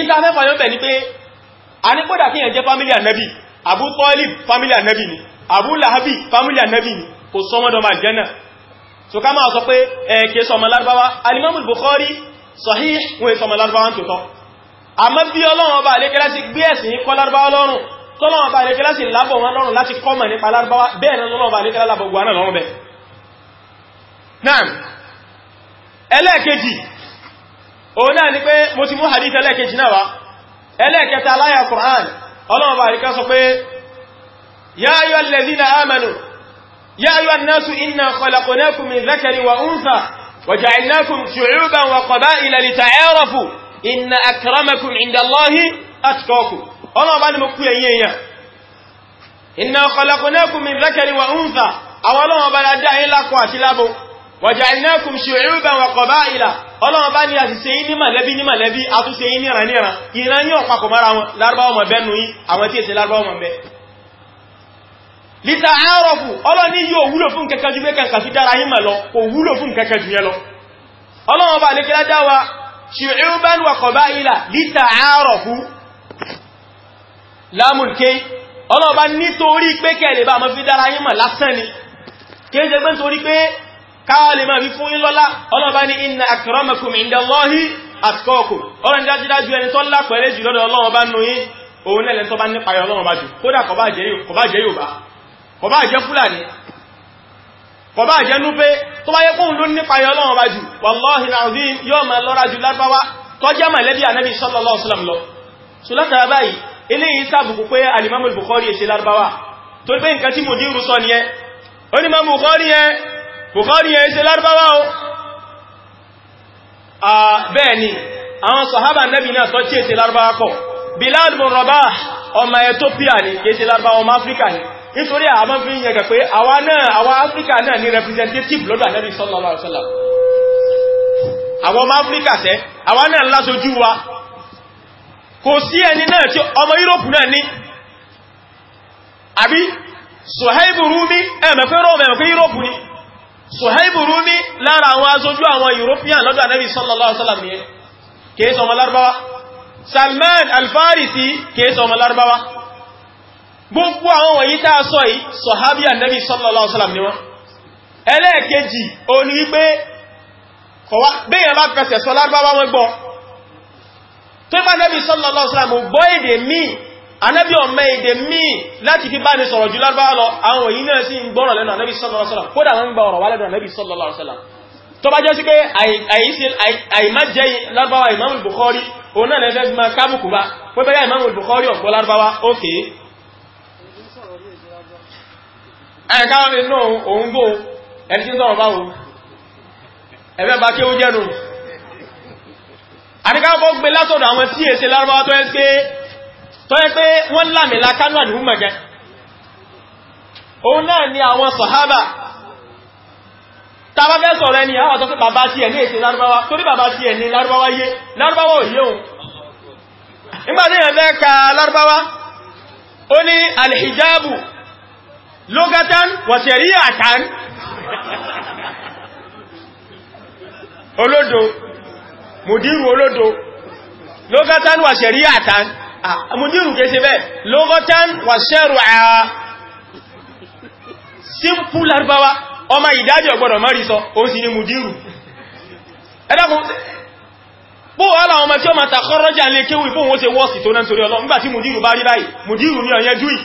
ìta mẹ́fà yóò bẹ̀ ni pé a ní kódà kí yẹn jẹ́ family ànábì Abu Talib family ànábì ni Abu Lahabi family ànábì ni kò sọmọdọmọ àjẹ́nà so ká máa sọ pé ẹ̀ẹ̀kẹ́ sọmọ lárúbáwá Al-Imam Bukhari Sahih wọn sọmọ lárúbáwá tó tọ́ àmọ́ bí ọlọ́run ọba àlékẹ́lá sí gbé ẹ̀sìn kọ́ lárúbáwá lọ́rùn tọ́lọ́wọ́ bá àríkẹ́lá sí lábọ̀ wọn lọ́rùn láti kọ́mọ̀ nípa lárúbáwá bẹ́ẹ̀ náà lọ́wọ́ bá àríkẹ́lá lábọ̀ gbọ́ náà lọ́rùn bẹ́ẹ̀. náà ẹlẹ́ẹ̀kejì òun náà ni pé mo ti mú hadith ẹlẹ́kejì náà wá ẹlẹ́kẹta aláyà Qur'an ọlọ́run bá ríká sọ pé ya ayyuhal ladhina amanu ya ayyuhan nasu inna khalaqnakum min dhakarin wa untha wa ja'alnakum shu'uban wa qaba'ila lita'arafu inna akramakum 'inda Allahi atqakum ọlọ́run bá ní mo wa untha àwọn ọlọ́run bá dá wàjàìnákùn ṣùgbọ́n wà kọ̀bá ìlà ọlọ́wọ́ bá ní àti sẹ́yìn ní mọ̀lẹ́bí ní mọ̀lẹ́bí àtúnṣe yìí níran níran ìran yóò papọ̀ mara wọn lárúbáwọ́ mọ̀ bẹ́nu yí àwọn tí èsì lárúbáwọ́ mọ̀ bẹ́ lítà àárọ̀fù ọlọ́ni yóò wúlò fún kẹkẹ ju pé kàkà fi dára yín mọ̀ lọ kò wúlò fún kẹkẹ jù yẹn lọ ọlọ́wọ́ bá lékelá dáwà kí é nítorí pé káàlì máa fi fún ilọ́lá ọlọ́bá ní inna akramakum indallahi atqakum ọlọ́n dájúdájú ẹni tó ńlá pẹ̀lẹ́ jù lọ́dọ̀ Ọlọ́run bá nù yín òun lẹ́lẹ́ tó bá nípa Ọlọ́run bá jù kódà kò bá jẹ́ Yorùbá kò bá jẹ́ Fúlàní kò bá jẹ́ Núpé tó bá yẹ kóhun ló nípa Ọlọ́run bá jù wallahi azim yóò máa lọ́ra jù lárúbáwá tó jẹ́ mọ̀lẹ́bí Ànábì sallallahu alaihi wasallam lọ sùlátàrà báyìí eléyìí ní Imam bukhari yẹn ṣe lárúbáwá o bẹ́ẹ̀ ni àwọn sọ̀hábà nẹ́bì náà sọ tí èsè lárúbáwá pọ̀ bilal bin rabah ọmọ ethiopia ni èsè lárúbáwá ọmọ africa ni nítorí àwọn fi yẹ̀gà pé àwa náà àwa africa náà ni representative lọ́dọ̀ nẹ́bì sallallahu alaihi wasallam àwọn ọmọ africa sẹ́ àwa náà lásojú wa kò sí ẹni náà tí ọmọ àbí sọ̀hẹ́bù rúmi ẹ̀mẹ̀fẹ́ rọ́ọ̀mẹ̀mẹ̀fẹ́ europe ni Suhaibu Rumi lára àwọn aṣojú àwọn European lọ́dọ̀ Ànábì sallallahu alaihi wasallam ni kìí sọ ọmọ Lárúbáwá Salman al-Farisi kìí sọ ọmọ Lárúbáwá gbogbo àwọn wọ̀nyí tá a sọ yìí sọ̀hábí Ànábì sallallahu anábí ọmọ èdè míì láti fi bá ní sọ̀rọ̀ jù lágbàá lọ àwọn èyí náà sì ń gbọ́rọ̀ lẹ́nu anábí sallallahu alaihi wasallam kódà wọ́n ń gba ọ̀rọ̀ wá lẹ́nu anábí sallallahu alaihi wasallam tó bá jẹ́ sí pé àìmájẹ́ lágbàá Imamul Bukhari òun náà lẹ́fẹ́ fi máa kábùkù bá pé bẹ́yà Imamul Bukhari ọ̀gbọ́ lágbàá ókè ẹ̀káwọn inú òun gbó ẹni tí ń sọ̀rọ̀ báwo ẹ̀fẹ́ bá kí ó jẹ́nu àríkáwọ́ gbé látọ̀dọ̀ àwọn tí èsè lárúbáwá tó ẹ́ pé tó yẹ pé wọ́n lámìlá kánú àdìhúnmọ̀ jẹ́ òun náà ni àwọn sọ̀hábà tàbá fẹ́ sọ̀rọ̀ ẹni àwọn àtọ́fẹ́ bàbá tí ẹ̀ ní èsì lárúbáwá torí bàbá tí ẹ̀ ní lárúbáwá yé lárúbáwá òye òun nígbàtí ẹ̀ fẹ́ ka lárúbáwá ó ní alhijabu logatan wa shari'atan olódo mùdírù olódo logatan wa shari'atan àmójírù ah, kìí ṣe bẹ́ẹ̀ lọ́gọ́tán wà ṣẹ́rù àà símpú lárúbáwá ọmọ ìdájọ́ ọgbọ̀dọ̀ mọ́rí sọ òun sì ni mùdírù ẹ̀dàkùn bó wà láwọn ọmọ tí ó ma tàkọ́rọ́jà lè kéwì bó wọ́n ṣe wọ́sì tó náà torí ọlọ́ nígbàtí mùdírù bá rí báyìí mùdírù ní ọ̀yẹ́ jùì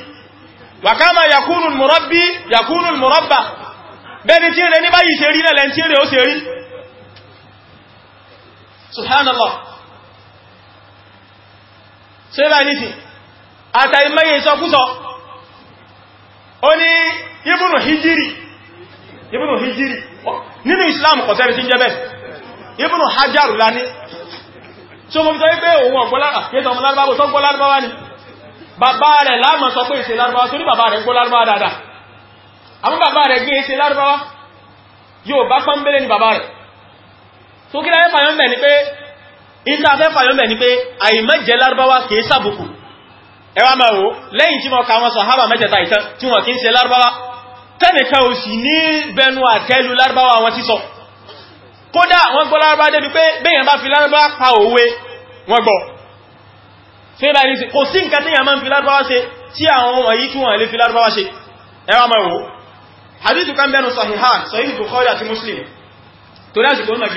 subhanallah ṣe bá ní sí àtàìmẹ́yẹ ìsọkúsọ ó ní ibùnù hijiri ibùnù hijiri nínú islam kọ̀sẹ́rì tí ń jẹ́bẹ̀ ibùnù hajjaru lani so mọ́ pé òun ọ̀gbọ́lárùbáwá ni bàbá rẹ̀ láàmà sọ pé ìṣe lárúbáwá tó ní bàbá rẹ̀ gbọ́ lárúbáwá dáadáa àmú bàbá rẹ̀ gbé ìṣe lárúbáwá yóò ni bàbá rẹ̀ tó kí láyé fàyọ́ mẹ́ ni pé ìta fẹ́ fàyọ́mẹ̀ ni pé àìmọ́jẹ lárúbáwá kìí sàbùkù ẹwà máa wò lẹ́yìn tí wọ́n ka wọn sàhábà mẹ́tẹ̀ẹ̀ta ìtàn tí wọ́n kìí ṣe lárúbáwá tẹ́nìkan ò sì ní bẹnu àtẹ́lu lárúbáwá wọn sísọ kódà wọ́n gbọ́ lárúbáwá débi pé bẹ́yàn bá fi lárúbáwá pa òwe wọ́n gbọ́ kò sí nǹkan tí yàn máa ń fi lárúbáwá ṣe tí àwọn ọmọ yìí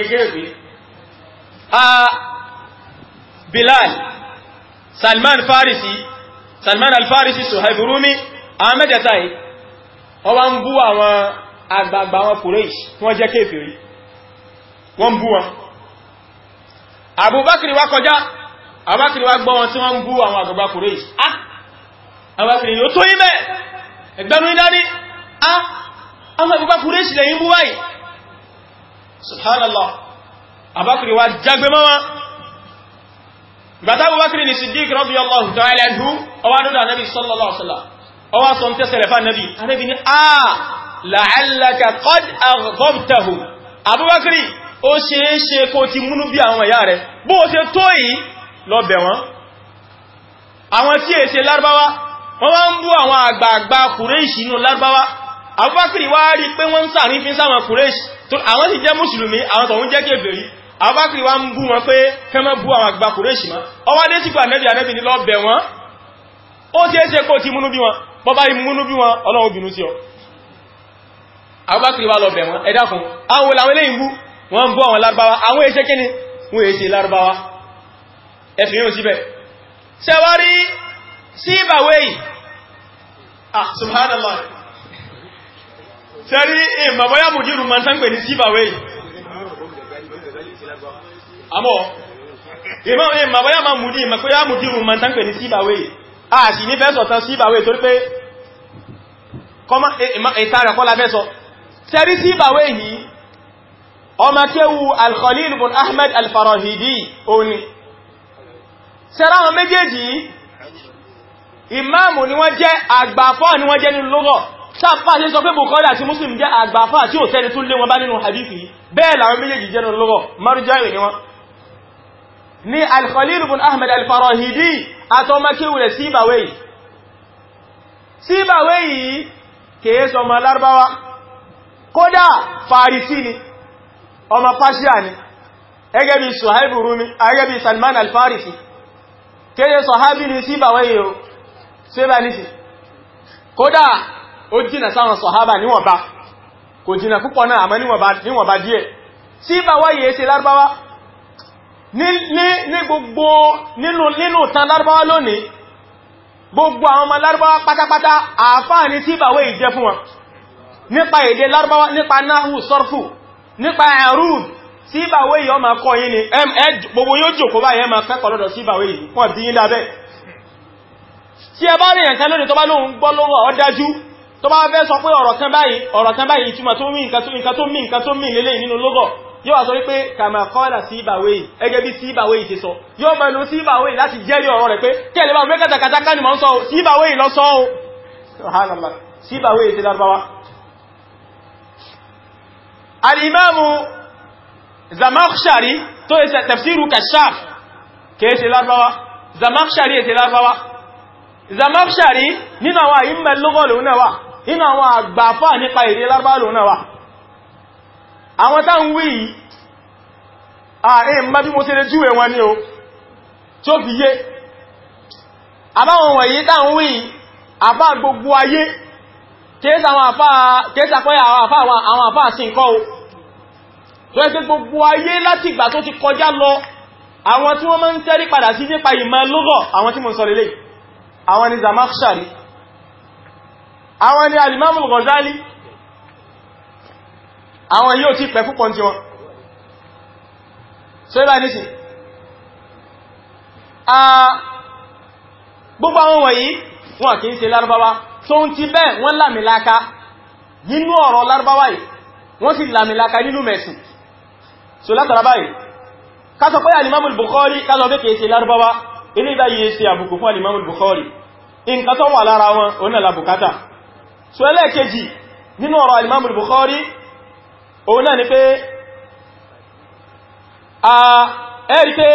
tí wọ́n Bilal Salman Farisi Salman Al-Farisi Suhaib Rumi àwọn mẹ́jẹta yìí wọ́n wá ń bú àwọn àgbààgbà wọn Quraysh wọ́n jẹ́ kéfèrí wọ́n bú wọn Abubakar wá kọjá Abubakar wá gbọ́ wọn tí wọ́n bú àwọn àgbààgbà Quraysh ah Abubakar yóò tó yí mẹ́ ẹgbẹ́nu ìdáni ah àwọn àgbààgbà kureish lẹ́yìn bú Subhanallah Abubakar wá jágbé mọ́ wọn bàtà Abubakar ni Siddiq radiyallahu ta'ala anhu ọwá dọ́dọ̀ anábi sallallahu alaihi wasallam ọwá sọ ń tẹ́sẹ̀lẹ̀ fà anábi anábi ni a la'allaka qad aghdabtahu Abubakar ó ṣe é ṣe kó ti múnú bí àwọn ẹ̀yà rẹ̀ bó ṣe wọ́n ń bú àwọn ń sáwọn Kùrẹ́ṣì àwọn sì jẹ́ mùsùlùmí àwọn tọ̀hún jẹ́ kèfèrí abákìrí wá ń bú wọn pé kẹ́mọ́ bú àwọn àgbà kòrèṣì mọ́ ọwá dé sípò ànẹ́bì ànẹ́bì ní lọ́bẹ̀ wọn ó tí é ṣe kó tí múnú bí wọn bọ́bá ìmúnú bí wọn ọlọ́run obìnrin sí ọ abákìrí wá lọ́bẹ̀ wọn ẹ dákun àwọn làwọn eléyìn bú ah subhanallah ṣẹrí ìmọ̀bọ́yá mùdírù mọ̀ sáńpẹ̀ ní sí ìbàwé yìí àmọ́ ìmọ̀ ìmọ̀ bóyá ma mú dí ìmọ̀ pé yá mú dí ìrùn ma tán pè ní síbàwé a sì ní fẹ́sọ̀ tán síbàwé torí pé ìta rẹ̀ kọ́lá fẹ́sọ̀ sẹ́rí síbàwé yìí ọmọ kéwu al-Khalil bin Ahmad al-Farahidi òní sẹ́rá wọn méjèèjì ìmáàmù ni wọ́n jẹ́ àgbàfọ́ ni wọ́n jẹ́ nínú lọ́gọ̀ sáfà sí sọ pé Bukhari àti Muslim jẹ́ àgbàfọ́ àti òtẹ́ni tún lé wọn bá nínú hadithi bẹ́ẹ̀ làwọn méjèèjì jẹ́nu lọ́gọ́ marja'i ni wọ́n ni al-Khalil ibn Ahmad al-Farahidi atọ́makéwù rẹ̀ síbàwẹ́yì síbàwẹ́yì kèé sọ ọmọ lárúbáwá kódà farisi ni ọmọ Persia ni ẹgẹ́ bí Suhaib Rumi ẹgẹ́ bí Salman al-Farisi kéé sọ̀hábí ni síbàwẹ́yì o síbà nísì kódà ó jìnà sáwọn sọ̀hábà níwọ̀nba kò jìnà púpọ̀ náà àmọ́ níwọ̀n bá díẹ̀ tí bá wáyé ṣe lárúbáwá ní gbogbo nínú tán lárúbáwá lónìí gbogbo àwọn ọmọ lárúbáwá pátápátá àfáà ní tí bàwé ìjẹ fún wọn nípa èdè lárúbáwá nípa náhù sọ́rfù nípa ẹ̀rùd tí ni gbogbo yóò jòkó báyẹ̀ ma fẹ́ kọlọ́dọ̀ sí bàwé yìí pọ̀ bí yín lábẹ́ tí ẹ bá rí ẹ̀kan lónìí tó bá lóhun gbọ́ lọ́wọ́ ọ tó bá fẹ́ sọ pé ọ̀rọ̀ kan báyìí ọ̀rọ̀ kan báyìí ìtumọ̀ tó mí nǹkan tó nǹkan tó mí nǹkan tó mí lélẹ̀ nínú lọ́gọ̀ yóò wá sọ wípé kàmà kọ́lá sí ìbàwé ẹgẹ́ bí sí ìbàwé ìṣe sọ yóò mọ ẹnu sí ìbàwé láti jẹ́rí ọ̀rọ̀ rẹ̀ pé kẹ́lẹ̀ bá fẹ́ kàtàkàtà ká ni mò ń sọ sí ìbàwé lọ sọ o sí ìbàwé ìṣe nínú àwọn àyíǹmẹ́ lọ́gọ́ náà wà inú àwọn àgbàfà nípa èdè lábàlò náà wà àwọn tá ń wí ààrẹ mbá bí mo ṣe lè júwẹ̀ wọn ni o tó fi yé àbáwọn wọ̀nyí tá ń wí àfá gbogbo ayé kéèsà àwọn àfá àwọn àfá sí nǹkan o tó àwọn ni Zamakhshari àwọn ni alimamu Ghazali àwọn yóò ti pẹ̀ púpọ̀ tí wọn so ibá ní sí a gbogbo àwọn wọ̀nyí wọn kìí ṣe lárúbáwá tó ń ti bẹ́ẹ̀ wọ́n lámìláka nínú ọ̀rọ̀ lárúbáwá yìí wọ́n sì lámìláka nínú mẹ̀sìn so látara báyìí kásọ pé alimamu Bukhari kásọ pé kìí ṣe lárúbáwá ilé ìbáyìí alimamu Bukhari nǹkan tó wà lára wọn so ẹlẹ́ẹ̀kejì nínú ọ̀rọ̀ Imam Bukhari òun náà ni pé a ẹ̀rí pé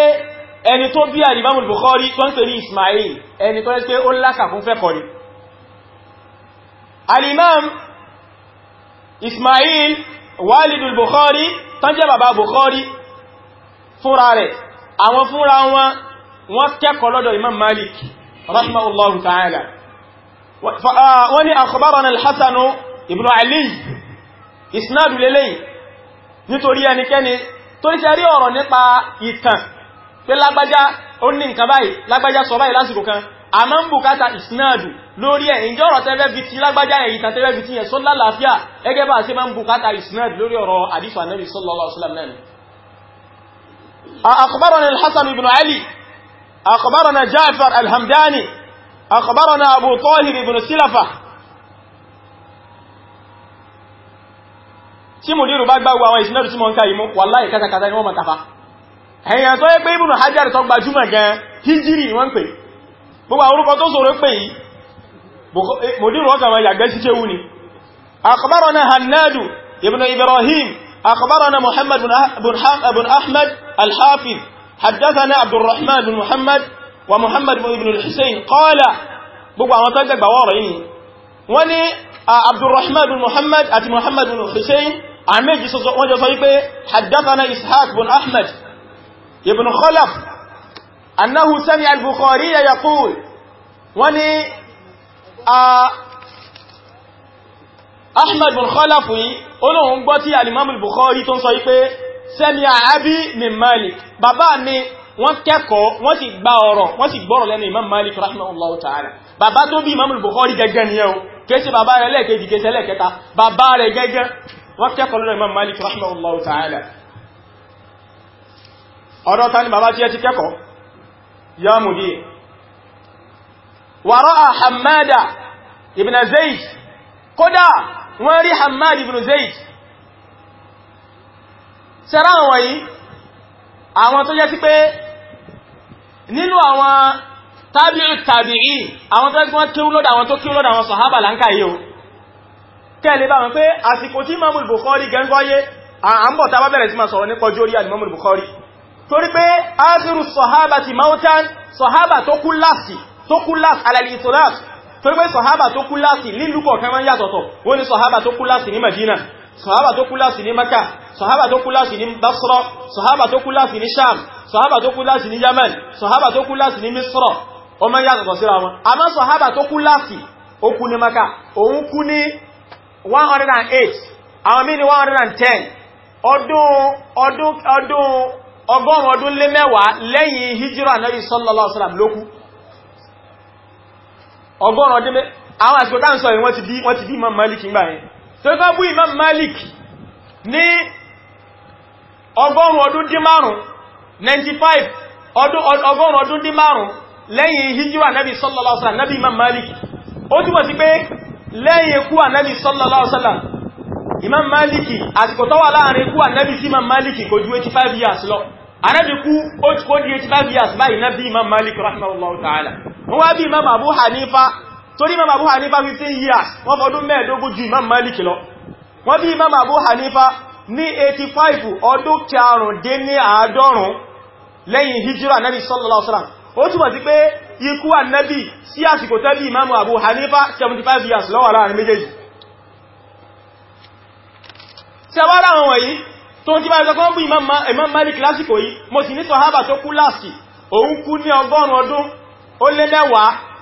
ẹni tó bí Imam Bukhari tó ń pè ní Ismail ẹni tó rẹ́ pé ó lákà fún fẹ́kọ̀ọ́ ni Al-Imam Ismail walidul Bukhari tán jẹ́ bàbá àwọn fúnra wọn wọ́n kẹ́kọ̀ọ́ lọ́dọ̀ Imam Malik rahimahullahu ta'ala Ah, wọ́n ni akhbarana al-hasanu ibn ali isnadu lélẹ́yìn nítorí ẹnikẹ́ni torí ṣe rí ọ̀rọ̀ nípa ìtàn pé lágbájá ó ní nǹkan báyìí lágbájá sọ báyìí lásìkò kan a máa ń bùkátà ìsinádù lórí ẹ̀ ìjọ ọ̀rọ̀ tẹ́lẹ̀ bí ti lágbájá ẹ̀ ìtàn tẹ́lẹ̀ bí ti yẹn sọ lálàáfíà ẹgẹ́ bá ṣe máa ń bùkátà ìsinádù lórí ọ̀rọ̀ àdífà Ànábì sallallahu أخبرنا أبو طاهر بن سلفة tí mo dérò bá gbágbà àwọn ìsinẹ́rù tí mo ń ká ìmú wàláhì kátàkátà ni wọ́n mọ̀tàfà ẹ̀yàn tó yẹ pé Ibn Hajar tó gbajúmọ̀ gan hijiri wọ́n pè gbogbo àwọn orúkọ tó sọ̀rọ̀ pè yìí mo dérò ọkà wọn yàgbẹ́ sí kéwú ni akhbarana Hannadu ibn Ibrahim akhbarana Muhammad bin Ahmad al-Hafiz haddathana Abdurrahman bin Muhammad wa muhammad ibn al-hussein qala gbogbo àwọn tó jẹgbà wọ́rọ̀ yìí wọ́n ní abdurrahman ibn muhammad àti muhammad ibn hussein àmẹ́jì wọ́n jọ sọ wípé haddathana ishaq ibn ahmed ibn khalaf annahu sami al-bukhari ya yaqul wọ́n ní ahmed ibn khalaf yìí olóhun gbọ́ tí al bukhari tó sọ wípé sami abi min malik bàbá mi wọ́n kẹ́kọ̀ọ́ wọ́n sì gba ọ̀rọ̀ wọ́n sì gbọ́rọ̀ lẹ́nu imam malik rahimahullah ta'ala bàbá tó bí imam bukhari gẹ́gẹ́ ni yẹn o kéṣe bàbá rẹ̀ lẹ́ẹ̀kejì kéṣe lẹ́ẹ̀kẹta bàbá rẹ̀ gẹ́gẹ́ wọ́n kẹ́kọ̀ọ́ lẹ́nu imam malik rahimahullah àwọn tó jẹ́ sí pé nínú àwọn tábíù tàbíì àwọn tó gbọ́n kí lọ́dọ̀ àwọn tó kí lọ́dọ̀ àwọn sàhábà láńkà yìí o kẹ́lẹ̀ bá wọn pé àsìkò tí Imamul Bukhari gẹ́ngọ́yé àmbọ̀ tá bá bẹ̀rẹ̀ sí ma sọ̀rọ̀ nípa jórí Imamul Bukhari torí pé áàzìrù sọ̀hábà ti mautan sọ̀hábà tó kú láti tó kú láti alàlì sọ̀hábà tó kúláàsì ní maka sọ̀hábà tó kúláàsì ní basra sọ̀hábà tó kúláàsì ní sham sọ̀hábà tó kúláàsì ní yemen tó kúláàsì ní misra ọmọ yàtọ̀ síra wọn àmá sahaba tó kúláàsì ó kú ní maka òun kú ní 108 àwọn 110 ọdún ọgọ́rùn ọdún lé mẹ́wàá lẹ́yìn hijira nabi sallallahu alaihi ọgọ́rùn ọdún àwọn yìí wọ́n ti tó bá imam malik ní ọgọ́rùn ọdún dín márùn 95 ọgọ́rùn ọdún dín márùn lẹ́yìn hijira nabi sallallahu alaihi wasallam nabi imam malik ó túnmọ̀ sí pé lẹ́yìn ikú ànábì sallallahu alaihi imam maliki àsìkò wà láàrin sí imam maliki kò ju 85 years lọ ànábì kú ó ti kó di 85 years báyìí imam rahimahullahu ta'ala wọ́n wá bí imam abu hanifa torí Imam Abu Hanifa 15 years wọ́n fọdún mẹ́ẹ̀dógún ju Imam Malik lọ wọ́n bí Imam Abu Hanifa ní 85 ọdún karùn dé ní àádọ́rùn lẹ́yìn hijira nabi sallallahu alaihi wasallam ó túnmọ̀ sí pé ikú annabi sí àsìkò tẹ́bí Hanifa 75 years lọ́wọ́ láàrin méjèèjì tẹwàrá àwọn wọ̀nyí tó ti bá ìjọkọ́ bí Imam Malik lásìkò yìí mo sì ní sọ̀hábà tó kú láàsì òun kú ní ọgọ́rùn ọdún ó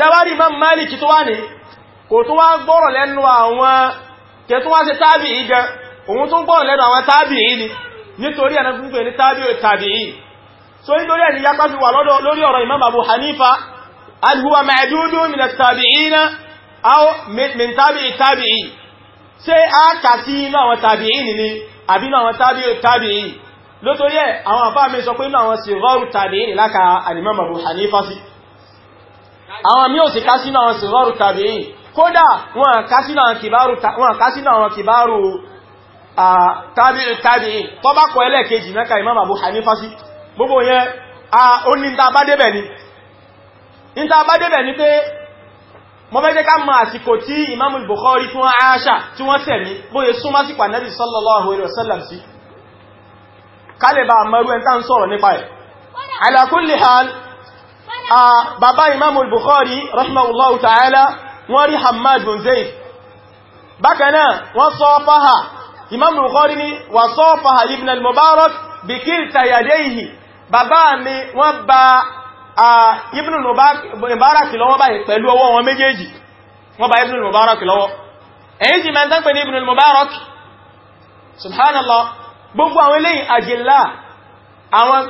tẹwàrí Imam Malik tó wà ní kò tó wá gbọ́rọ̀ lẹ́nu àwọn kẹtù wá sí tábì yìí gan òun tó gbọ́rọ̀ lẹ́nu àwọn tábì yìí ni nítorí ẹ̀nà fún pé ní tábì tàbí yìí so nítorí ẹ̀ni yapa fi wà lórí ọ̀rọ̀ Imam Abu Hanifa alhuwa ma'adúdú min at-tabi'ina aw min tábì tábì yìí ṣe a kà sí inú àwọn ni àbí inú àwọn tábì tábì yìí lótorí ẹ̀ àwọn àfáà mi sọ pé Hanifa si àwọn mí ò sì ká sínú àwọn sìgọ́rù tàbí kódà wọn ká sínú àwọn kìbárù tàbí tọ́bákọ̀ ẹlẹ́ẹ̀kejì mẹ́ka Imam Abu Hanifa sí gbogbo yẹn ó ní ta bá débẹ̀ ni níta bá débẹ̀ ni pé mo fẹ́ jẹ́ ká mọ àsìkò tí Imam Bukhari fún tí wọ́n tẹ̀mí bóye súnmọ́ sí pàdánàbì sallallahu alaihi wasallam sí kálẹ̀bà mẹ́rú ẹntá ń sọ̀rọ̀ nípa ẹ̀ hal bàbá imamu al-bukhari rahimahullahu ta'ala wọ́n rí hamad bin zayd bákanáà wọ́n sọ fáhà imamu al-bukhari ni wà sọ fáhà ibn al-mubarak bí kílta yadayhi bàbá mi wọ́n bá ibn al-mubarak lọ́wọ́ báyìí pẹ̀lú ọwọ́ wọn méjèèjì wọ́n bá ibn al-mubarak lọ́wọ́ èyí sì mẹ́ntán pẹ̀lú ibn al-mubarak subhanallah gbogbo àwọn eléyìn àjìlá àwọn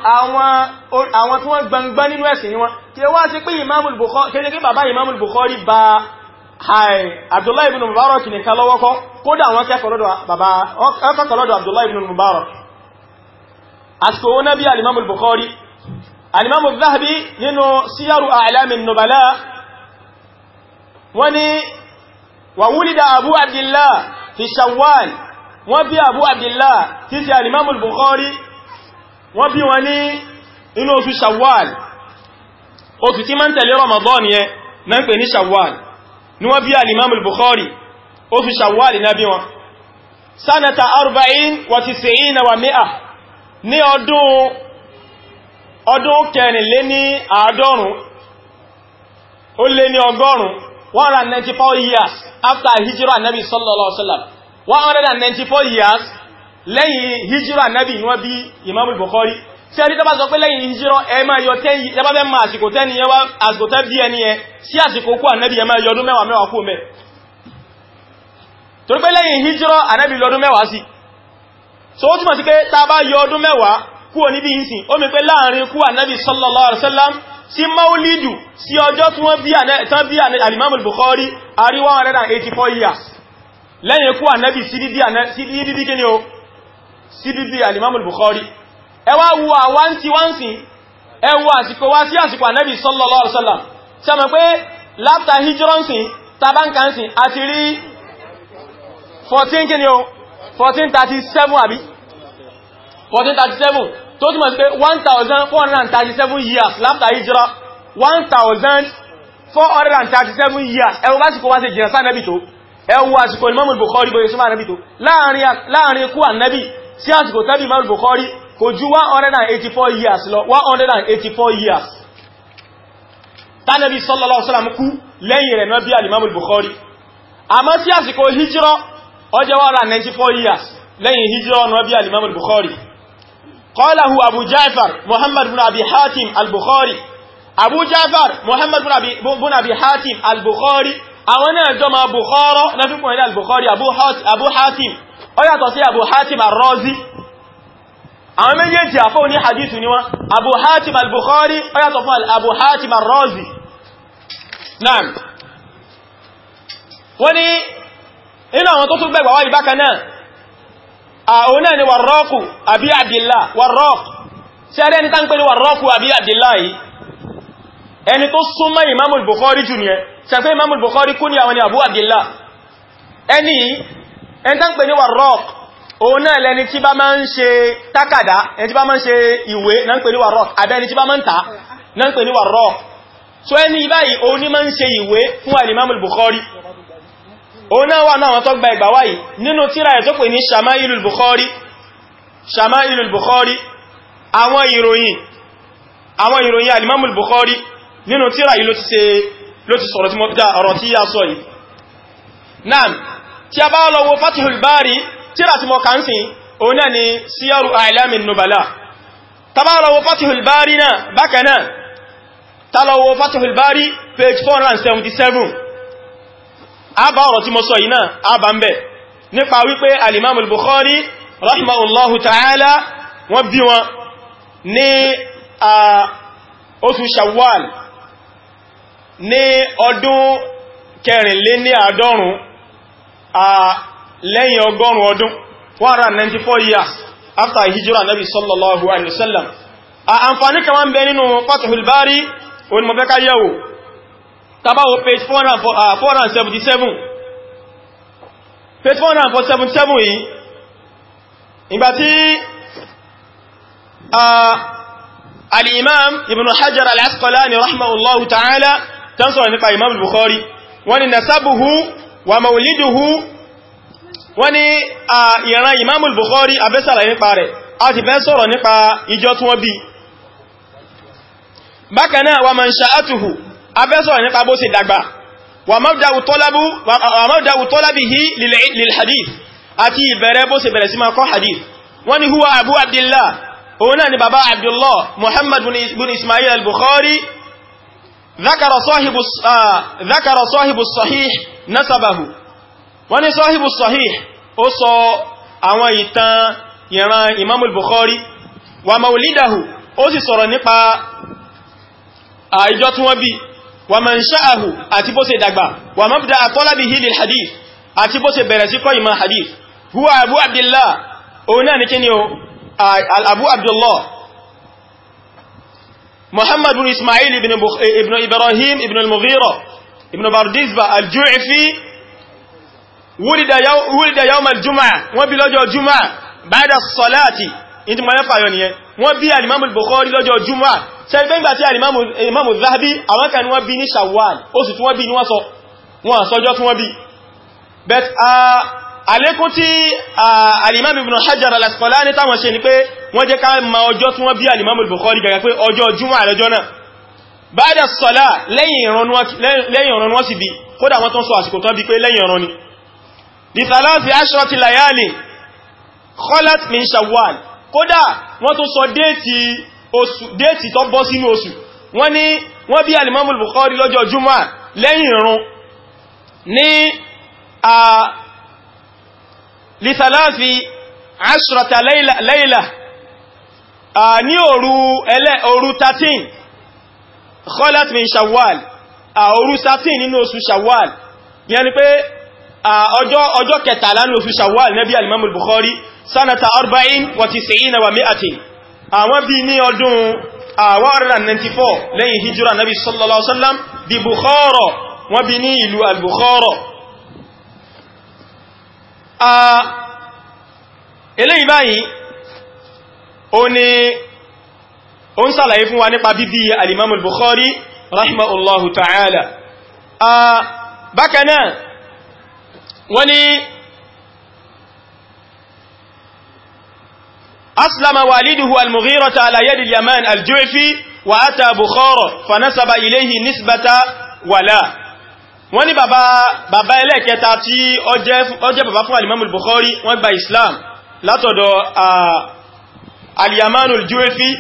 tí wọ́n gbangba nínú ẹ̀sìn ni wọ́n kí wá sí pé imamul bukhari kí ní kí bàbá imamul bukhari bá abdullahi ibn mubarak ní kalọ́wọ́kọ́ kódà wọ́n kẹ́kọ̀ọ́ lọ́dọ̀ abdullahi ibn mubarak àsìkò wọn náà bí alimamul bukhari alimamul zahabi nínú síyarù a'lamin nubala wọ́n ni wa wulida abu abdillah fi shawwal wọ́n bí abu abdillah títí alimamul bukhari wọ́n bí wọn ní inú oṣù shawwal oṣù tí ma ń tẹ̀lé ramadan yẹn na ń pè ní shawwal ni wọ́n bí al al-bukhari oṣù shawwal na bí wọn sanata arba'in wa tis'ina wa mi'a ní ọdún ọdún kẹrìnlé ní àádọ́rùn ó lé ní ọgọ́rùn 194 years after hijira nabi sallallahu alaihi wasallam 194 years lẹ́yìn hijira nabi ni wọ́n bí imamul bukhari tí a rí tọ́bá sọ pé lẹ́yìn hijira ẹ máa yọ tẹ́yìn tẹ́bá bẹ́ máa àsìkò tẹ́ni yẹn wá àsìkò tẹ́ bí ẹni yẹn sí àsìkò kú ànábì ẹ máa yọdún mẹ́wàá mẹ́wàá kú mẹ́ torí pé lẹ́yìn hijira ànábì lọ́dún mẹ́wàá sí so ó túnmọ̀ sí pé tá a bá yọ ọdún mẹ́wàá kú oníbí ń sìn ó maulidu sí ọjọ́ tí wọ́n bí tán bukhari a 184 years lẹ́yìn kú ànábì sí dídí kíni o sí bíbí alimamul bukhari ẹ wá wo àwọn tí wọ́n sìn ẹ wo àsìkò wá sí àsìkò ànábì sallallahu alaihi wasallam ṣe mọ̀ àti rí 14 kí ni 1437 àbí 1437 tó túnmọ̀ 1437 years láta hijrọ́ 1437 years ẹ wo bá sì kó wá sí jìnà sáà nẹ́bì tó ẹ wo àsìkò Imamul Bukhari bóyẹ̀ súnmọ́ ànẹ́bì tó láàrin kú ànẹ́bì sí àsìkò tẹ́bí Imam Bukhari kò ju 184 years lọ 184 years tánàbí sallallahu alaihi wasallam kú lẹ́yìn rẹ̀ náà bí al-Imam Bukhari àmọ́ sí àsìkò hijira ọjọ́ 194 years lẹ́yìn hijira náà bí al-Imam Bukhari qalahu Abu Ja'far Muhammad bin Abi Hatim al-Bukhari Abu Ja'far Muhammad bin Abi Hatim al-Bukhari àwọn náà jọ ma Bukhara náà ó yàtọ̀ sí Abu Hatim ar-Razi àwọn méjèèjì àfọ́ ní hadithu ni wọ́n Abu Hatim al-Bukhari ó yàtọ̀ fún Abu Hatim ar-Razi naam wọ́n ni inú àwọn tó tún gbẹ̀gbà wáyìí bákan náà àwọn náà ni warrọ́kù àbí àbí Abdillah ẹni ẹni tán pè ní warraq òun náà lẹni tí bá máa ń ṣe tákàdá ẹni tí bá máa ń ṣe ìwé náà ń pè ní warraq àbẹ́ni tí bá máa ń tà náà ń pè ní warraq so ẹni báyìí òun ní máa ń ṣe ìwé fún alimamul bukhari òun náà wà náà wọn tó gba ìgbà wáyìí nínú tíra ẹ̀ tó pè ní shamailul bukhari shamailul bukhari àwọn ìròyìn àwọn ìròyìn bukhari nínú tíra yìí ló ti sọ̀rọ̀ tí a sọ yìí náà tí a bá lọ wo Fathul Bari tíra tí mọ̀ kàn sí òun náà ni Siyaru A'lamin Nubala ta bá lọ wo Fathul Bari náà bákan náà ta lọ wo Fathul Bari page 477 a bá ọ̀rọ̀ tí mo sọ yìí a bá ń bẹ̀ nípa wípé alimamul Bukhari rahimahullahu ta'ala wọ́n bí wọn ní oṣù Shawwal ní ọdún kẹrìnléní àádọ́rùn-ún lẹ́yìn ọgọ́rùn ọdún 194 years after hijira nabi sallallahu alaihi wasallam a àǹfààní kan wọ́n bẹ nínú Fathul Bari òun mọ̀ fẹ́ká yẹ̀wò tabawo page 477 page 477 yìí ìgbàtí al'imam ibn hajjar al'asqalani rahimahullahu ta'ala tan sọ̀rọ̀ nípa imam bukhari wani nasabuhu wa mauliduhu wọ́n ni ìran imamul bukhari abẹ́sàlẹ̀ nípa rẹ̀ a ti fẹ́ sọ̀rọ̀ nípa ìjọ tí wọ́n bí bákanáà wa man sha'atuhu abẹ́sọ̀rọ̀ nípa bó ṣe dàgbà wa mabda'u talabihi lil hadith àti ìbẹ̀rẹ̀ bó ṣe bẹ̀rẹ̀ sí máa kọ́ hadith wọ́n ni huwa abu abdillah òun náà ni baba abdullah muhammad ismail al-bukhari ذكر صاحب ذكر صاحب الصحيح نسبه wọ́n ní صاحب الصحيح ó sọ àwọn ìtàn ìran Imam al-Bukhari wa maulidahu ó sì sọ̀rọ̀ nípa àìjọ tí wọ́n bí wa mansha'ahu àti bó ṣe dàgbà wa mabda'a talabihi lil hadith àti bó ṣe bẹ̀rẹ̀ sí kọ́ ìmọ̀ hadith huwa abu abdullah òun náà ní kí ni o abu abdullah محمد بن إسماعيل بن, بخ... ابن إبراهيم بن المغيرة بن بارديزبة الجعفي ولد, يو... ولد يوم الجمعة وبلوجه الجمعة بعد الصلاة انت ما يفعل وبي الإمام البخاري لوجه الجمعة سيبين باتي الإمام, الإمام الذهبي أما كان وبي ní شوال ó sì tún wọ́n bí ní wọ́n sọ wọ́n sọjọ́ tún wọ́n bí but الإمام بن حجر الأسقلاني táwọn ṣe wọ́n jẹ́ ká ma ọjọ́ tí wọ́n bí alimamul bukhari gẹ́gẹ́ pé ọjọ́ júmọ́ àlẹ́jọ́ náà báyìí sọ́lá lẹ́yìn ìrun wọ́n sì bí kódà wọ́n tán sọ àsìkò tán bí pé lẹ́yìn ìrun ni di thalathi ashrati layali khalat min shawwal kódà wọ́n tún sọ déètì tó bọ́ sínú oṣù wọ́n ní wọ́n bí alimamul bukhari lọ́jọ́ ní òru ẹlẹ́ òru 13 khalat min shawwal òru 13 nínú oṣù shawwal yẹn ni pé ọjọ́ ọjọ́ kẹtàlá ní oṣù shawwal nẹ́bí al-imam al-bukhari sanata arba'in wa tis'ina wa mi'atin àwọn bí ní ọdún 194 lẹ́yìn hijira nabi sallallahu alaihi wasallam di báyìí ó ní ó ń sàlàyé fún wa nípa bíbí al-Imam al-Bukhari rahimahullahu ta'ala bákan náà wọ́n ní aslama waliduhu al-Mughirata ala yadi al-Yaman al-Ju'fi wa ata Bukhara fanasaba ilayhi nisbata wala wọ́n ní bàbá bàbá ẹlẹ́kẹta tí ó bàbá fún al bukhari wọ́n gba Islam látọ̀dọ̀ aliyamanu al-jufi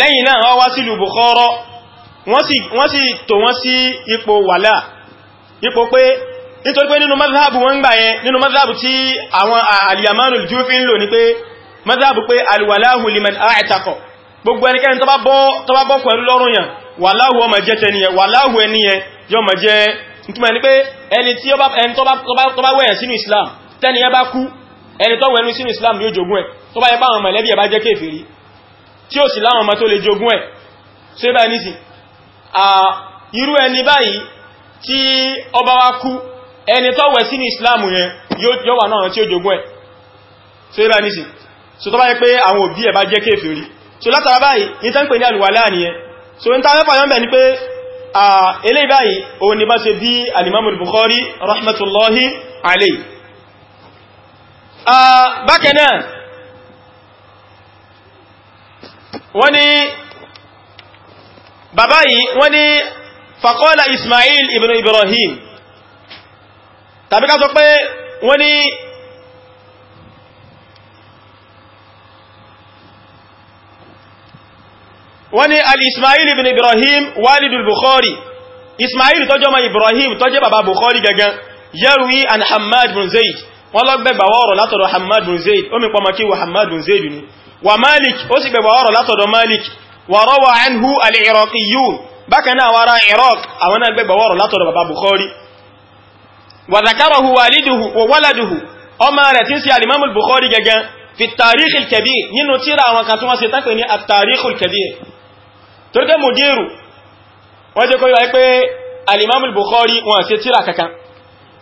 lẹ́yìn náà wọ́n wá sílùú bukhara wọ́n sì tò wọ́n sí ipò wàlá ipò pé nítorí pé nínú mazhabu wọ́n gbà yẹn nínú mazhabu tí àwọn aliyamanu al-jufi ń lò ní pé mazhabu pé alwalahu liman a'taqa gbogbo ẹnikẹ́ni tó bá bọ́ pẹ̀lú lọ́rùn yàn wàláhù ọmọ jẹ́ tẹniyẹ wàláhù ẹniyẹ yọ mọ̀ jẹ́ ìtumọ̀ ní pé ẹni tí ó bá wẹ̀yàn sínú Islam tẹniyẹ bá kú ẹni tó wẹ̀yàn sínú Islam yóò jogún ẹ̀ tó bá yẹ báwọn mọ̀lẹ́bí ẹ̀ bá jẹ́ kéfèrí tí ó sì láwọn ọmọ tó lè jogún ẹ̀ ṣe bá nìsìn irú ẹni báyìí tí ọba wa kú ẹni tó wẹ̀ sínú Islam yẹn yóò wà náà tí ó jogún ẹ̀ ṣe bá nìsìn so tó bá yẹ pé àwọn òbí ẹ̀ bá jẹ́ kéfèrí so látara báyìí ní tán pè ni pé eléyìí báyìí òun ni bá ṣe bí Bukhari rahmatullahi alayhi bákan náà wọ́n ni bàbá yìí wọ́n ni faqala Ismail ibn Ibrahim tàbí ká sọ pé wọ́n ni wọ́n ni al-Ismail ibn Ibrahim walidul Bukhari Ismail tó jọmọ Ibrahim tó jẹ́ bàbá Bukhari gangan yarwi an Hammad bin Zaid wọ́n lọ gbẹgbà wọ́rọ̀ látọ̀rọ̀ Hammad bin Zaid ó mi pọmọ kí wọ Hammad bin Zaid ni wa malik ó sì gbẹ̀gbà ọ̀rọ̀ látọ̀dọ̀ malik wa rawa anhu al-iraqiyun bákan náà wára iraq àwọn náà gbẹ̀gbà ọ̀rọ̀ látọ̀dọ̀ bàbá bukhari wa zakarahu waliduhu wa waladuhu ọmọ rẹ̀ tí ń ṣe al-imam al-bukhari gẹ́gẹ́ fi tarikh al-kabir nínú tírà àwọn kan tí wọ́n ṣe tápẹ̀ ní at-tarikh al-kabir tó gẹ́ wọ́n jẹ́ kó yọ pé al bukhari wọ́n ṣe tírà kankan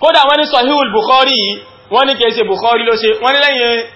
kódà wọ́n ní sahih al-bukhari wọ́n ní kẹ́ ṣe bukhari ló ṣe wọ́n ní lẹ́yìn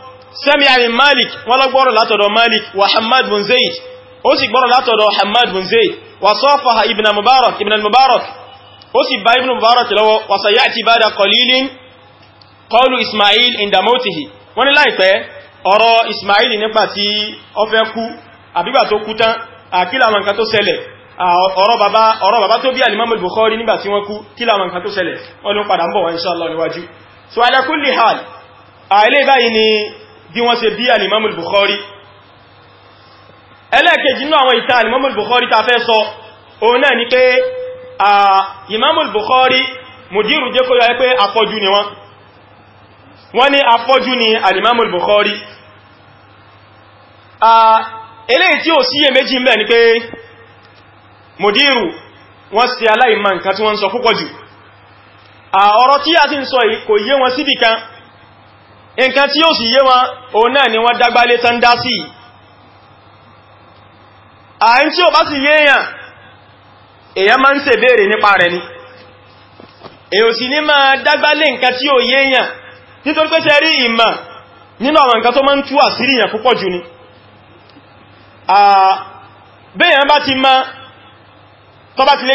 sami'a min malik wọ́n lọ gbọ́rọ̀ látọ̀dọ̀ malik wa hamad bin zayd ó sì gbọ́rọ̀ látọ̀dọ̀ hamad bin zayd wa safaha ibn mubarak ibn mubarak ó sì bá ibn mubarak lọ́wọ́ wa sayati bada qalilin qawlu ismail inda mautihi wọ́n ní láìpẹ́ ọ̀rọ̀ ismail nípa tí ó fẹ́ kú àbígbà tó kú tán àkílà àwọn nǹkan tó ṣẹlẹ̀ ọ̀rọ̀ bàbá ọ̀rọ̀ bàbá tó bí al-imam al-bukhari nígbà tí wọ́n kú kílà àwọn nǹkan tó ṣẹlẹ̀ wọ́n ló padà ń bọ̀ inshallah níwájú so ala kulli hal àìlè báyìí ni bí wọ́n ṣe bí alimamul Bukhari ẹlẹ́ẹ̀kejì nínú àwọn ìta alimamul Bukhari ta fẹ́ sọ òun náà ni pé imamul Bukhari mudiru jẹ́ kó yọ pé afọ́jú ni wọ́n wọ́n ní afọ́jú ni alimamul Bukhari eléyìí tí ò síyè méjì ń bẹ̀ ni pé mudiru wọ́n ṣe aláìmọ̀ a ti ń sọ yìí nǹkan tí ó sì yé wọn o náà ni wọ́n dágbálé tán dá sí àyín tí ó bá sì yé èyàn èyàn máa ń se bèèrè nípa rẹ̀ ni èyàn sì ní máa dágbálé nǹkan tí ó yé èyàn nítorí pé ṣe rí ìmọ̀ nínú àwọn nǹkan tó máa ń tú ni béèyàn bá ti ma bá ti ma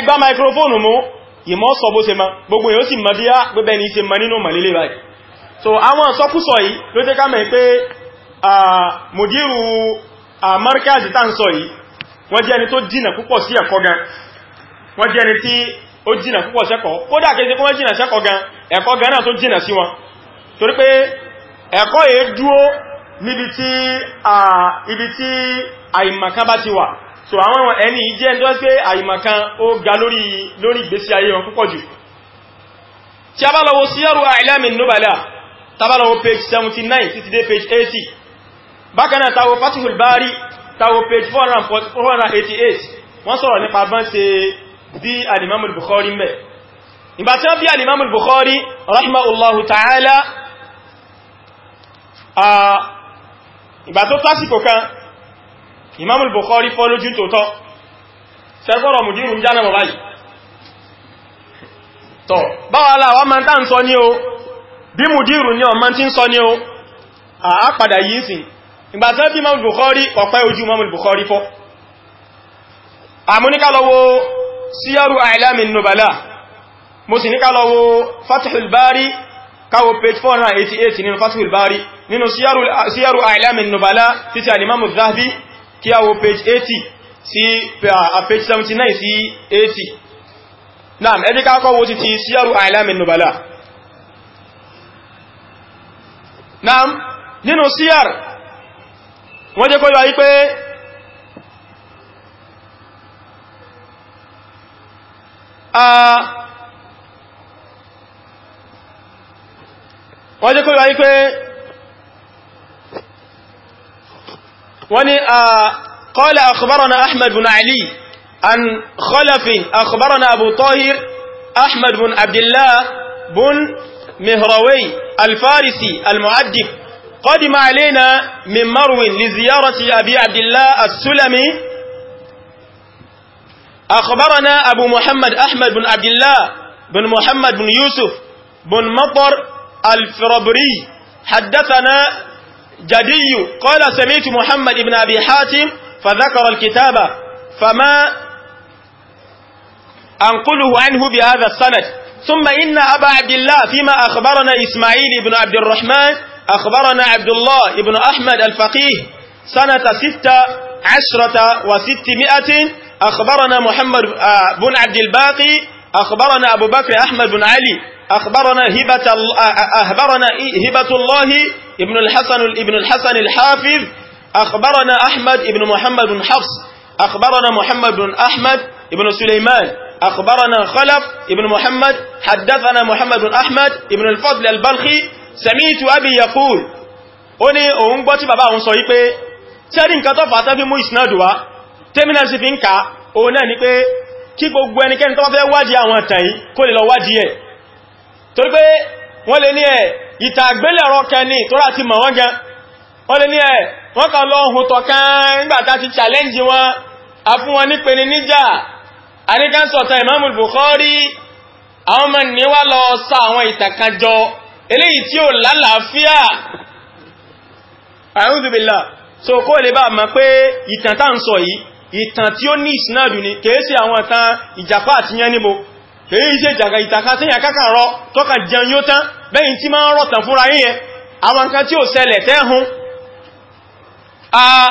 gbogbo so àwọn sọkúsọ yìí ló jẹ́ ká mọ̀ pé mùdírù markazi tá ń sọ yìí wọ́n jẹ́ ẹni tó jìnà púpọ̀ sí ẹ̀kọ́ gan wọ́n jẹ́ ẹni tí ó jìnà púpọ̀ sẹ́kọ̀ kódà kéde kó wọ́n jìnà sẹ́kọ̀ gan ẹ̀kọ́ gan náà tó jìnà sí wọn torí pé ẹ̀kọ́ yìí dúó níbi tí ibi bá ti wà so àwọn ẹni jẹ́ ẹni tó pé àìmọ̀kan ó ga lórí lórí ìgbésí ayé wọn púpọ̀ jù tí a bá lọ wo síyàrù àìlẹ́mì nubala tabalawo page 79 títí dé page 80 bákanáà tawo fatihul bari tawo page 488 wọ́n sọ̀rọ̀ nípa bán ṣe bí alimamul bukhari mẹ́ ìgbàtí wọ́n bí alimamul bukhari rahimahullahu ta'ala ìgbà tó tásìkò kan imamul bukhari fọ́ lójú tòótọ́ mùdírùn jánà báyìí bí mùdírù ní ọmọ tí ń sọ ní o àápadà yìí sí ìgbàtẹ́ bí Imam Bukhari ọ̀pẹ́ ojú Imam Bukhari fọ́ àmúníkàlọ́wọ́ síyárù A'lamin Nubala mo sì níkàlọ́wọ́ Fathul Bari káwọ page 488 nínú Fathul Bari nínú síyárù A'lamin Nubala títí alimamu Zahabi kí a wo page 80 sí page 79 sí 80 náà ẹjíká kọ́wọ́ títí síyárù A'lamin Nubala naam nínú síyàr wọ́n jẹ́ kọ́yọ̀ wípé wọ́n jẹ́ kọ́yọ̀ wípé wọ́n ni قال أخبرنا أحمد بن علي عن خلف أخبرنا أبو طاهر أحمد بن عبد الله بن مهروي الفارسي المعدب قدم علينا من مرو لزيارة أبي عبد الله السلمي أخبرنا أبو محمد أحمد بن عبد الله بن محمد بن يوسف بن مطر الفربري حدثنا جدي قال سمعت محمد بن أبي حاتم فذكر الكتاب فما أنقله عنه بهذا السند ثم إن أبا عبد الله فيما أخبرنا إسماعيل بن عبد الرحمن أخبرنا عبد الله بن أحمد الفقيه سنة ستة عشرة وستمائة أخبرنا محمد آه، بن عبد الباقي أخبرنا أبو بكر أحمد بن علي أخبرنا هبة آه، آه، أخبرنا هبة الله ابن الحسن ابن الحسن الحافظ أخبرنا أحمد ابن محمد بن حفص أخبرنا محمد بن أحمد ابن سليمان أخبرنا خلف ابن محمد حدثنا محمد بن أحمد ابن الفضل البلخي سمعت أبي يقول ó ní òun gbọ́ tí bàbá òun sọ wípé tẹ́rí nǹkan tó fàtẹ́ fi mú ìsinádù wá tẹ́mínà sí fi ń ká òun náà ni pé kí gbogbo ẹnikẹ́ni tó fẹ́ wádìí àwọn àtàyí kó lè lọ wádìí ẹ̀ torí pé wọ́n lè ní ẹ̀ ìtàgbélẹ̀rọ kẹni tó láti mọ̀ wọ́n gan wọ́n lè ní ẹ̀ wọ́n kàn lọ ohun tọ̀kan nígbàtà ti challenge wọn àfún wọn nípe ni níjà àníkà sọ̀tà Imamul Bukhari àwọn ọmọ ní wá lọ sa àwọn ìtàkànjọ eléyìí tí ó lálàáfíà a'udhu billah so kó lè bá mọ̀ pé ìtàn tá ń sọ yìí ìtàn tí ó ní ìsinádù ni kèé sí àwọn ìtàn ìjàpá àti yẹn níbo kèé sí ìjàgà ìtàkà tí yà kákà rọ tọ́ka jẹun yóò tán bẹ́yìn tí máa ń rọ̀tàn fúnra yíyẹ àwọn nǹkan tí ó ṣẹlẹ̀ tẹ́hun ah,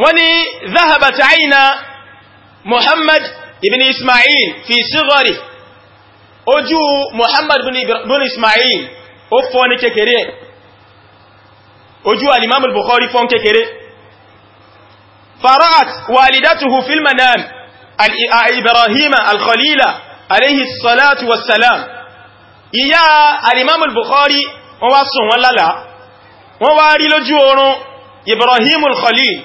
wọ́n zahabat aina muhammad ibn ismail fi sígọ́rì ojú muhammad ibn ismail ó fọ́ ní kékeré ojú alimam al-bukhari fọ́n kékeré fara'at walidatuhu fil manam al-ibrahim al-khalila alayhi salatu wassalam ìyá alimam al-bukhari wọ́n wá sùn wọ́n lálàá wọ́n wá rí lójú oorun ibrahim al-khalil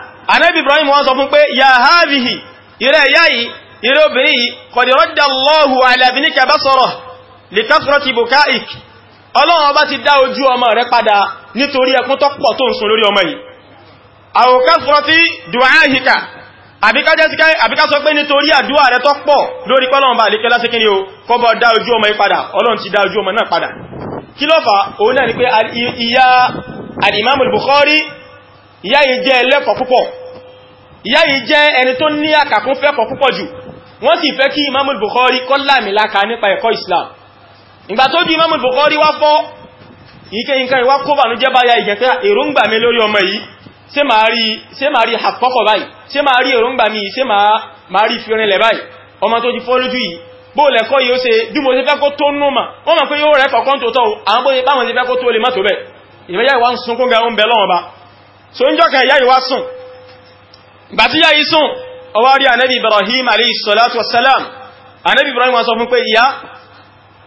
anábì ibrahim wọ́n sọ fún pé ya hazihi ìrẹ́ ìyá yìí ìrẹ́ obìnrin yìí kọ̀dì rọ́dà lọ́hù alábìníkà bá sọ̀rọ̀ lè kásọ̀rọ̀ ti bukaik ọlọ́run ọba ti dá ojú ọmọ rẹ padà nítorí ẹkún tó pọ̀ tó ń sun lórí ọmọ yìí àwòkásọ̀rọ̀ ti dùáhìkà àbíká sọ pé nítorí àdúwà rẹ tó pọ̀ lórí pọ́lọ́run bá lékẹ́ lásìkí ni o kọ́bọ̀ ìyá yìí jẹ́ ẹlẹ́kọ̀ọ́ púpọ̀ ìyá yìí jẹ́ ẹni tó ní àkàkún fẹ́kọ̀ọ́ púpọ̀ jù wọ́n sì fẹ́ kí imamul bukhari kọ́ láàmìláka nípa ẹ̀kọ́ islam ìgbà tó di imamul bukhari wá fọ́ ìkẹ́ ìwá kó bà ní jẹ́ bá ya ìjẹ́ pé èròǹgbà mi lórí ọmọ yìí ṣé máa rí ṣé máa rí àpọ́kọ̀ báyìí ṣé máa rí èròǹgbà mi ṣé máa rí fìrinlẹ̀ báyìí ọmọ tó di fọ́lójú yìí bó lẹ́kọ́ yìí ó ṣe bí mo ṣe fẹ́ kó so ń jọ́kàn ìyá ìwá sùn ìgbà tí yá yìí sùn ó wá rí ànábì Ibrahim alayhi salatu wassalam ànábì Ibrahim wọ́n sọ fún pé ìyá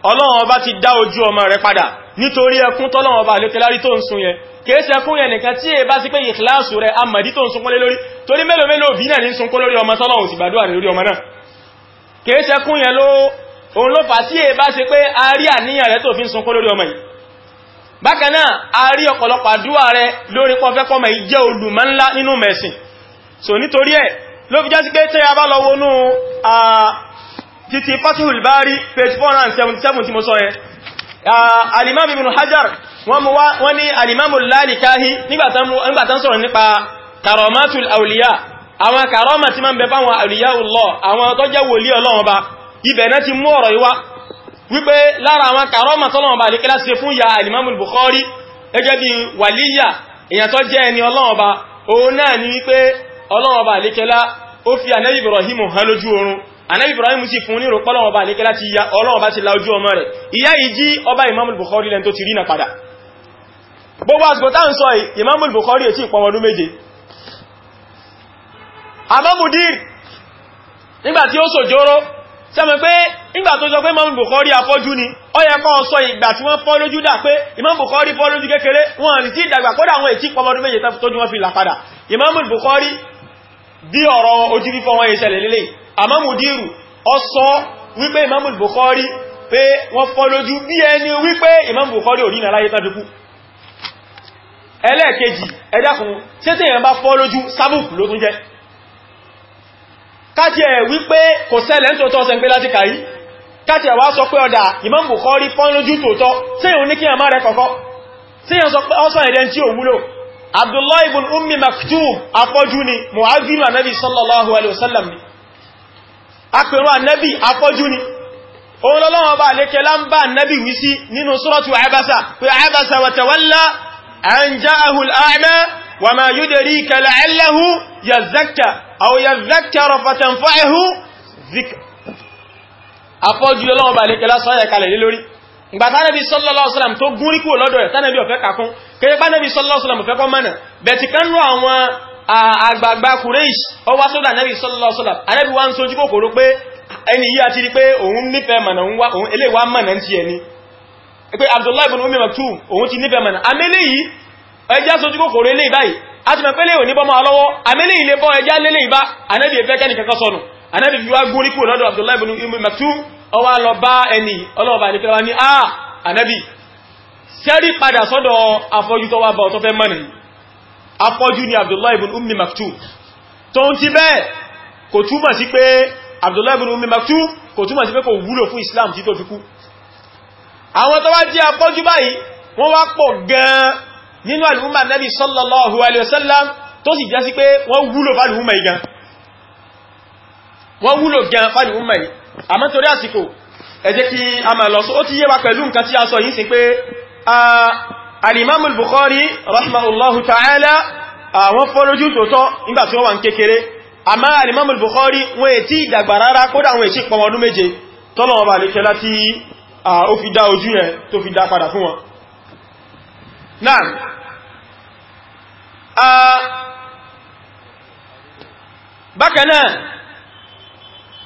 ọlọ́run ọba ti dá ojú ọmọ rẹ padà nítorí ẹkún tọ́lọ́run ọba àlékelárí tó ń sun yẹn kìí ṣe ẹkún yẹn nìkan tí èbá sí pé ìkìláàsù rẹ amàdí tó ń sunkún lé lórí torí mélòó mélòó bí náà ní sunkún lórí ọmọ tọ́lọ́run sì gbàdúrà lórí ọmọ náà kìí ẹkún yẹn ló ló fà sí èbá sí pé a rí àníyàn rẹ tó fi ń sunkún lórí ọmọ yìí bákanáà a rí ọ̀pọ̀lọpọ̀ àdúwà rẹ lórí pọ́fẹ́ kọmọ̀ ìjẹ́ olùmọ̀ ńlá nínú mẹ̀sìn so nítorí ẹ̀ ló fi jásí pé tí a bá lọ wọnú títí Fathul Bari page 477 tí mo sọ yẹn alimami ibn Hajar wọ́n ní alimamu Lalikahi nígbàtán sọ̀rọ̀ nípa karamatul auliya àwọn karama tí ma ń bẹ fáwọn auliya Allah àwọn tó jẹ́ wòlí ba ibẹ̀ náà wípé lára àwọn kàrọ́mà tọ́lọ́wọ̀n bá lékẹ́lá ṣe fún ya alimamul Bukhari gẹ́gẹ́ bí wàlíyà èyàn tó jẹ́ ẹni ọlọ́ọ̀ba òun náà ni wípé ọlọ́ọ̀ba lékẹ́lá ó fi ànábì Ibrahim hàn lójú oorun ànábì Ibrahim sì fún ní rọpọ́lọ́ọ̀ba imamul Bukhari lẹ́n tó ti rí na padà imamul Bukhari ò tí ì pọmọdún méje amamudir ó sòjóró sẹ́mọ̀ pé ìgbà tó sọ pé Imam Bukhari afọ́jú ni ó yẹ kó sọ ìgbà tí wọ́n fọ́ lójú dà pé Imam Bukhari fọ́ lójú kékeré wọ́n rí tí ìdàgbà kódà àwọn èkí pọmọdún méje tójú wọ́n fi là padà Imam Bukhari bí ọ̀rọ̀ ojú fífọ́ wọn ìṣẹ̀lẹ̀ lélẹ̀ àmọ́ Mudiru ó sọ wípé Imam Bukhari pé wọ́n fọ́ lójú bí ẹni wípé Imam Bukhari ò rí nà láyé tọ́dúkú ẹlẹ́ẹ̀kejì ẹ̀dàkùn tí èèyàn bá fọ́ lójú sábùkù ló tún jẹ́ káti ẹ̀ wípé kò ṣẹlẹ̀ ń tòótọ́ sẹ́ńpé láti kàí káti ẹ̀ wá sọ pé ọ̀dà Imam Bukhari pọ́n lójú tòótọ́ tí yíò ní kí àmá rẹ̀ kọ̀kọ́ tí yíò sọ ẹ̀dẹ̀ tí ò wúlò Abdullahi ibn Ummi Maktum afọ́jú ni mu'adhdhinu anabi sallallahu alaihi wasallam ni apẹ̀rún anabi afọ́jú ni òun lọ́lọ́wọ́ bá lékẹ́ lámbà anabi wí aw yadhakkara fatanfa'ahu dhikr afọ́jú ọlọ́wọ́ bá lè kẹlá sọ́yẹ̀ kalẹ̀ lé lórí ìgbà lori. sallallahu alaihi wasallam tó e rí kúrò lọ́dọ̀ ẹ̀ tánàbí ọ̀fẹ́ kàkún kẹrẹ pánàbí sallallahu alaihi wasallam ọ̀fẹ́ kọ́ mọ́nà bẹ̀tì kan nú àwọn àgbààgbà Quraysh ọwá sódà náàbí sallallahu alaihi wasallam anábí wá ń sojú A pé ẹni yí àti rí pé òun nífẹ̀ẹ́ mọ̀nà òun wá òun ibn ti ẹjá sojú kòkòrò ilé ìbáyìí a ti mọ̀ pẹ́lẹ̀ òní bọ́mọ́ alọ́wọ́ àmẹ́lẹ̀ ilé bọ́ ẹjá lélẹ̀ ìbá anábì ẹfẹ́ kẹ́ni kẹ́kọ́ sọnù anábì fi wá gúrí kúrò lọ́dọ̀ Abdullahi ibn Umm Maktum ọwá lọ bá ẹni ọlọ́ọ̀bà ní kẹwàá a ah, anábì sẹ́rí padà sọ́dọ̀ afọ́jú tó wá bá ọ̀tọ́ fẹ́ ni Abdullahi ibn Umm Maktum tó ń ti bẹ́ẹ̀ kò túmọ̀ sí pé Abdullahi ibn umm Islam tí tó fi kú àwọn tó wá jẹ́ afọ́jú báyìí wọ́n wá pọ̀ gan-an nínú alùmọ̀ nẹ́bí sallallahu alaihi wasallam tó sì jẹ́ sí pé wọ́n wúlò fàlùmọ̀ igan wọ́n wúlò gan fàlùmọ̀ yìí àmọ́ torí àsìkò ẹ jẹ́ kí a máa lọ sọ ó ti yé wa pẹ̀lú nǹkan tí a sọ yìí sí pé alimamul Bukhari rahimahullahu ta'ala àwọn fọ́lójú tòótọ́ nígbà tí wọ́n wà náà a bákanáà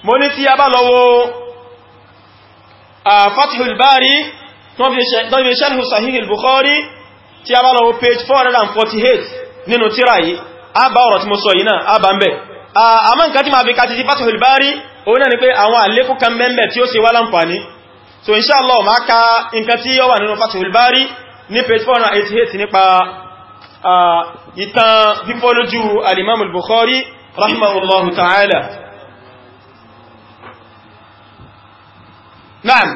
mo ní tí a bá lọ wo a Fathul Bari don fi ṣẹ́lù Sahih al-Bukhari tí a bá lọ wo page 448 nínú tírà yìí a bá ọ̀rọ̀ tí mo sọ yìí náà a bá ń bẹ̀ a mọ́ nǹkan tí ma fi ká ti ti Bari o náà ni pé àwọn àlékún kan mẹ́mẹ́ tí ó ṣe wá láǹfààní so inṣáàlọ́ ma ká nǹkan tí yọ wà Bari ní page 488 nípa ìtàn fífọ́lójú al-Imam al-Bukhari rahimahullahu ta'ala na'am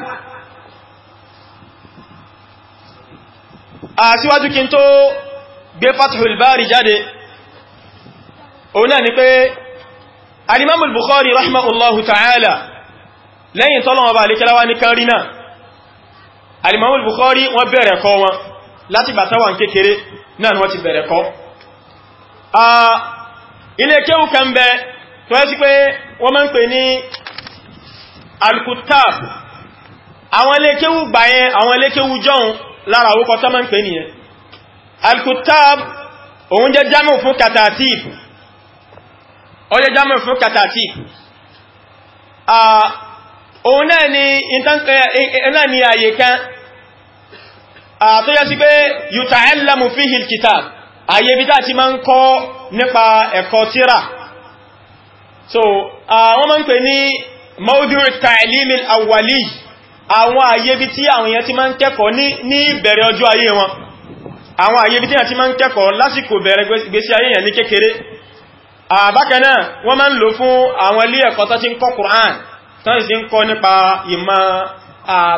a síwájú kí n tó gbé Fathul Bari jáde òun náà ni pé al bukhari rahimahullahu ta'ala lẹ́yìn tọ́lọ̀wọ́ bá lè ní kan rí náà alimawul Bukhari wọ́n bẹ̀rẹ̀ kọ́ wọn láti bàtàwà kékeré náà wọ́n ti bẹ̀rẹ̀ kọ́ ilé kéwù kan bẹ tó ẹ́ sí pé wọ́n máa ń pè ní alkutab àwọn ilé kéwù gbàyẹn àwọn ilé kéwù jọun lára àwókọ tó máa ń pè nìyẹn alkutab òun náà ni àyè kan Ah, tó yẹ sí pé yuta'allamu fihi al-kitab ayé bí tá ti máa ń kọ́ nípa ẹ̀kọ́ tíra so wọ́n máa ń pè ní mawdu'u ta'lim al-awwali àwọn ayé bí tí àwọn èèyàn ti máa ń kẹ́kọ̀ọ́ ní ìbẹ̀rẹ̀ ọjọ́ ayé wọn àwọn ayé bí tí àwọn ti máa ń kẹ́kọ̀ọ́ lásìkò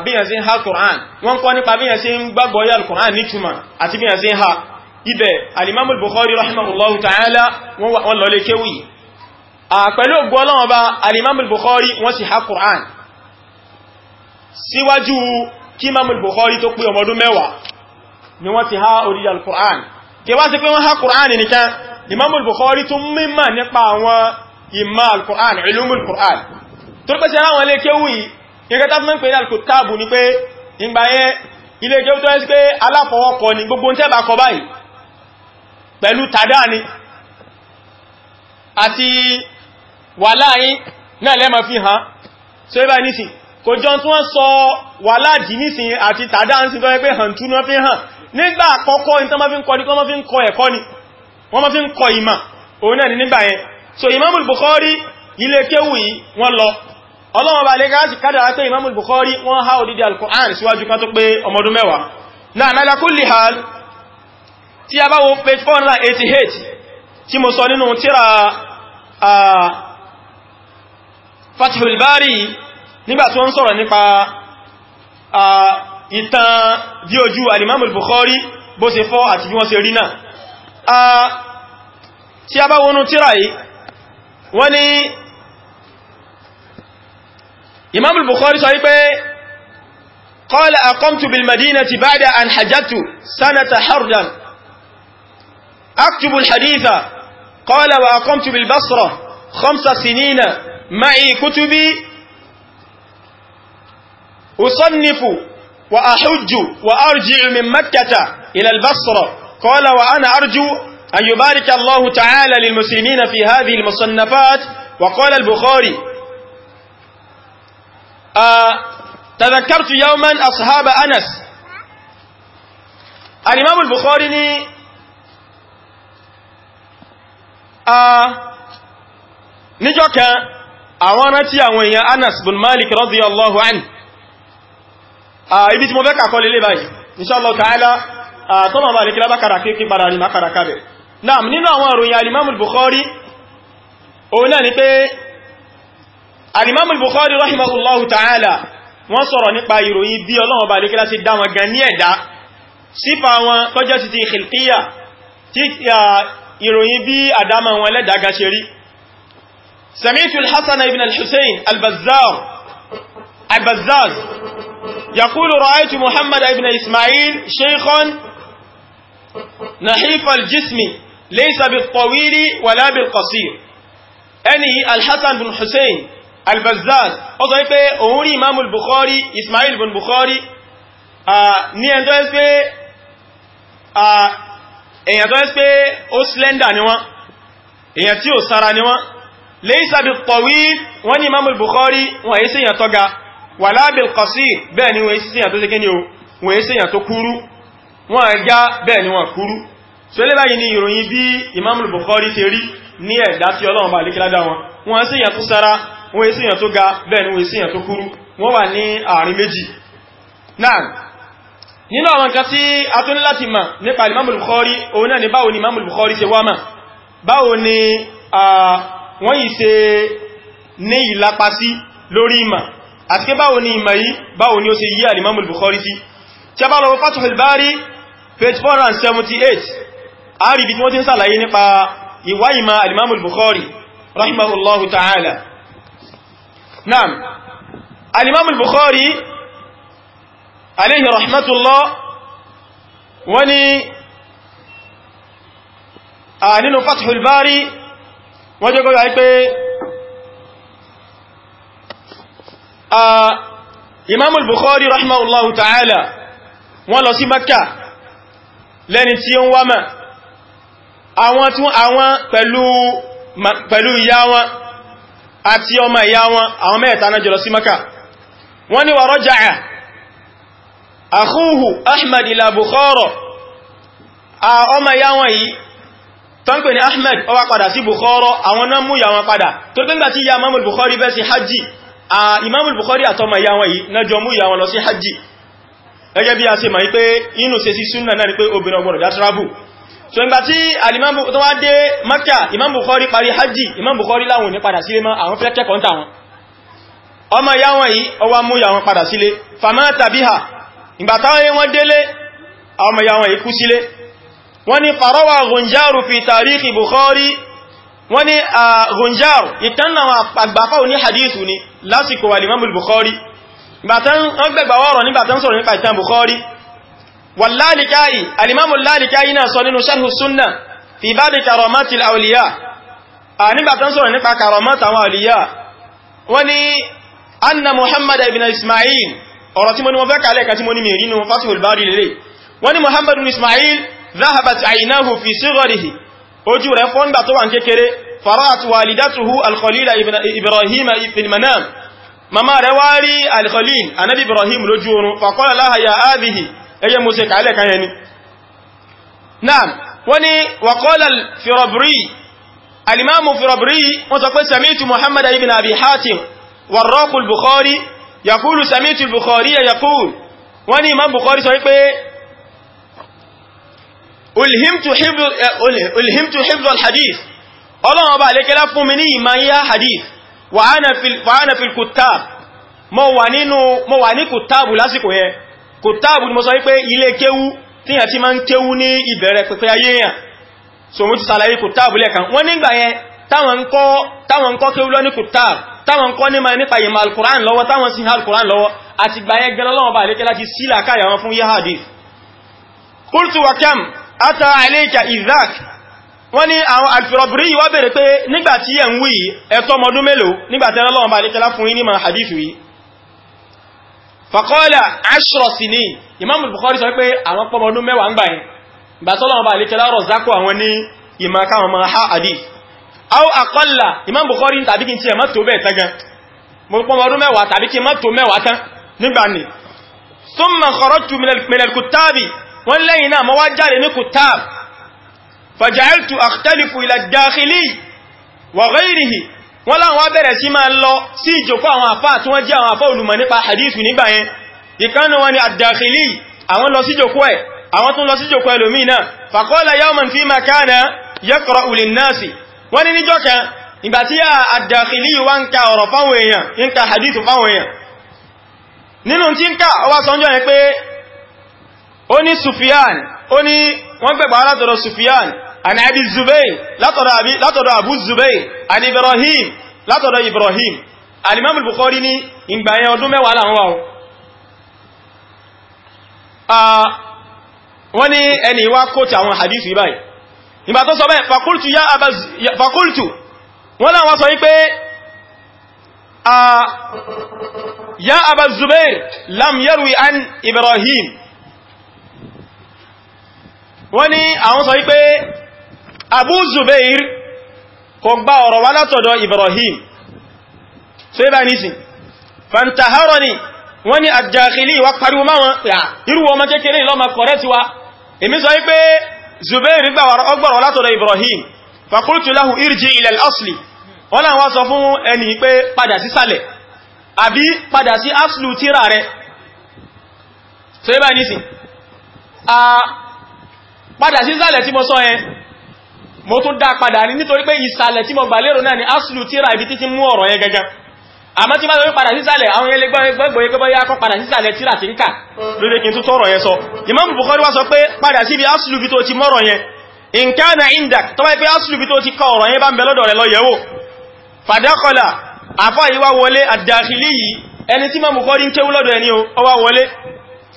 bíyàn sí ń ha Kùrán wọ́n kọ́ nípa bíyàn sí ń gbàgbọ́ yà Kùrán ní túmọ̀ àti bíyàn sí ń ha ibẹ̀ Al-Imam Al-Bukhari rahimahullahu ta'ala wọ́n lọlé kéwì pẹ̀lú ògbọ́ ọlọ́wọ́n bá Al-Imam Al-Bukhari wọ́n sì ha Kùrán síwájú kí Imam Al-Bukhari tó pé ọmọdún mẹ́wàá ni wọ́n ti ha orílẹ̀ Al-Kùrán kí wá nǹkan tá fún mẹ́ pé ní ni pé ìgbà yẹn ilé ìjọ tó ẹ́sí pé aláfọwọ́kọ ni gbogbo tẹ́ bá kọ báyìí pẹ̀lú tàdá ni àti wàláyìn náà lẹ́mọ̀ fi hàn so ibà nísìn kò jọ tí wọ́n sọ wàláàdì nísìn àti tàdá ń sì tọ́ pé hàn tún náà fi hàn ní tán máa fi ní kọ́ máa fi ni wọ́n so Imamul Bukhari ilé kéwù yìí wọ́n lọ ọlọ́wọ́ bá lè gáàsì kádàrá pé imamul bukhari wọ́n há òdídí al-Qur'an síwájú ká tó pé ọmọdún mẹ́wàá náà náà lákúlì hal tí a bá wo page 488 tí mo sọ nínú tíra Fathul Bari nígbà tí wọ́n sọ̀rọ̀ nípa ìtàn bí ojú alimamul bukhari bó ṣe fọ́ àti wọ́n ṣe rí náà tí a bá wọnú tíra yìí wọ́n ni imam al-bukhari sọ wípé qala aqamtu bil madinati ba'da an hajjatu sanata hardan aktubu al-haditha qala wa aqamtu bil basra khamsa sinina ma'i kutubi usannifu wa ahujju wa arji'u min makkata ila al-basra qala wa ana arju أن يبارك الله تعالى للمسلمين في هذه المصنفات وقال البخاري tàzàkàrtù yawman ashaba anas al-imam al-bukhari ni a níjọ́ kan àwọn rántí àwọn èèyàn anas bin malik radiyallahu an a ibi tí mo fẹ́ kàkọ́ lè lè báyìí inshallah ta'ala a tọ́nà bá lè kí lábákàrà kí padà ní makàrà kábẹ̀ na'am nínú àwọn ìròyìn al-imam al-bukhari òun náà ni pé alimamu al Bukhari rahimahullahu ta'ala wọ́n sọ̀rọ̀ nípa ìròyìn bí Ọlọ́run bá le lékẹ́lá sí dá wọn gan ní ẹ̀dá sífà wọn tọ́jọ́ sí ti khilqiya tí ìròyìn bí àdámà wọn le daga seri sami'tu al-Hasan ibn al-Husayn al bazzar al-Bazzaz yaqulu يقول رأيت محمد بن إسماعيل شيخا نحيف الجسم ليس بالطويل ولا بالقصير أني الحسن بن حسين albazaz ó sọ wípé òun rí imam al-bukhari ismail ibn bukhari ní ẹ̀ntọ́ ẹ́sì pé èyàn tó ẹ́sì pé ó slender ni wọ́n èyàn tí ó sára ni wọ́n laysa bil tawil wọ́n ní imam al-bukhari wọ́n èyí sèyàn tó ga wala bil qasir bẹ́ẹ̀ ni wọ́n èyí sèyàn tó sékẹ́ ni o wọ́n èyí sèyàn tó kúrú wọ́n ẹ̀gá bẹ́ẹ̀ wọ́n kúrú so ilé báyìí ni ìròyìn bí imam al-bukhari ti rí ní ẹ̀dá tí ọlọ́run bá lékílá dá wọn wọ́n èsì èyàn tó ga bẹ́ẹ̀ ni wọ́n èsì èyàn tó kúrú wọ́n wà ní àárín méjì náà nínú àwọn nǹkan tí a tó ní láti mọ̀ nípa Imamul Bukhari òun náà ni báwo ni Imamul Bukhari ṣe wá mà báwo ni wọ́n yìí ṣe ní ìlapa sí lórí ìmọ̀ àti pé báwo ni ìmọ̀ yìí báwo ni ó ṣe yí Imamul Bukhari sí tí a bá lọ Fathul Bari page 478 a rí bí wọ́n ti ń sàlàyé nípa ìwá ìmọ̀ Imamul Bukhari rahimahullahu ta'ala Naam. Al-Imam al-Bukhari alayhi rahmatullah wani a nínú Fathul Bari wọ́n jẹ́ gọ́gbà pé a Imam al-Bukhari rahmatullahu ta'ala wọ́n lọ sí Makka lẹ́ni tí ó ń wá mẹ́ àwọn tí wọ́n àwọn pẹ̀lú ìyá wọn àti ọmọ ìyá wọn àwọn mẹ́ta náà jọlọ sí maka wọ́n ní wà rọ́jàá àkúhù ahmad ilá bukhara a ọmọ ìyá wọn yìí tán pè ní ahmad ó wá padà sí bukhara àwọn náà mú ìyá wọn padà tó pé ńgbà tí ya imamul bukhari bẹ́ sí hajji a imamul bukhari àtọmọ ìyá wọn yìí náà jọ mú ìyá wọn lọ sí hajji gẹ́gẹ́ bí a ṣe mọ̀ pé inú ṣe sí súnnà náà ni pé obìnrin ọgbọ̀rọ̀ dá so ìgbà tí alimamu tó wá dé Makkah Imam Bukhari parí hajji Imam Bukhari láwọn ní padà sílé mọ́ àwọn fẹ́ kẹ́kọ̀ọ́ tàwọn ọmọ ìyá wọn yìí ó wá mú ìyá wọn padà sílé famata biha ìgbà táwọn wọn délé ọmọ ìyá wọn yìí kú sílé wọ́n ní farawa Ghunjaru fi tarihi Bukhari wọ́n ní Ghunjaru ìtànnà àgbàfà ni lásìkò alimamu Bukhari ìgbà tán Bukhari واللالكائي الإمام اللالكائي نصر نينو شرح السنة في باب كرامات الأولياء أهنبا تنصر نقع كرامات الأولياء وني أن محمد بن إسماعيل أراتم وفاك عليك أتم ونميرين وفاتح الباري للي وني محمد بن إسماعيل ذهبت عيناه في صغره أجو رفون بطوان ككري فرأت والدته الخليل إبراهيم في المنام مما رواري الخليل النبي إبراهيم لجونه فقال لها يا آذه ẹyẹ mo ṣe kàálẹ̀ kan yẹn ni naam wọ́n ni wàkọ́lá fìrọ̀bìrì alimamu fìrọ̀bìrì wọ́n sọ pé samitu muhammad ibn abi hatim warraqul bukhari yakulu samitu bukhari ya yakul wọ́n ni imam bukhari sọ pé ulhimtu hibzu alhadith ọlọ́run ọba àlékẹ́lá fún mi ní ìmá yá hadith wà á na fi wà ní kùtàbù lásìkò yẹn kò táàbù ni mo sọ wípé ilé kéwú tíyàn tí ma ń kéwú ní ìbẹ̀rẹ̀ pẹ̀pẹ̀ ayé yàn so mo ti sàlàyé kò táàbù lẹ́ẹ̀kan wọ́n nígbà yẹn táwọn ń kọ́ kéwú lọ ní kò táàbù táwọn kọ́ ní ma nípa ìmọ̀ alkùrán lọ́wọ́ táwọn sí alkùrán lọ́wọ́ àti gbà yẹn gẹ́lọ́ lọ́wọ́ bá lè kẹ́lá ti isaac wọ́n ní àwọn alfirabri wá bèèrè pé nígbàtí yẹn wí ẹ̀tọ́ ọmọdún mélòó nígbàtí ẹlọ́wọ́ bá lè kẹ́lá fún yí ní ma hadith wí fàkọ́ọ̀lá ashra sinin Imam Bukhari sọ pé àwọn pọmọdún mẹ́wàá ń gbà yìí gbà tọ́lọ̀ ọba àlékẹ́ lárọ̀ zákò àwọn ní ìmọ̀ká àwọn ọmọ ha hadith aw aqalla Imam Bukhari tàbí kí n ti ẹ̀mọ́ tó bẹ́ẹ̀ tán gan mo pọmọdún mẹ́wàá tàbí kí n mọ́ tó mẹ́wàá tán nígbà ni wọ́n lẹ́yìn wọ́n láwọn wá bẹ̀rẹ̀ sí máa lọ sí ìjòkó àwọn àfá tí wọ́n jẹ́ àwọn àfá olùmọ̀ nípa hadithu nígbà yẹn ìkánu wọn ni àdàkìlì àwọn lọ sí ìjòkó ẹ̀ àwọn tún lọ sí ìjòkó ẹlòmí náà fàkọ́lá yawman fi makana yaqra'u lin-nasi wọ́n ní níjọ́ kan ìgbà tí àdàkìlì wá ń ka ọ̀rọ̀ fáwọn عن أبي الزبير لا ترى أبي لا ترى أبو الزبير عن إبراهيم لا ترى إبراهيم الإمام البخاري ني إن بيان أدوم ولا هو wọ́n ní ẹni wá kóòtù àwọn hadithu ibáyìí ìgbà tó sọ bẹ́ẹ̀ fàkúltù yá àbá fàkúltù wọ́n náà wọ́n sọ wípé yá àbá zubair lam yarwi an ibrahim wọ́n ní àwọn sọ wípé Abu Zubair kò gba ọ̀rọ̀ wá látọ̀dọ̀ Ibrahim so ibá nísìn fantaharo ni wọ́n ni àjàkìlì wá pariwo máwọn irú ọmọ kékeré lọ́mọ kọ̀rẹ́ ti wá èmi sọ wípé Zubair gbọ́rọ̀ látọ̀dọ̀ Ibrahim fakultu lahu irji ila al-asli wọ́n náà wá sọ fún ẹni pé padà sí sálẹ̀ àbí padà sí aslu tíra rẹ̀ so ibá nísìn padà sí sálẹ̀ tí mo sọ yẹn mo tún dá padà ní nítorí pé ìsàlẹ̀ tí mo gbà lérò náà ni asùlù tíra ibi títí mú ọ̀rọ̀ yẹn gẹ́gẹ́ àmọ́ tí máa lórí padà sísàlẹ̀ àwọn ilé gbẹ́gbẹ́ ìgbẹ́gbẹ́ yá kọ́ padà sísàlẹ̀ tíra ti ń kà lórí kí n tún tọ́rọ̀ yẹn sọ indak tó bá pé asùlù bí tó ti kọ ọ̀rọ̀ yẹn bá ń bẹ lọ́dọ̀ rẹ̀ lọ yẹ̀wò fàdákọ́lá àfọ́ yìí wá wọlé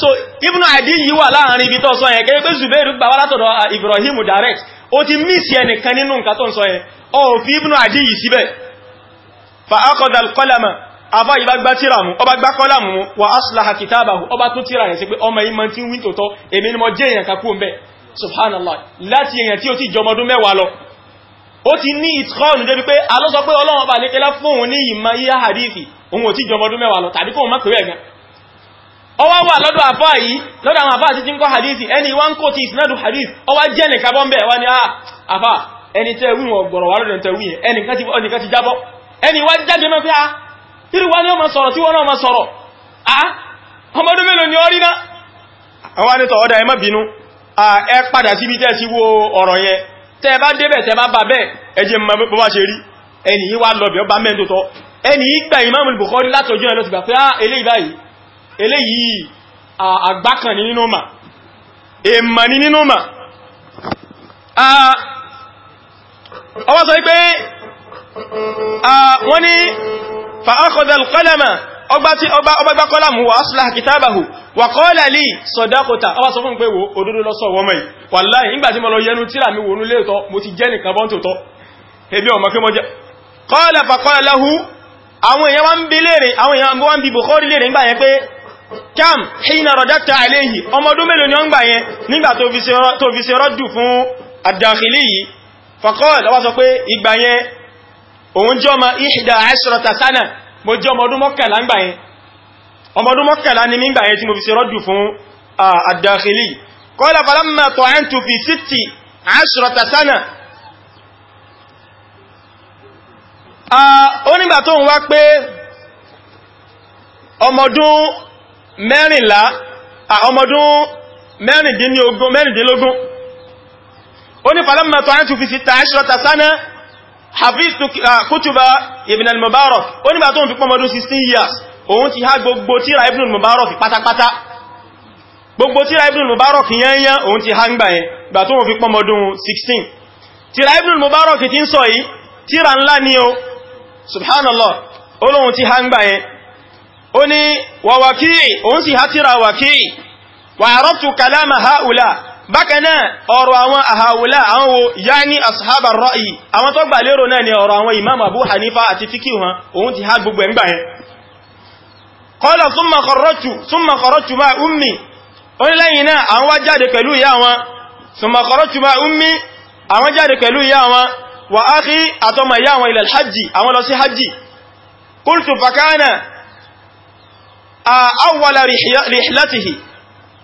so ibùnú àdí yìí wà láàrin ibi tó sọ yẹn kéré pé zubairu gbà wá látọ̀dọ̀ uh, ibrahim direct ó ti mísì ẹnìkan nínú nǹkan tó ń sọ yẹn ó fi ibùnú àdí yìí síbẹ̀ fa akọ̀dà kọlàmà àbá ìbá gbá tíra mú ọba gbá kọlàmù wa aslaha kitabahu ọba tó tíra yẹn sí pé ọmọ yìí máa ti wí tòótọ́ èmi ni mo jẹ́ èèyàn kakú ń bẹ̀ subhanallah láti èèyàn tí ó ti jọmọ ọdún mẹ́wàá lọ ó ti ní ìtọ́ọ̀nù débi pé alọ́sọ pé ọlọ́wọ́n bá lékelá fóun ní ìmọ̀ yíyá hadithi òun ò ti jọmọ ọdún mẹ́wàá lọ tàbí kóun má pè é ọwá wà lọ́dọ̀ àfá yìí lọ́dọ̀ àwọn àfá àti tí ń kọ́ hadithi ẹni wá kò tí ìsinádù hadith ọwá jẹ́ nìkan bọ́ ń bẹ̀ wá ní ah, àfá ẹni tẹ́ wí wọn gbọ̀rọ̀ wà lọ́dọ̀ tẹ́ wí ẹni kan ti jábọ́ ẹni wá jáde mọ́ pé a ah, irú wa ni ó ma sọ̀rọ̀ tí wọ́n náà ma sọ̀rọ̀ a ah, tẹ́ ti wo ọ̀rọ̀ yẹn tẹ́ bá débẹ̀ tẹ́ bá bà bẹ́ẹ̀ ẹ jẹ́ mọ́ bó bá ṣe rí ẹni yí wá lọ bẹ̀ ọ bá pé á eléyìí báyìí eléyìí àgbákan ní nínú mà èèmà ní nínú mà ọwọ́ sọ wípé wọ́n ní fa'akọ̀dàl kọ́lẹ̀mà ọgbá tí ọba gbá kọ́lámù wà asìlá kìtàbàhù wà kọ́lẹ̀ lè sọ̀dákòtà ọwọ́ sọ fún pé wo òdodo lọ́sọ̀ wọ́mọ̀ yìí wàláhì nígbàtí mo lọ yẹnu tíra mi wònú léòtọ́ mo ti jẹ́ nìkan bọ́n kam hina radata alayhi ọmọdún mélòó ni ó ń gbà yẹn nígbà tó fi ṣe rọ́dù fún ad-Dakhili yìí faqala wá sọ pé ìgbà yẹn òun jẹ́ ọmọ ihda ashrata sana mo jẹ́ ọmọdún mọ́kànlá ń gbà yẹn ọmọdún mọ́kànlá ni mí gbà tí mo fi ṣe rọ́dù fún ad-Dakhili ọmọdún mẹ́rìnlá ọmọdún mẹ́rìndínlógún ó ní falamma ta'antu fi sita ashrata sana hafiztu kutuba ibn al-mubarak ó nígbà tó ń fi pọ́mọdún 16 years òun ti há gbogbo tíra ibn al-mubarak pátápátá gbogbo tíra ibn al-mubarak yẹnyẹn òun ti há ń gbà yẹn gbà tó ń fi pọ́mọdún 16 tíra ibn al-mubarak ti ń sọ yìí tíra ńlá ni o subhanallah olóhun ti há ń gbà yẹn ó ní wàwàkí òun sì hátírà wàkí wà rọ́pù kalama haula bákanáà ọ̀rọ̀ àwọn àhàwùlá àwọn wo yá ní ashabar ra'i àwọn tó gbà lérò náà ni ọ̀rọ̀ àwọn imam abu hanifa àti fíkí wọn òun ti há gbogbo ẹ̀ngbà yẹn kọ́lọ̀ summa kharajtu ma ummi ó ní lẹ́yìn náà àwọn wá jáde pẹ̀lú ìyá wọn summa kharajtu ma wa akhi àtọmọ ìyá wọn ila awwala rihlatihi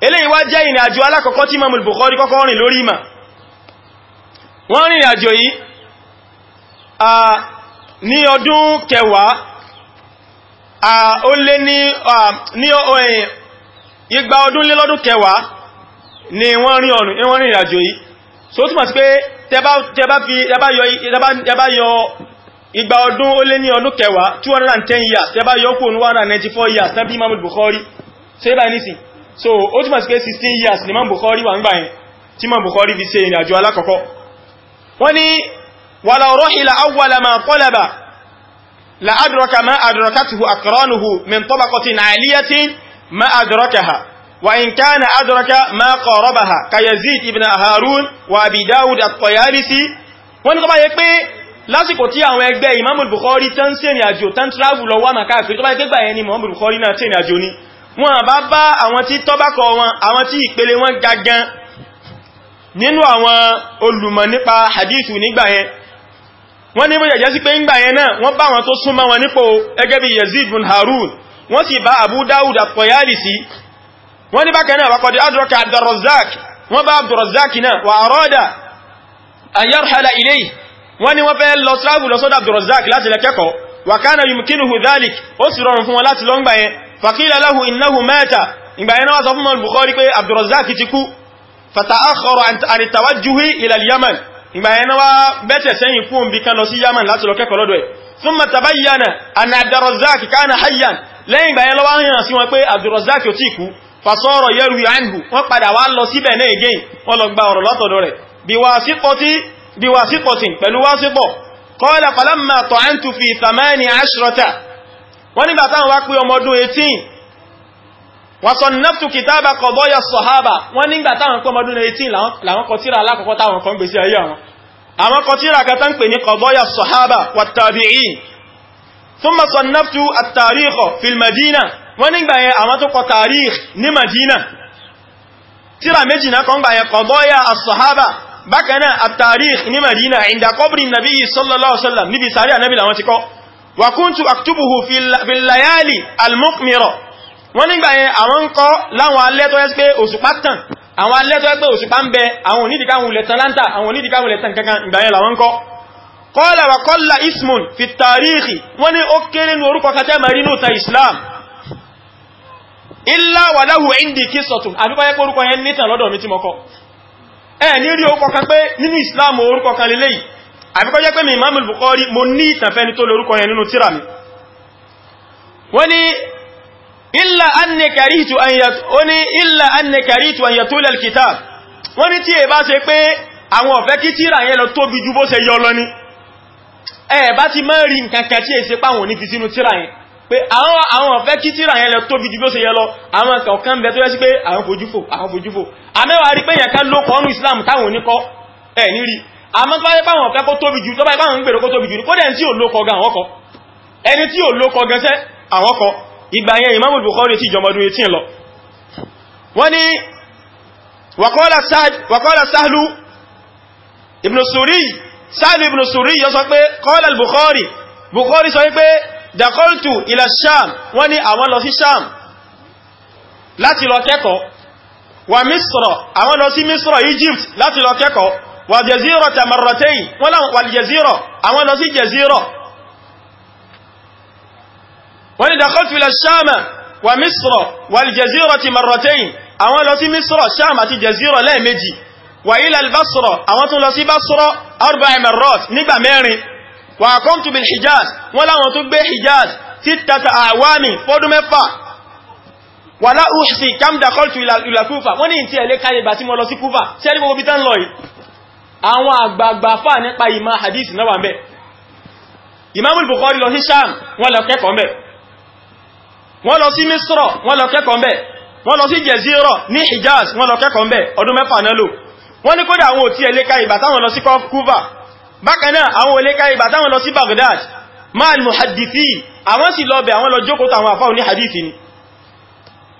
eléyìí wá jẹ́ ìrìn àjò alákọ̀ọ́kọ́ tí Imam al-Bukhari kọ́kọ́ rìn lórí ìmà wọ́n rìn àjò yìí ní ọdún kẹwàá ó lé ní igba ọdún lé lọ́dún kẹwàá ni wọ́n rìn ọ̀rùn wọ́n rìn àjò yìí so túnmọ̀ sí pé tẹbá yọ ìgbà ọdún ó lé ní ọdún kẹwàá 210 years tẹ́bá yọ́kù ní 194 years tẹ́bí imam bukhari ṣe bá ní sí so ó túnmọ̀ sí pé 16 years ni imam bukhari wà ń gbà yẹn tí imam bukhari fi ṣe ìrìnàjò alákọ̀ọ́kọ́ wọ́n ní wàlá ọ̀rọ̀ ìlà awwala wọ́n ní kọ́ bá yẹ pé lásìkò tí àwọn ẹgbẹ́ Imamul Bukhari tán sí ìrìn àjò tán travel lọ wà náà káàkiri tó bá gbégbà ẹni Imamul Bukhari náà tí ìrìn àjò ní wọ́n bá bá àwọn tí tọ́bákọ̀ wọn àwọn tí ìpele wọn gagan nínú àwọn olùmọ̀ nípa hadithu nígbà yẹn wọ́n ní mọ́jẹ̀jẹ́ sí pé ń gbà yẹn náà wọ́n bá wọn tó súnmọ́ wọn nípò ẹgẹ́ bí wọ́n ni wọ́n fẹ́ lọ sáàgù lọ sọ́dọ̀ Abdurrazzaq láti lẹ kẹ́kọ̀ọ́ wa kana yumkinuhu dhalik ó sì rọrùn fún wọn láti lọ ńgbà yẹn faqila lahu innahu mata ìgbà yẹn sọ fún mọ́n Bukhari pé Abdurrazzaq bí wà sí pọ̀sìn pẹ̀lú wá sí pọ̀ kọ́ọ̀lá falamma ta'antu fi thamani ashrata wọ́n nígbà táwọn wá pé ọmọ ọdún 18 wa sannaftu kitaba qadaya sahaba wọ́n nígbà táwọn pé ọmọ ọdún 18 làwọn kọ tírà alákọ̀ọ́kọ́ táwọn kan gbèsè ayé àwọn àwọn kọ tírà kan bákanáà at-tarikh ní Madina inda qabri nabi sallallahu alaihi wasallam níbi sàárì ànábì làwọn ti kọ́ wa kuntu aktubuhu fil layali al-muqmira wọ́n nígbà yẹn àwọn ń kọ́ láwọn alẹ́ tó yẹ́ àwọn alẹ́ tó yẹ́ illa wa lahu indi qissatun àdúgbà yẹ́ yẹn nítàn lọ́dọ̀ mi tí mọ́kọ́ ẹ ní rí orúkọ kan pé nínú islam orúkọ kan lélẹ̀ yìí àbíkọ́ jẹ́ pé mi imam al-bukhari mo ní ìtànfẹ́ ní tó lórúkọ yẹn nínú tíra mi wọ́n ni illa anni karitu an yat wọ́n ni illa anni karitu an yatula al-kitab wọ́n ni tí ẹ bá ṣe pé àwọn ọ̀fẹ́ kí tíra yẹn lọ tóbi ju bó ṣe yọ lọ ni ẹ bá ti máa rí nǹkan kan tí èsì páwọn onífi sínú tíra yẹn pé àwọn àwọn ọ̀fẹ́ kí tíra yẹn lọ tóbi jù bí ó ṣe yẹ lọ àwọn kọ̀ọ̀kan bẹ tó yẹ sí pé àwọn fojúfò àwọn fojúfò àmẹ́wàá rí pé yẹn ká ló kọ́nù Islam táwọn oníkọ́ ẹ̀ nírí àmọ́ tó bá yẹ páwọn ọ̀fẹ́ kó tóbi jù tó bá yẹ páwọn ń gbèrò kó tóbi jù kó dẹ̀ tí ò ló kọ gan àwọn kọ ẹni tí ò ló kọ gan sẹ́ àwọn kọ ìgbà yẹn Imamul Bukhari ti jọmọdún etí lọ wọ́n ni wàkọ́lá sáàlù ibn Suri sáàlù ibn Suri yọ sọ pé kọ́lá Bukhari Bukhari sọ pé dakhaltu ila sham wọ́n ní àwọn lọ sí sham láti lọ kẹ́kọ̀ọ́ wa misra àwọn lọ sí misra egypt láti lọ kẹ́kọ̀ọ́ wa jazira tamarratayn wọ́n láwọn wal jazira àwọn lọ sí jazira wọ́n ní dakhaltu ila sham wa misra wal jazira tamarratayn àwọn lọ sí misra sham àti jazira lẹ́ẹ̀mejì wa ila al àwọn tún lọ sí basra arba'a marrat mẹ́rin wà kọ́mtù bil hijaz wọ́n láwọn tó gbé hijaz títàtà àwámi fọ́dún mẹ́fà wà láhùsì kamda kọ́ltù ìlà kúfà wọ́n ní ìtí ẹ̀lẹ́ káyẹ̀gbà tí mo lọ sí kúfà sí ẹni gbogbo tán lọ́yì àwọn àgbààgbà fà nípa ìmá hadith náà wà mẹ́ imam al-bukhari lọ sí sham wọ́n lọ kẹ́kọ̀ọ́ mẹ́ wọ́n lọ sí misro wọ́n lọ kẹ́kọ̀ọ́ mẹ́ wọ́n lọ sí jeziro ní hijaz wọ́n lọ kẹ́kọ̀ọ́ mẹ́ ọdún mẹ́fà náà lò wọ́n ní kódà àwọn òtí ẹ̀lẹ́ káyẹ̀gbà táwọn lọ sí kúfà bákanáà àwọn olè káyìbà táwọn lọ sí Baghdad máàlì muhaddithi àwọn sì lọ bẹ̀ àwọn lọ jókòó tàwọn àfáà ní hadithi ni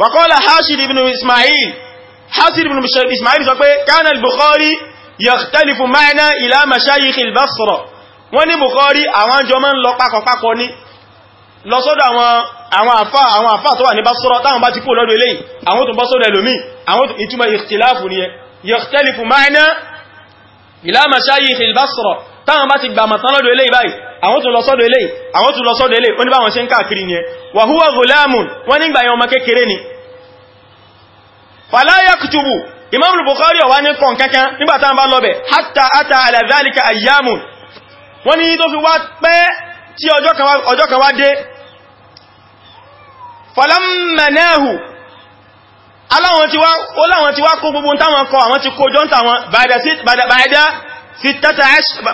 wàkọ́lá hashid ibn ismail hashid ibn ismail sọ pé kánà bukhari yakhtalifu ma'ana ila mashayikh al-basra wọ́n ní bukhari àwọn jọ máa ń lọ pakọ̀pakọ̀ ní lọ sọ́dọ̀ àwọn àfáà àwọn àfáà tó táwọn bá ti gbà mọ̀tán lọ́dọ̀ eléyìí báyìí àwọn tún lọ sọ́dọ̀ eléyìí àwọn tún lọ sọ́dọ̀ eléyìí ó ní báwọn ṣe ń káàkiri yẹn wa huwa ghulamun wọ́n nígbà yẹn ọmọ kékeré ni fala yaktubu imam bukhari ọ̀wá ní kọ̀n kankan nígbà táwọn bá ala dhalika ayyamun wọ́n ní tó fi wá pẹ́ tí ọjọ́ kan wá kó gbogbo táwọn kọ àwọn ti kó jọ́ntàwọn bàdà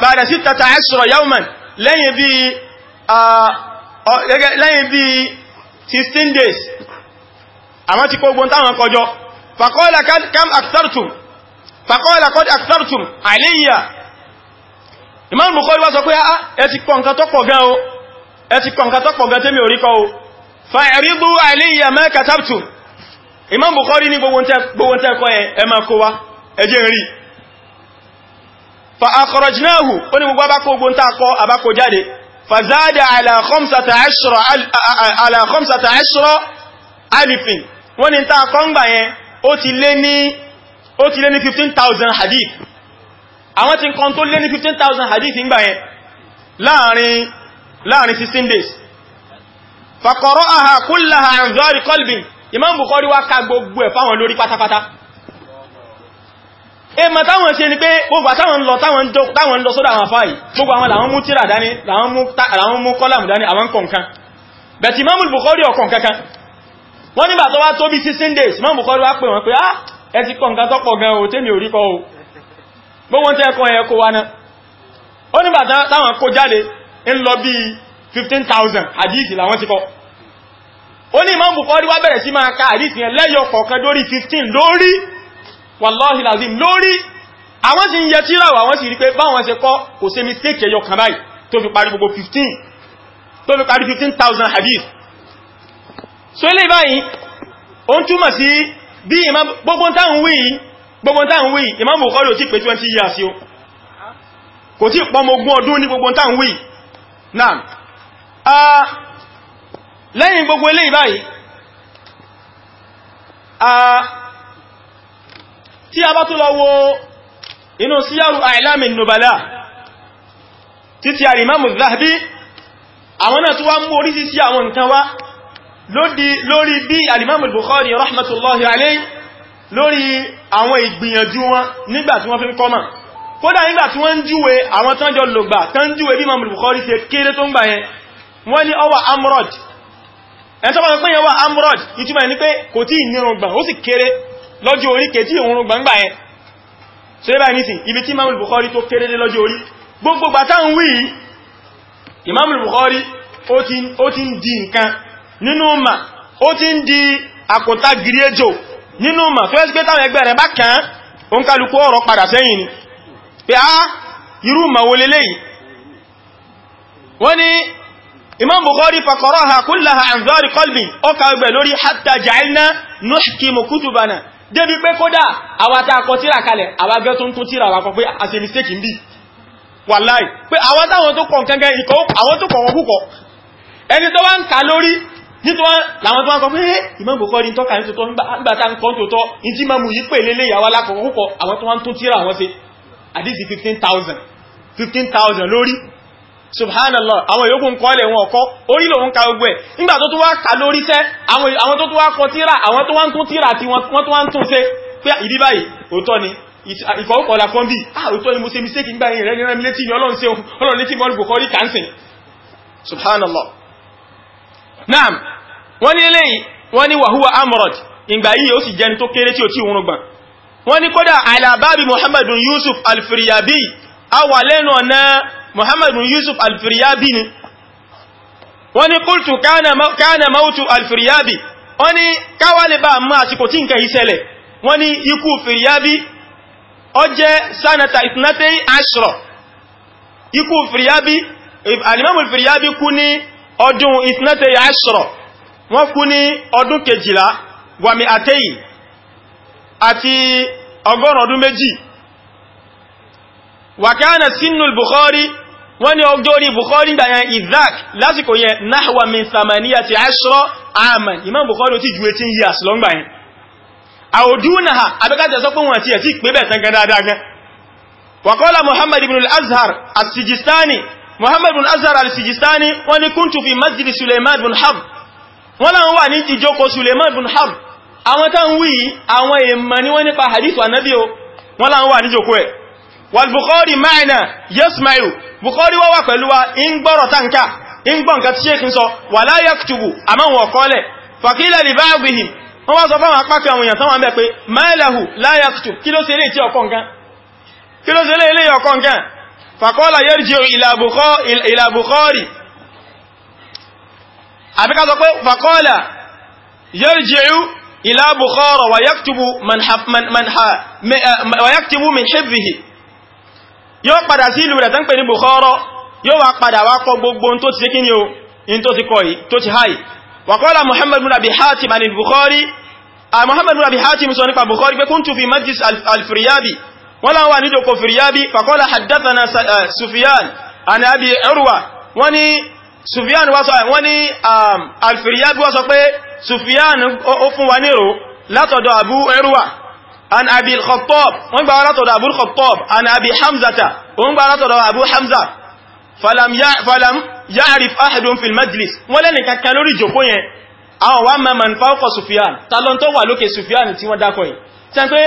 bàdà sítàtà àṣírọ̀ yawman lẹ́yìn bí lẹ́yìn bí 16 days àwọn ti kógbón táwọn kọjọ fàkọ́ọ̀lá kam aksartum fàkọ́ọ̀lá kọ́dí aksartum àìlẹ́yìyà Imam Bukhari wá sọ pé á ah, ẹ ti pọ̀ nǹkan tọ́pọ̀ gan o ẹ ti pọ̀ nǹkan tọ́pọ̀ gan tẹ́mi oríkọ́ o fa'ridu àìlẹ́yìyà ma katabtum Imam Bukhari ní gbogbo tẹ́kọ́ ẹ ẹ ma kó wa fa akọrọjìnáhù ó ní gbogbo abákò ogun tàkọ abákò jáde fàzádà àlàkọ́msàtà àṣírọ́ alifin wọ́n ni tàkọ́ ń gbà yẹn ó ti lé ní 15,000 hadith àwọn tí kan tó lé ní 15,000 hadith ń gbà yẹn láàrin láàrin 16 days fàkọ̀rọ̀ àhà kúlàhà àǹzọ́rì kọlbin Imam Bukhari wá ka gbogbo ẹ̀ lórí pátápátá èmà táwọn ṣe ni pé gbogbo àtàwọn lọ táwọn lọ sódà àwọn fáyì gbogbo àwọn làwọn mú tíra dání làwọn mú kọ́làmù dání àwọn kọ̀ǹkan bẹ̀tì Imamul Bukhari ọ̀kọ̀ǹ kankan wọ́n nígbà tó wá tó bí 16 days Imam Bukhari wá pè wọ́n pé ah ẹ ti kọ̀ǹkan tó pọ̀ gan o tèmi ò rí kọ́ o gbogbo tẹ́ ẹkọ̀ ẹ kó wa náà ó nígbà táwọn kó jáde ń lọ bí 15,000 hadith làwọn ti kọ́ ó ní Imam Bukhari wá bẹ̀rẹ̀ sí máa ka hadith yẹn lẹ́yọ kọ̀ọ̀kan lórí 15 lórí wàláhì làzim lórí àwọn sì ń yẹ tíra wà wọ́n sì rí pé báwọn ṣe kọ́ kò ṣe mistake ẹyọ kan báyìí tó fi parí gbogbo 15 tó fi parí 15,000 hadith so ilé báyìí o ń túmọ̀ sí bí gbogbo táwọn wí gbogbo táwọn wí Imam Bukhari ò tí pé 20 years yóò kò tí pọmọgún ọdún ní gbogbo táwọn wí náà a lẹ́yìn gbogbo ilé báyìí a tí a bá tó lọ wo inú síyàrù àìlàmì nùbàlá títí alìmọ́mù Zahabi àwọn náà tó wá mú orísí sí àwọn nǹkan wá lórí bí alìmọ́mù Bukhari rahmatullahi alayhi lórí àwọn ìgbìyànjú wọn nígbà tí wọ́n fi ń kọ́mà kódà nígbà tí wọ́n ń júwe àwọn tán jọ lògbà tán júwe bí Imam Bukhari ṣe kéré tó ń gbà yẹn wọ́n ní ọwà amrod ẹ̀ tọ́bọ̀ wà amrod ìtumọ̀ ní pé kò tí ìnirùngbà ó sì kéré lọ́jọ́ orí kètí òun gbangba ẹ̀ so yẹ́bà nìsìn ibi tí imamul bukhari tó kéré dé lọ́jọ́ orí gbogbo gbàtán wí imamul bukhari ó ti ń di nǹkan nínú ma ó ti ń di àkótá gíréjò nínú ma tó ẹ́sì pé táwọn ẹgbẹ́ rẹ̀ bá kàn án kálukú ọ̀rọ̀ padà sẹ́yìn ni imam bukhari faqaraha kullaha an zari qalbi ó kàwẹ́ lórí hatta ja'alna nuhkimu kutubana débi pé kódà àwátá akọ tíra kalẹ̀ àwágẹ́ tó ń tún tíra àwákọ pé a ṣe mistake ń bí wàláì pé àwọn táwọn tó kọ nǹkankan ikọ̀ àwọn tó kọ̀ wọn púpọ̀ ẹni tó wá ń kà lórí nítorí làwọn tó wá ń kọ pé Imam Bukhari ń tọ́ka nítòtọ́ nígbàtà ń kọ́ tòótọ́ ìtí máa mú yí pè lélé ìyàwó alákọ̀ọ́ púpọ̀ àwọn tó wá ń tún tíra wọn ṣe àdísì 15,000 15,000 lórí subhanallah àwọn yòókù ń kọ́lẹ̀ wọn ọ̀kọ́ orí lòun ka gbogbo ẹ̀ nígbà tó tó wá kà lórí sẹ́ àwọn tó tó wá kọ tíra àwọn tó wá ń tún tíra àti wọ́n tó wá ń tún ṣe pé ìdí báyìí òótọ́ ni ìfọwọ́kọ̀ọ́lá kan bí àòótọ́ ni subhanallah naam wọ́n ní eléyìí wọ́n ní wàhúwa amrod ìgbà yìí ó sì jẹni tó kéré tí kódà alábábi muhammadun yusuf alfiriyabi a wà lẹ́nu ọ̀nà muhammad bin yusuf alfiriyabi ni wọ́n ní kúltù káàna mautu alfiriyabi wọ́n ní káwà lè bá mọ́ àsìkò tí nǹkan ìṣẹ̀lẹ̀ wọ́n ní ikú firiyabi ó jẹ́ sanata ìtìnátẹ́ ashra ikú firiyabi alimamul firiyabi kú ní ọdún ìtìnátẹ́ ashra wọ́n kú ní ọdún kejìlá wàmí àtẹ́yì àti ọgọ́rùn ọdún méjì wàkánà sínú al-bukhari wọ́n ní ọjọ́ orí bukhari gbà isaac lásìkò yẹn nahwa min samaniya ti aṣọ aman imam bukhari ti ju 18 years lọ gbà yẹn àwòdúnàá abẹ́kájẹ́ sọ pé wọ́n ti ẹ̀tí pé bẹ̀ sangan dáadáa gan muhammad ibn al-azhar al-sijistani muhammad ibn al-azhar al-sijistani wọ́n ní kúntù fi masjid suleiman ibn harb wọ́n láwọn wà ní ìjókòó suleiman ibn harb àwọn tán hadith wa nabi o wọ́n láwọn wà والبخاري معنا يسمع بخاري wa wà pẹ̀lú wa in gbọ́rọ̀ tanka in gbọ́ nǹkan tí sheikh sọ wala yaktubu ama wo kole faqila li ba'dihim wọ́n wá sọ fa wa pa pé àwọn èyàn tán wà ńbẹ̀ pé malahu la yaktub kí ló ṣe lè tí ó kọ nǹkan kí ló sọ pé faqala yarji'u ila bukhari wa yaktubu man eh, wa yaktubu min hibbihi yóò padà sí ìlú rẹ̀ tán pè ní Bukhara yóò wá padà wá kọ gbogbo tó ti kíni o in tó ti kọ yìí tó ti háì wàkọ́lá Muhammad bin Abi Hatim àni Bukhari a Muhammad bin Abi Hatim sọ nípa Bukhari pé kuntu fi majlis al-Firyabi wọ́n láwọn wà ní jòkó Firyabi fàkọ́lá haddathana eh, Sufyan àni um, látọ̀dọ̀ Abu Urwa an abi al-khattab wọ́n gbà látọ̀ da abu al-khattab an abi hamzata wọ́n gbà látọ̀ da abu hamza falam ya falam ya'rif ahadun fil majlis wọ́n lẹ́ni kankan lórí jòkó yẹn àwọn wá ma man fawqa sufyan talon tó wà lókè sufyan tí wọ́n dákọ̀ yìí tẹ́ pé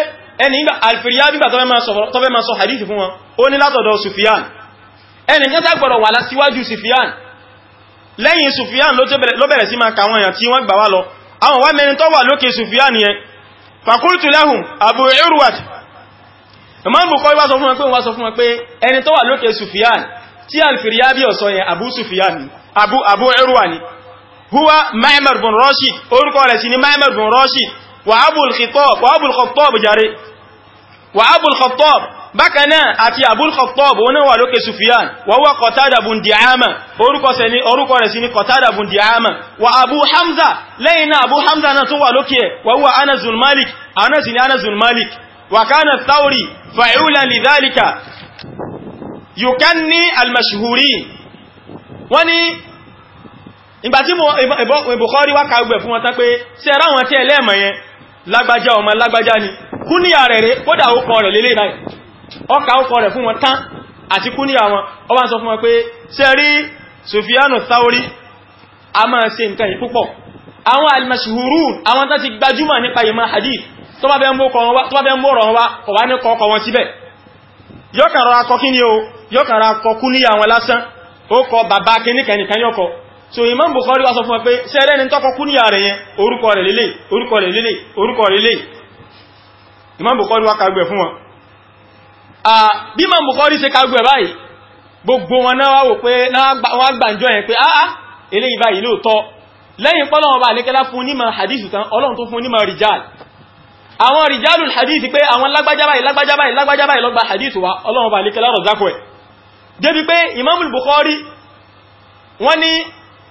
ẹni ìgbà alfiriya bí gbà tó fẹ́ ma sọ hadithi fún wọn ó ní látọ̀dọ̀ sufyan ẹni kẹta gbọ́dọ̀ wà síwájú sufyan lẹ́yìn sufyan ló bẹ̀rẹ̀ sí ma kàwọn èèyàn tí wọ́n gbà wá lọ àwọn wá mẹ́rin tó wà lókè sufyan yẹn fàkúrùtù láhùn Abu Urwat Imam Bukhari wá sọ fún wọn pé wọ́n sọ fún wọn pé ẹni tó wà lókè Sufyan tí al-Firyabi ọ̀sọ̀ yẹn Abu Sufyan ni Abu Abu Urwa ni huwa Ma'mar bin orúkọ rẹ̀ sí ni Ma'mar bin Rashid wa Abu wa abul khattab bákan náà àti abul khattab òun náà wà lókè sufiyan wa huwa qatada bun di'ama orúkọ se ni orúkọ rẹ̀ sì ni qatada bun di'ama wa abu hamza lẹ́yìn náà abu hamza náà tún wà lókè wa huwa anas bin malik anas ni anas bin malik wa kana thawri fa'ilan lidhalika yukanni al-mashhurin wani ìgbà tí Bukhari wá kàgbẹ̀ fún wọn tán pé sí ẹ̀rá wọn tí ẹlẹ́mọ̀ yẹn lágbàjá ọmọ lágbàjá ni kúníyà rẹ̀ rẹ̀ kódà ó kọ rẹ̀ lélẹ̀ náà ọkà ó kọ rẹ̀ fún wọn tán àti kúníyà wọn ó wá ń sọ fún wọn pé ṣe rí Sufyanu Thauri a máa ṣe nǹkan yìí púpọ̀ àwọn al-mashhurun àwọn tán ti gbajúmọ̀ nípa ìmọ̀ hadith tó bá fẹ́ mú ọ̀rọ̀ wọn wá kò wá ní kọ́kọ́ wọn síbẹ̀ yọ́kànrọ̀ akọ kí ni o yọ́kànrọ̀ akọ kúníyà so Imam Bukhari wá sọ fún wọn pé ṣe ẹlẹ́ni tọ́kọ kúníyà rẹ̀ yẹn orúkọ rẹ̀ lélẹ̀ Imam Bukhari wá kagbẹ̀ fún wọn bí Imam Bukhari ṣe kagbẹ̀ báyìí gbogbo wọn náà wò pé wọ́n gbàjọ yẹn pé áá eléyìí báyìí lóòtọ́ lẹ́yìn pọ́lọ́wọ́n bá lékẹ́lá fún nímọ̀ hadithu tán ọlọ́run tó fún nímọ̀ rijal àwọn rijalul hadith pé àwọn lágbájá báyìí lágbájá báyìí lágbájá báyìí ló gba hadith wa ọlọ́run bá lékẹ́lá rọ̀ zákọ̀ ẹ̀ débi pé Bukhari wọ́n ní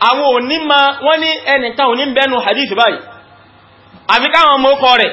àwọn onímọ̀ wọ́n ní ẹnìkan onímbẹ́nu hadith báyìí àfikà àwọn ọmọ rẹ̀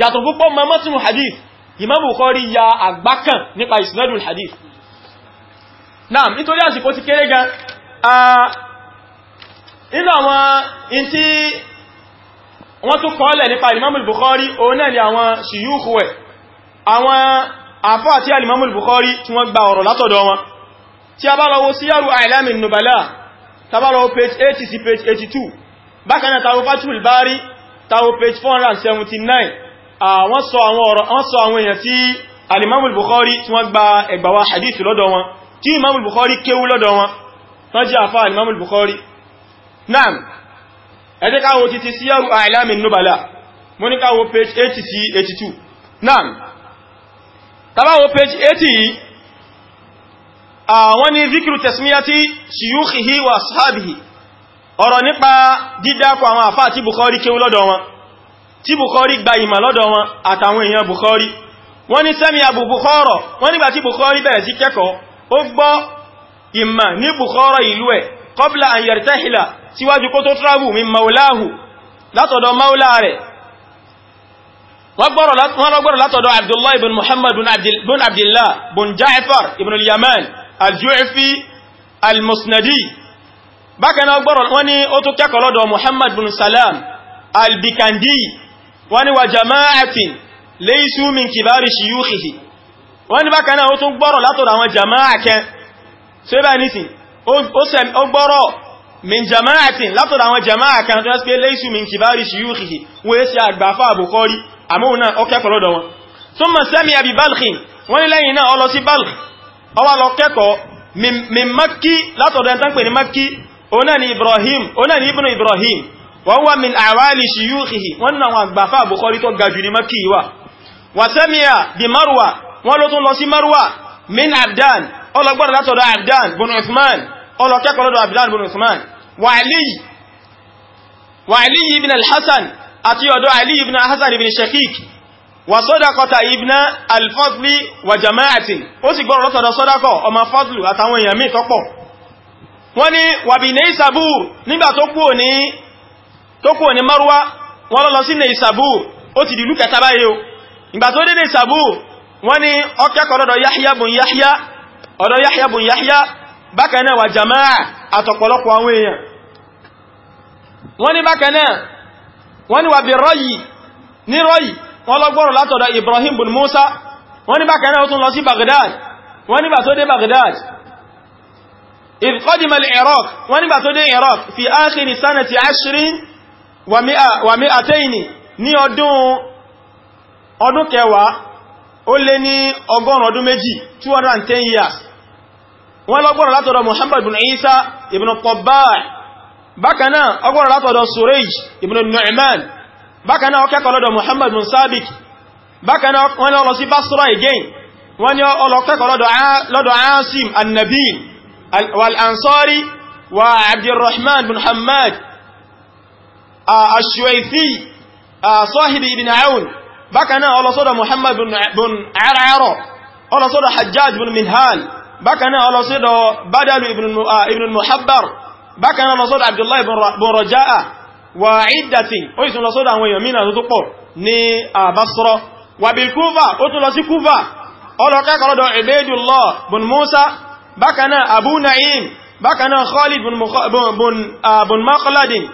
yàtọ̀ púpọ̀ ma mọ́sínú hadith Imam Bukhari ya àgbákan nípa isnadul hadith náà nítorí àsìkò ti kéré gan inú àwọn in tí wọ́n tún kọ́ọ̀lẹ̀ nípa Imam Bukhari òun náà ni àwọn shuyukh ẹ̀ àwọn àfọ́ àti Imam Bukhari tí wọ́n gba ọ̀rọ̀ látọ̀dọ̀ wọn tí a bá lọ wo Siyaru A'lamin Nubala tàbálọ̀ page 80 sí page 82 bákanáà tàwọn Fathul page 479 Ah, wọ́n sọ àwọn ọ̀rọ̀ wọ́n sọ àwọn èèyàn tí alimamul bukhari tí wọ́n gba ẹgbàwà hadith lọ́dọ̀ wọn tí imamul bukhari kéwú lọ́dọ̀ wọn tán jẹ́ àfá alimamul bukhari naam ẹ jẹ́ ká wo títí nubala mo page 82 naam tá page 80 àwọn ni zikiru tasmiyati shiyukhihi wa ashabihi ọ̀rọ̀ nípa dídákọ̀ àwọn àfá àti bukhari kéwú lọ́dọ̀ wọn tí bukhari gba ìmà lọ́dọ̀ wọn àtàwọn èèyàn bukhari wọ́n ní sẹ́mi abu bukhara wọ́n nígbà tí bukhari bẹ̀rẹ̀ sí kẹ́kọ̀ọ́ ó gbọ́ ìmà ní bukhara ìlú ẹ̀ qabla an yartahila síwájú kó tó travel min maulahu látọ̀dọ̀ maula rẹ̀ wọ́n gbọ́rọ̀ látọ̀dọ̀ abdullahi ibn muhammad ibn abdullah ibn ja'far ibn al-yaman al-ju'fi al-musnadi bákan náà gbọ́rọ̀ wọ́n al-bikandi wọ́n ni wà jama'atin laysu min kibari shuyukhihi wọ́n ni bákan náà ó tún gbọ́rọ̀ látọ̀dọ̀ àwọn jama'a kẹ́ ṣe bá nísìn ó gbọ́rọ̀ min jama'atin látọ̀dọ̀ àwọn jama'a kan tó yẹ́ laysu min kibari shuyukhihi wọ́n yẹ́ sí àgbàfà àbùkọ́rí àmóhun náà ó kẹ́kọ̀ọ́ lọ́dọ̀ wọn thumma sami'a bi balkhin wọ́n ni lẹ́yìn náà ó lọ sí balkh ó wá lọ kẹ́kọ̀ọ́ min makki látọ̀dọ̀ ẹntánpẹ̀ ni makki ó ni ibrahim ona ni ibnu ibrahim wọ́n wà min àwálì ṣíyúkìhì wọ́n náà wọn gbàfà àbúkọ́rí tó gajù ní makí wà wàsẹ́míà bí marwa wọ́n ló tún lọ sí marwa min abdan ọlọ́gbọ́n látọ̀dọ̀ abdan bin usman ọlọ́kẹ́kọ̀ọ́lọ́dọ̀ abdan bin usman wa ali wàbí ní ìsàbúr nígbà tó kúrò ní tó kò ní marwa wọ́n lọ sí ní ìsàbúr ó ti dìlú kẹta báyìí o ìgbà tó dé ní ìsàbúr wọ́n ni ọkẹ́kọ̀ọ́ ọ̀dọ̀ yahya bun yahya ọ̀dọ̀ yahya bun yahya bákan náà wà jama'a àtọ̀pọ̀lọpọ̀ àwọn èèyàn wọ́n ni bákan náà wọ́n ni wà bí rọ́yì ní rọ́yì wọ́n lọ́gbọ́rọ̀ látọ̀dọ̀ ibrahim bin ó tún lọ sí baghdad wọ́n nígbà tó dé baghdad idh iraq wọ́n nígbà tó dé iraq fi akhir sanati ashrin wàmí àtẹ́yìnì ní ọdún ọdún kẹwàá ó lé ní ọgọ́rùn ọdún méjì 210 years wọ́n lọ́gbọ́rọ̀ látọ̀dọ̀ Muhammad ibn Isa ibn Tabbah bákanáà ọgbọ́rọ̀ látọ̀dọ̀ Surayj ibn Nu'man bákanáà ó kẹ́kọ̀ọ́ lọ́dọ̀ Muhammad ibn Sabit bákanáà wọ́n lọ sí Basra again wọ́n ni ó lọ kẹ́kọ̀ọ́ lọ́dọ̀ Asim annabi wal-Ansari wa Abdurrahman ibn Hammad aṣíwẹ̀fí ah, ah, sọ́hìbì ibn aun bákanáà ọlọ́sọ́dọ̀ muhammad bin ararọ̀ ọlọ́sọ́dọ̀ hajjaj bin minhal bákanáà ọlọ́sọ́dọ̀ badalu ah, ibn muhabbar bákanáà ọlọ́sọ́dọ̀ abdullahi bin raja'a wa iddatin ó ìsìn lọ́sọ́dọ̀ àwọn èèyàn mìíràn tó pọ̀ ní basra wà bí kúfà ó tún lọ sí kúfà ọlọ́kẹ́kọ̀ọ́dọ̀ ibadullah bin musa bákanáà abu na'im bákanáà khalid bin makladin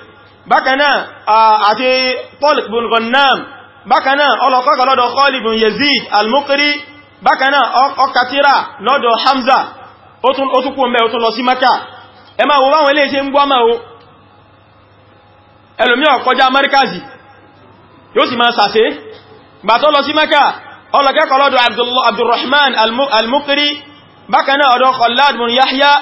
bákanáà àti Talq bin Ghannam bákanáà ọlọ́kọ́kọ́ lọ́dọ̀ Khalid bin Yazid al-Muqri bákanáà ọkàtíra lọ́dọ̀ Hamza ó tún kú mẹ́ ó tún lọ sí Maka ẹ máa wo báwọn ilé ṣe ń gbọ́ máa o ẹlòmí ọkọjá markazi yóò sì máa sàṣe bàtọ́ lọ sí Maka ọlọ́kẹ́kọ́ lọ́dọ̀ Abdurrahman al-Muqri bákanáà ọ̀dọ̀ Khalid bin Yahya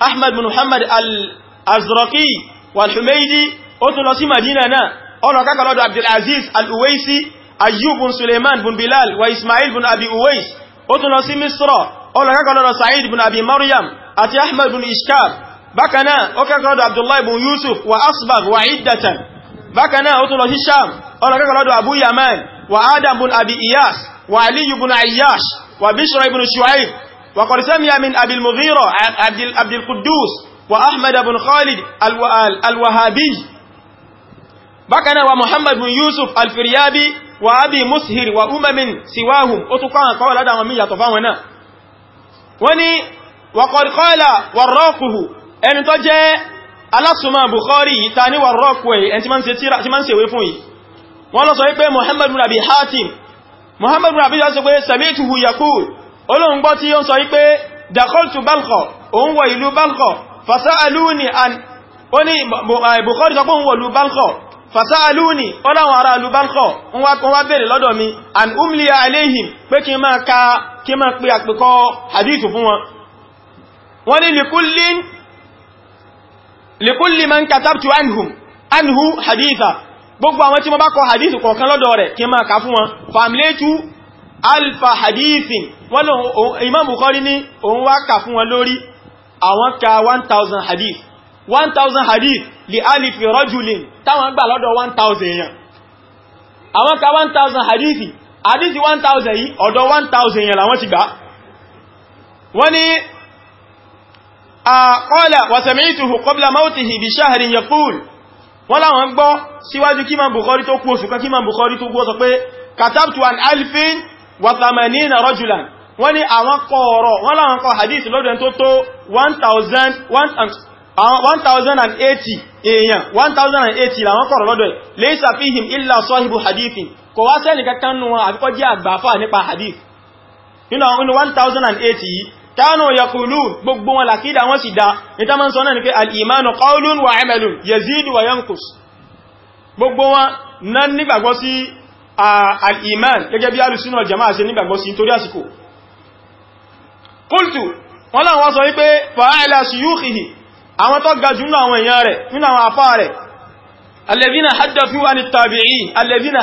ahmed bin muhammad al-azraqi wal-humaydi ó tún lọ sí madina náà ọ̀nà kákàlọ́dọ̀ abdulaziz al-uwaisi ayyub bin suleiman bin bilal wa ismail bin abi uwais ó tún lọ sí misra ọ̀nà kákàlọ́dọ̀ sa'id bin abi maryam àti ahmed bin ishkab bákanáà ó kákàlọ́dọ̀ abdullahi bin yusuf wa asbagh wa iddatan bákanáà ó tún lọ sí sham ọ̀nà kákàlọ́dọ̀ abu yaman wa adam bin abi iyas wa aliyu bin ayyash wa bishra ibn shu'aib وقد سمي من أبي المغيرة عبد القدوس وأحمد بن خالد الوهابي بكنا ومحمد بن يوسف الفريابي وأبي مسهر وأمم سواهم أتقان قول هذا ومن يتفاونا وني وقد قال وراقه أن تجي alásùmá bukhari ta ní wà rọ́kwẹ̀ ẹn tí ma ń se wé fún yìí wọ́n lọ sọ wípé muhammadu rabi hatim muhammadu rabi ya sọ pé sami tuhu yakul olóhun gbọ́ tí yóò sọ wípé dakhaltu balkọ̀ òun wọ ìlú balkọ̀ fasa'aluni an ó ní Bukhari sọ pé òun wọ ìlú balkọ̀ fasa'aluni ọláwọn ará ìlú balkọ̀ wọ́n wá bèèrè lọ́dọ̀ mi an umliya alayhim pé kí máa ka kí máa pè àpẹkọ hadithu fún wọn wọ́n ní likulli man katabtu anhum anhu haditha gbogbo àwọn tí mo bá kọ hadithu kọ̀ọ̀kan lọ́dọ̀ rẹ̀ kí máa ka fún wọn alfa hadithin wọ́n lọ imam bukhari ní òun wá kà fún wọn lórí àwọn ka 1000 hadith 1000 hadith li alifi rajulin táwọn gbà lọ́dọ̀ 1000 èèyàn àwọn ka 1000 hadithi hadithi 1000 yìí ọ̀dọ̀ 1000 èèyàn làwọn ti gbà wọ́n ní àkọ́lá wàsàmìtìhù kọbla mautihi bí ṣáhàrin yakul wọ́n láwọn gbọ́ síwájú kí ma bukhari tó kú oṣù kí ma bukhari tó kú sọ pé katabtu an alfin wàtàmàníìnà rọ́jùlá wọ́n ní àwọn kọ ọ̀rọ̀ wọ́n láwọn kọ hadith lọ́dún tó tó 1080 èèyàn 1080 làwọn kọ̀rọ̀ lọ́dún laysa fihim illa sahibu hadithin kò wá sẹ́ni kankan nù wọn àfikọ́ jẹ́ àgbàfà nípa hadith nínú àwọn 1080 yìí kánù yaqulu gbogbo wọn làkídà wọn sì dá níta mọ́ sọ náà ní pé al-imanu qawlun wa amalun yazidu wa yankus gbogbo wọn náà nígbàgbọ́ sí al-iman gẹ́gẹ́ bí alùsínà jama'a ṣe nígbàgbọ́ sí torí àsìkò qultu wọ́n láwọn sọ wípé fa'ala shuyukhihi àwọn tó ga jùlọ àwọn èèyàn rẹ̀ nínú àwọn afá rẹ̀ alladhina haddathu anit-tabi'in alladhina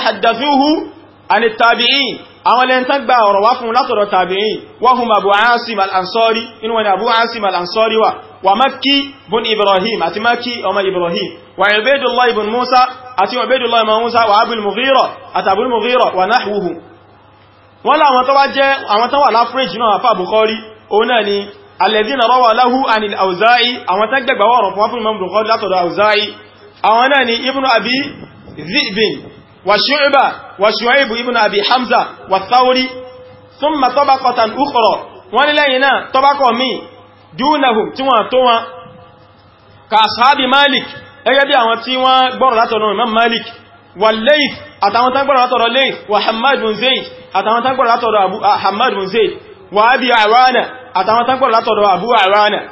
àwọn lẹ́ntán gba ọ̀rọ̀ wá fún látọ̀rọ̀ tàbíyìn wọ́n hun abu asim al'ansori inú wani abu asim al'ansori wa wa makki bun ibrahim àti makki ọmọ ibrahim wa ibedullah ibn musa àti ibedullah ibn musa wa abul mughira àti abul mughira wa nahwuhu wọ́n láwọn tó wá jẹ́ àwọn tó wà láfíríjì náà fà bukhari òun náà ni alẹ́dínà rọwà láhú ànil وشعبة وشعيب ابن أبي حمزة والثوري ثم طبقة أخرى ونلينا طبقة مي دونهم توا توا كأصحاب مالك أجابي أن توا برلاتنا إمام مالك والليث أتعوان تنقر لاتنا الليث وحماد بن زيد أتعوان تنقر أبو حماد بن زيد وأبي عوانة أتعوان تنقر لاتنا أبو عوانة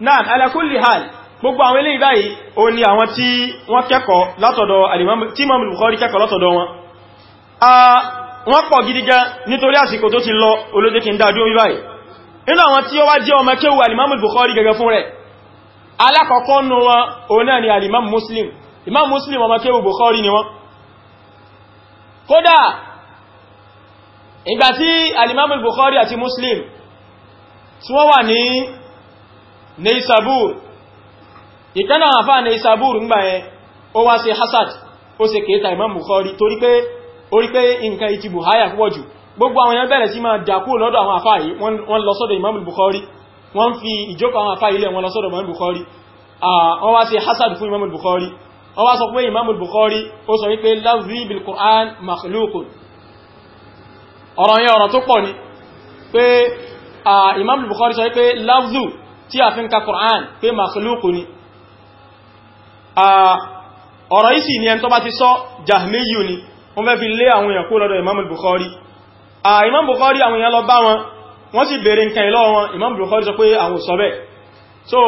نعم على كل حال gbogbo àwọn eléyìí báyìí o ni àwọn tí wọ́n kẹ́kọ̀ọ́ látọ̀dọ̀ tí Imam Bukhari kẹ́kọ̀ọ́ látọ̀dọ̀ wọn wọ́n pọ̀ gidi gan nítorí àsìkò tó ti lọ olóde kí n dáadó wí báyìí inú àwọn tí ó wá jẹ́ Muslim Imam Muslim ọmọ kéwù ni wọ́n kódà ìgbà tí Imam Bukhari Muslim tí wọ́n wà ní Neisabur ìkánà àfáà ní isabur ń gbà yẹn ó wá ṣe hasad ó ṣe kèéta Imam Bukhari torí pé orí pé nǹkan ìtì buhari púpọ̀ jù gbogbo àwọn èèyàn bẹ̀rẹ̀ sí máa dàkú lọ́dọ̀ àwọn àfáà yìí wọ́n lọ sọ́dọ̀ Imam Bukhari wọ́n fi ìjókòó àwọn àfáà ilẹ̀ wọn lọ sọ́dọ̀ Imam Bukhari wọ́n wá ṣe hasad fún Imam Bukhari wọ́n wá sọ pé Imam Bukhari ó sọ wípé lafzi bil Qur'an makhluqun ọ̀rọ̀ yẹn ọ̀rọ̀ tó pọ̀ ni Bukhari sọ wípé lafzu tí a fi ń ka Qur'an pé makhluqun ni ọ̀rọ̀ yìí sì ni ẹni tó bá ti sọ jahmiyu ni wọ́n fẹ́ fi lé àwọn èèyàn kó lọ́dọ̀ imam bukhari imam bukhari àwọn èèyàn lọ bá wọn wọ́n sì bèèrè nǹkan ìlọ́ wọn imam bukhari sọ pé àwọn sọ bẹ́ẹ̀ so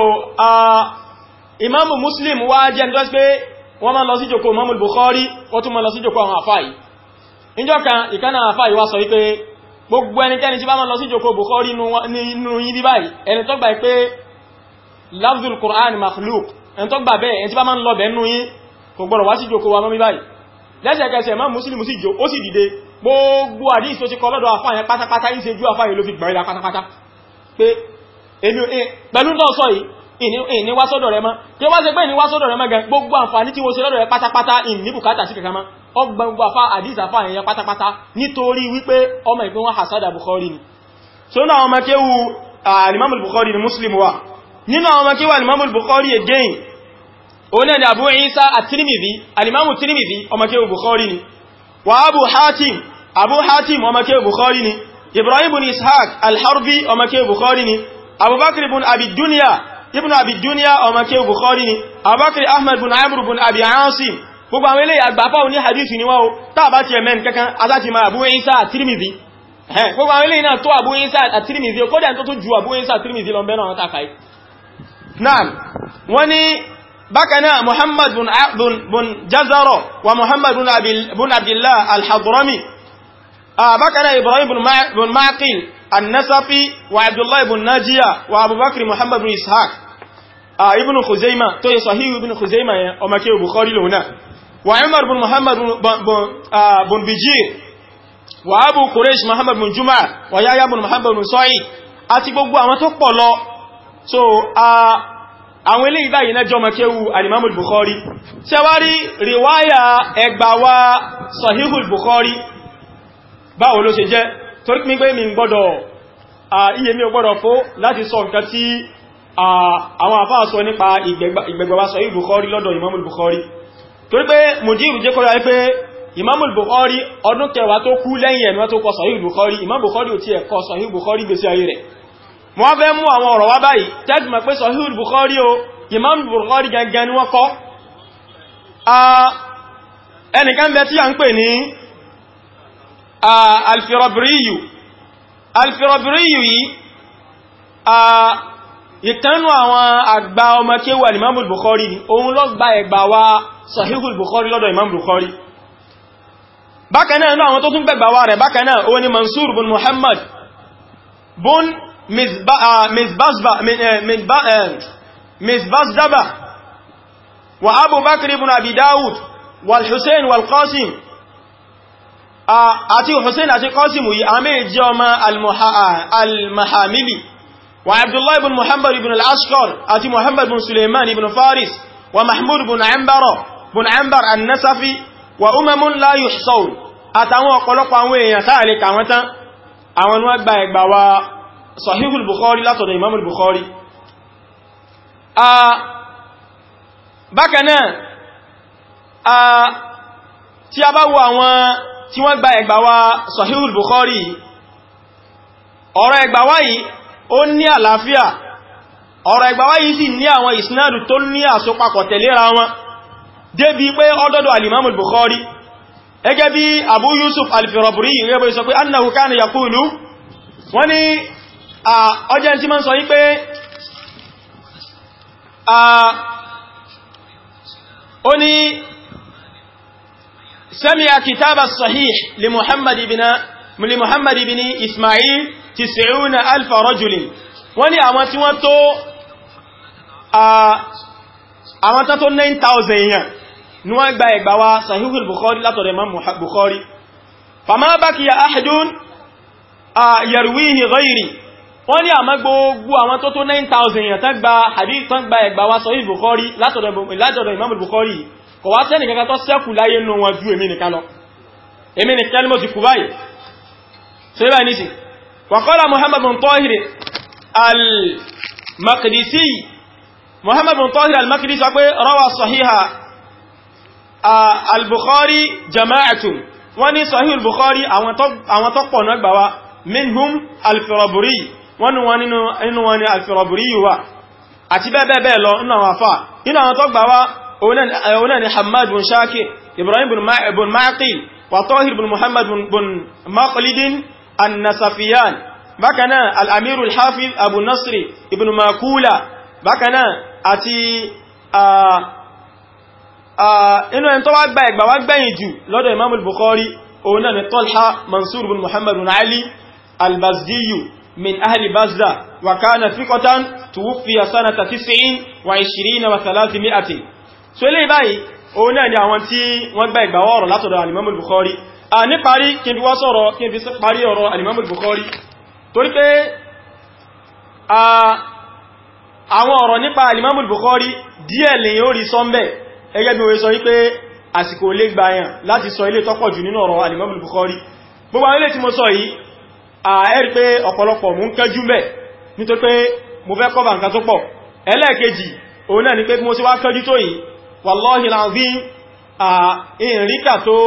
imam muslim wá jẹ́ ní pé wọ́n máa lọ sí jòkó imam bukhari wọ́n tún máa lọ sí jòkó àwọn àfáì níjọ́ kan ìkánà àfáì wá sọ wípé gbogbo ẹnikẹ́ni tí bá máa lọ sí jòkó bukhari nínú yìí báyìí ẹni tó gbà pé lafzul qur'an makhluk ẹn tó gbà bẹ́ẹ̀ ẹn tí bá máa ń lọ bẹ̀ẹ́nú yín kò gbọ́dọ̀ wá sí jòkó wa mọ́mí báyìí lẹ́sẹ̀kẹsẹ̀ máa mùsùlùmù sí jò ó sì dìde gbogbo àdíṣ tó ti kọ lọ́dọ̀ afáyẹn pátápátá ń ṣe jú afáyẹn ló fi gbọ̀n ìlà pátápátá pé eh, pẹ̀lú tó sọ yìí ìní wá sọ́dọ̀ rẹ mọ́ tí ó wá ṣe pé ìní wá sọ́dọ̀ rẹ mọ́ gan gbogbo àǹfààní tí wọ́n ṣe lọ́dọ̀ rẹ pátápátá ìní bùkátà so náà ọmọ kéwu ah, Imam Muslim wa nínú àwọn ọmọ kíwà alimamul bukhari again oní ẹ̀dà abu isa at-tirmidhi alimamu tirmidhi ọmọ kíwà bukhari ni wa abu hatim abu hatim ọmọ kíwà bukhari ni ibrahim bin ishaq alharbi ọmọ kíwà bukhari ni abubakar bin abidunia ibn abidunia ọmọ kíwà bukhari ni abubakar ahmad bin amr bin abi asim gbogbo àwọn ilé àgbàfà ní hadithu ni wọ́n tàbá ti ẹ̀mẹ́n kankan aláti ma abu isa at-tirmidhi gbogbo àwọn ilé náà tó abu isa at-tirmidhi kódà tó tó ju abu náà wọ́n ní bákanáà muhammad bin jazaro wa muhammad bin abdullah al-hadrami ah, bákanáà ibrahim bin maqil annasafi wa abdullah bin najiya wa abubakar muhammad bin ishaq ah, ibn khuzaima tó yẹ sahihu ibn khuzaima yẹn ọmọ kí bukhari lòun náà wa umar bin muhammad bin ah, bijir wa abu quraish muhammad bin juma wa yahya bin muhammad bin sa'id àti gbogbo àwọn tó pọ̀ lọ so àwọn eléyìí báyìí náà jọmọ kéwú al bukhari ṣe wá rí ríwáyà ẹgbàwà Sahih bukhari báwo ló ṣe jẹ́ torí mi pé mi gbọ́dọ̀ iye mi ò gbọ́dọ̀ fó láti sọ nǹkan tí àwọn àfáà sọ nípa ìgbẹ̀gbàwà Sahih bukhari lọ́dọ̀ Imam bukhari torí pé mùjíìrù jẹ́ kọ́ra pé Imam bukhari ọdún kẹwàá tó kú lẹ́yìn ẹ̀mọ́ tó bukhari Imam Bukhari ò ti ẹ̀kọ́ bukhari gbèsè ayé wọ́n fẹ́ mú àwọn ọ̀rọ̀ wá báyìí tẹ́sì mọ̀ pé sọ̀híl bukhari o imam bukhari gangan ni wọ́n kọ́ ẹnìkan bẹ tí a ń pè ní alfirabiriyu alfirabiriyu yìí ìkanú àwọn àgbà ọmọ kéwà ní imam bukhari ni òun lọ gba ẹgbà wa sọ̀híl bukhari lọ́dọ̀ imam bukhari bákanáà náà àwọn tó tún gbẹ̀gbà wa rẹ̀ bákanáà ó ní mansur bin muhammad bin مزبزبة وأبو بكر بن أبي داود والحسين والقاسم àti hussein àti kọ́sìmù yìí a méjì jẹ́ ọmọ uh, al-mahamili wa abdullahi ibn muhammad ibn al-ashqar àti muhammad ibn suleiman ibn faris wa mahmud ibn ambaro ibn ambar an wa umamun la yuhsaw àtàwọn ọ̀pọ̀lọpọ̀ àwọn èèyàn sáàlẹ̀ kàwọn tán àwọn wọ́n gba ẹgbàwa sahihul bukhari látọ̀dọ̀ imamul bukhari a bákanáà a tí a bá wo àwọn tí wọ́n gba ẹgbàwà sahihul bukhari ọ̀rọ̀ ẹgbàwà yìí ó ní àlàáfíà ọ̀rọ̀ ẹgbàwà yìí sì ní àwọn ìsinádù tó ní àsopapọ̀ tẹ̀léra wọn débi pé ọdọ́dọ̀ alimamul bukhari gẹ́gẹ́ bí abu yusuf alfiraburi rẹ̀ bẹ́ sọ pé annahu kana yaqulu wani ọjẹ́ tí ma ń sọ yí pé ó ní sami'a kitaba sahih li Muhammad ibn li Muhammad ibn Ismail tis'una alfa rajulin wọ́n ní àwọn tí wọ́n tó àwọn tán tó 9,000 èèyàn ní wọ́n gba ẹgbà wa sahihul bukhari látọ̀rẹ̀ imam bukhari fama bakiya ahadun yarwihi ghayri wọ́n ní àmọ́ gbogbo àwọn tó tó 9,000 èèyàn tán gba hadith tán gba ẹgbà wa sọ ìbùkọ́rí látọ̀dọ̀ Imam Bukhari kò wá sẹ́nì kankan tó sẹ́kù láyé nù wọn ju èmi nìkan lọ èmi nìkan ni mo ti kú báyìí so ibà ní sí wàkọ́lá Muhammad bin Tahir al-Maqdisi Muhammad bin Tahir al-Maqdisi sọ pé al-Firaburi wọ́n nínú wọn ni alfiraburi yíwa àti bẹ́ẹ̀bẹ́ẹ̀ lọ nínú àwọn afá nínú àwọn tó gbà wá òun náà ni eh, hamad bin shakir ibrahim bin ma'aqil wa tohir bin muhammad bin maqlidin annasafiyan bákanáà al'amirul hafiz abu nasri ibn makula bákanáà àti inú ẹni tó wá gba ẹgbà wá gbẹ̀yìn jù lọ́dọ̀ imam bukhari òun náà ni tolha mansur bin muhammad ali al من أهل بزة وكان ثقة توفي سنة تسعين وعشرين وثلاثمائة سؤالي باي أولا ni àwọn tí wọ́n gba ìgbà ọ̀rọ̀ látọ̀dọ̀ Al-Imam Al-Bukhari a ní parí kí n fi wá sọ̀rọ̀ kí n fi parí ọ̀rọ̀ Al-Imam Al-Bukhari torí pé àwọn ọ̀rọ̀ nípa Al-Imam Al-Bukhari díẹ̀ lè yóò rí sọ́mbẹ̀ ẹgẹ́ bí wọ́n sọ wípé àsìkò lè gbáyàn láti sọ ilé tọ́pọ̀ jù nínú ọ̀rọ̀ Al-Imam Al-Bukhari gbogbo àwọn ilé tí mo sọ yìí ẹ̀rí pé ọ̀pọ̀lọpọ̀ mú ń kẹjú mẹ́ nítorí pé mo fẹ́ kọ́bà nǹkan tó pọ̀ ẹlẹ́ẹ̀kejì òun náà ni pé mo sí wá kẹjú tó yìí wallahi lazim ìrìnkà tó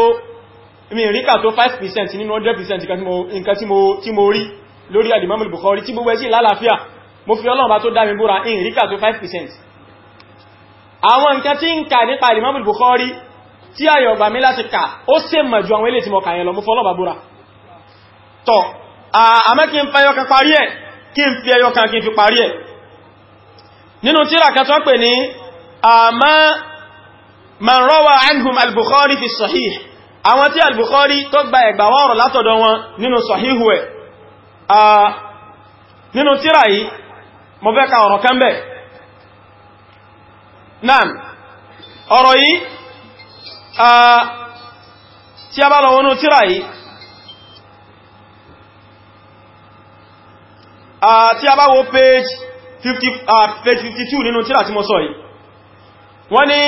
5% nínú 100% nǹkan tí mo rí lórí alimamul Bukhari tí gbogbo ẹ̀sí lálàáfíà mo fi Ọlọ́run bá tó dá mi búra ìrìnkà tó 5% àwọn nǹkan tí ń kà nípa alimamul Bukhari tí ayọ̀gbàmí láti kà ó sì mọ̀ ju àwọn ilé tí mo lọ mo fọ́lọ́bà tọ́ Ah, àmọ́ kí n fẹ́ yọkan parí ẹ̀ kí n fi ẹyọkan kí n fi parí ẹ̀ nínú tíra kan tó pè ní àmá ah, man rawa anhum al-bukhari fi sahih àwọn tí al-bukhari tó gba ẹgbà wọ́rọ̀ látọ̀dọ̀ wọn nínú ah, tíra yìí mo fẹ́ ka ọ̀rọ̀ kan bẹ̀ naam a bá lọ wọnú tíra yìí tí a bá wo page 52 nínú tírà tí mo sọ yìí wọ́n ní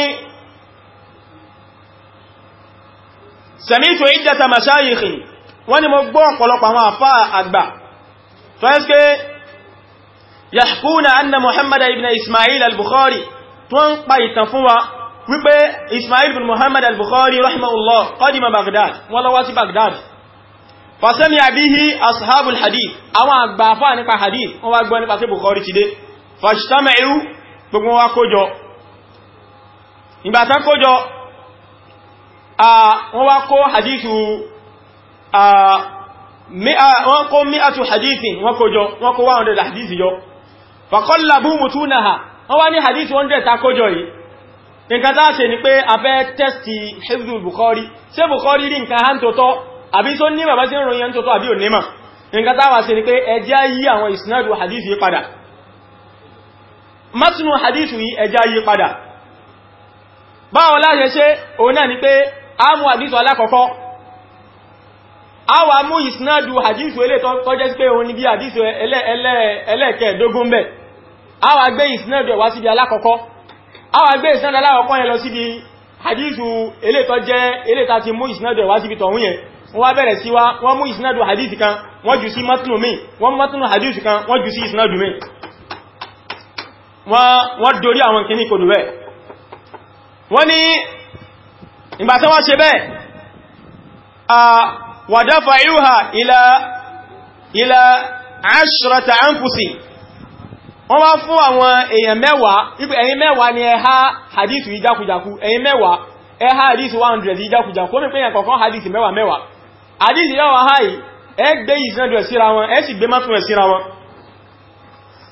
sami'tu iddata mashayikhi wọ́n ní mo gbọ́ ọ̀pọ̀lọpọ̀ àwọn àfá àgbà tó ẹ́ pé yahkuna anna muhammad ibn ismail al-bukhari tó ń pa ìtàn fún wa wípé ismail ibn muhammad al-bukhari rahimahullah qadima baghdad wọ́n lọ wá sí baghdad fasami abihi ashabul hadith àwọn agbafa nípa hadith wọ́n wá gbọ́ nípa ṣé bukhari ti dé fashtama'u gbogbo wa kójọ ìgbà tán kójọ a wọ́n wá kó hadithu wọ́n kó mi'atu hadithin wọ́n kójọ wọ́n kó 100 hadith jọ fa qallabu mutunaha wọ́n wá ní hadith 100 tá kójọ yìí nǹkan tá ṣe ni pé a fẹ́ test bukhari ṣé bukhari rí nǹkan han tó tọ́ àbí tó ní màmá tí ń ròyìn tó tó àbí ò ní mà nǹkan táwà sí ni pé ẹjá yí àwọn ìsinádù hadith yí padà mátùnù hadith yí ẹjá yí padà báwọn láyé ṣe òun náà ni pé a mú hadith alákọ̀ọ́kọ́ a wà mú ìsinádù hadith elé tó jẹ́ sí pé òun ni bí ẹlẹ́ẹ̀kẹ́ẹ̀dógún bẹ̀ wọ́n bẹ̀rẹ̀ sí wá wọ́n mú ìsinádù hadith kan wọ́n jù sí matnu mi wọ́n mú matnu hadith kan wọ́n jù sí ìsinádù mi wọ́n dorí àwọn kìíní kò dùbẹ̀ wọ́n ni ìgbàtán wọ́n ṣe bẹ́ẹ̀ a wàdáfà ìrúhà ila ila ashrata anfusi wọ́n wá fún àwọn èèyàn mẹ́wàá ipò ẹ̀yin mẹ́wàá ni ẹha hadith yìí jákùjákù ẹ̀yin mẹ́wàá ẹha hadith 100 yìí jákùjákù ó mi pé èèyàn hadith mẹ́wàá mẹ́wàá àdísì yáwà háì ẹ gbé ìsinadù ẹ̀ síra wọn ẹ sì gbé mọ́tún ẹ̀ síra wọn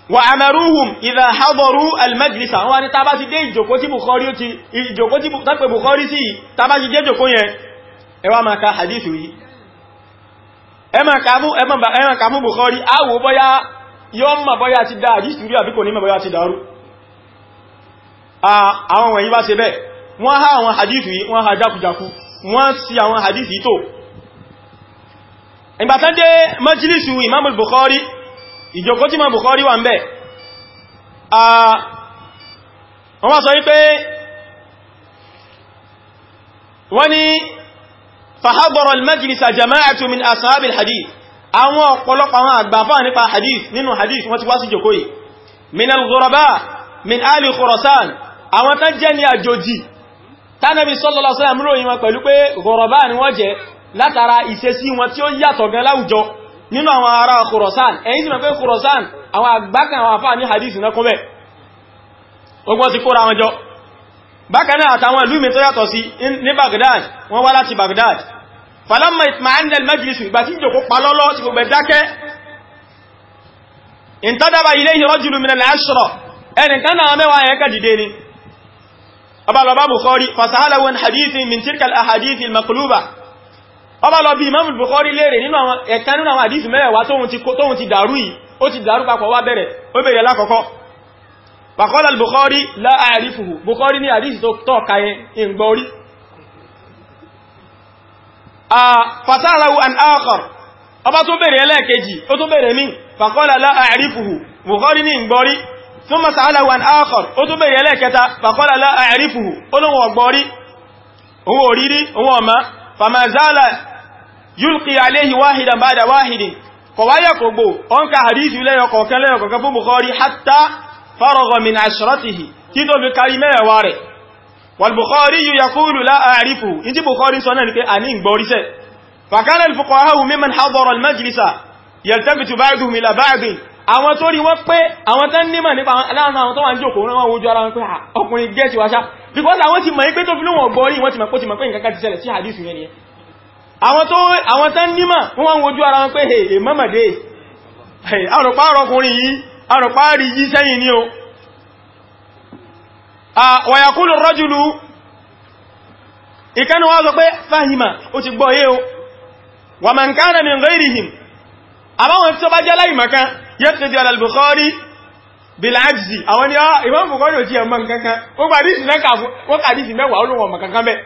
wà àmàrúhùn ìdá àbọ̀rú almajlisa wọ́n ni tàbá ti dé ìjòkó tí Bukhari ti ìjòkó tí tàpẹ Bukhari sí tàbá ti dé ìjòkó yẹn ẹ wá máa ka hadithu yìí ẹ máa ka mú Bukhari áwò bọ́yá yọ́ ma bọ́yá ti dá hadithu rí àbíkò ní ma bọ́yá ti dárú àwọn wọ̀nyí bá ṣe bẹ́ẹ̀ wọ́n há àwọn hadithu wọ́n há jákújákú wọ́n sí àwọn hadithu tó ìgbàtán dé majlisu imam bukhari ìjọkó tí ma bukhari wà ń bẹ̀ wọ́n wá sọ wípé wọ́n ni fahabara al-majlisa jama'atu min ashabil hadith àwọn ọ̀pọ̀lọpọ̀ àwọn àgbàfà nípa hadith nínú hadith wọ́n ti wá sí jòkó yìí min al-ghuraba min látara ìṣesí wọn tí ó yàtọ̀ gan láwùjọ nínú àwọn ará Khurasan ẹ̀yìn tí wọ́n fẹ́ Khurasan àwọn àgbákan àwọn àfáà ní hadith náà kún bẹ̀ ogun ti kóra wọn jọ bákan náà àtàwọn ìlú mi tó yàtọ̀ sí ní Baghdad wọ́n wá láti Baghdad falamma itma'anna al-majlis ìgbà tí ìjòkó palọ́lọ́ ti gbogbo dákẹ́ intadaba ilayhi rajulun min al-ashra ẹnìkan náà ọba lọ Bukhari fasahalahu hadithin min tilka al-ahadithi al ọba lọ bí Imam Bukhari léèrè nínú àwọn ẹ̀kan nínú àwọn àdísì mẹ́rẹ̀wá tóhun ti dàrú yìí ó ti dàrú papọ̀ wá bẹ̀rẹ̀ ó bẹ̀rẹ̀ lákọ̀ọ́kọ́ Faqala al-Bukhari la Bukhari ní àdísì tó tọ́ka yẹn ń yulqi alayhi wahidan ba'da wahidin ko waya ko gbo on ka hadithu le yo ko kan le yo ko kan bukhari hatta faragha min ashratihi ti to bi kari me wa re wal bukhari yaqulu la a'rifu inji bukhari so na ni pe ani ngbo ri se fa kana al fuqaha mimman hadara al majlisa yaltabitu ba'duhum ila ba'd àwọn tó rí wọ́n pé àwọn tán nímọ̀ nípa aláàrùn àwọn tó wà ń jòkó rán wọn wojú ara wọn pé ah, ọkùnrin gẹ́ẹ̀tì wáṣá because àwọn ti mọ̀ ipé tó fi lóhun ọgbọ́rí wọ́n ti mọ̀ pé nǹkan kan ti ṣẹlẹ̀ sí hadith yẹn ni àwọn tán nímà wọ́n wọ́n wojú ara wọn pé hey mọ́mọ̀dé àrùpá ọ̀rọ̀kùnrin yìí àrùpá rí yí sẹ́yìn ní o wàyàkúlù rọ́jùlù ìkẹ́nu wá sọ pé fáhìmà ó ti gbọ́ yé o wà mọ̀ nǹkan rẹ̀ mìíràn ìrìhìm àbáwọn tí ó bá jẹ́ láìmọ̀kan ni ìmọ̀ ah, Bukhari ò ti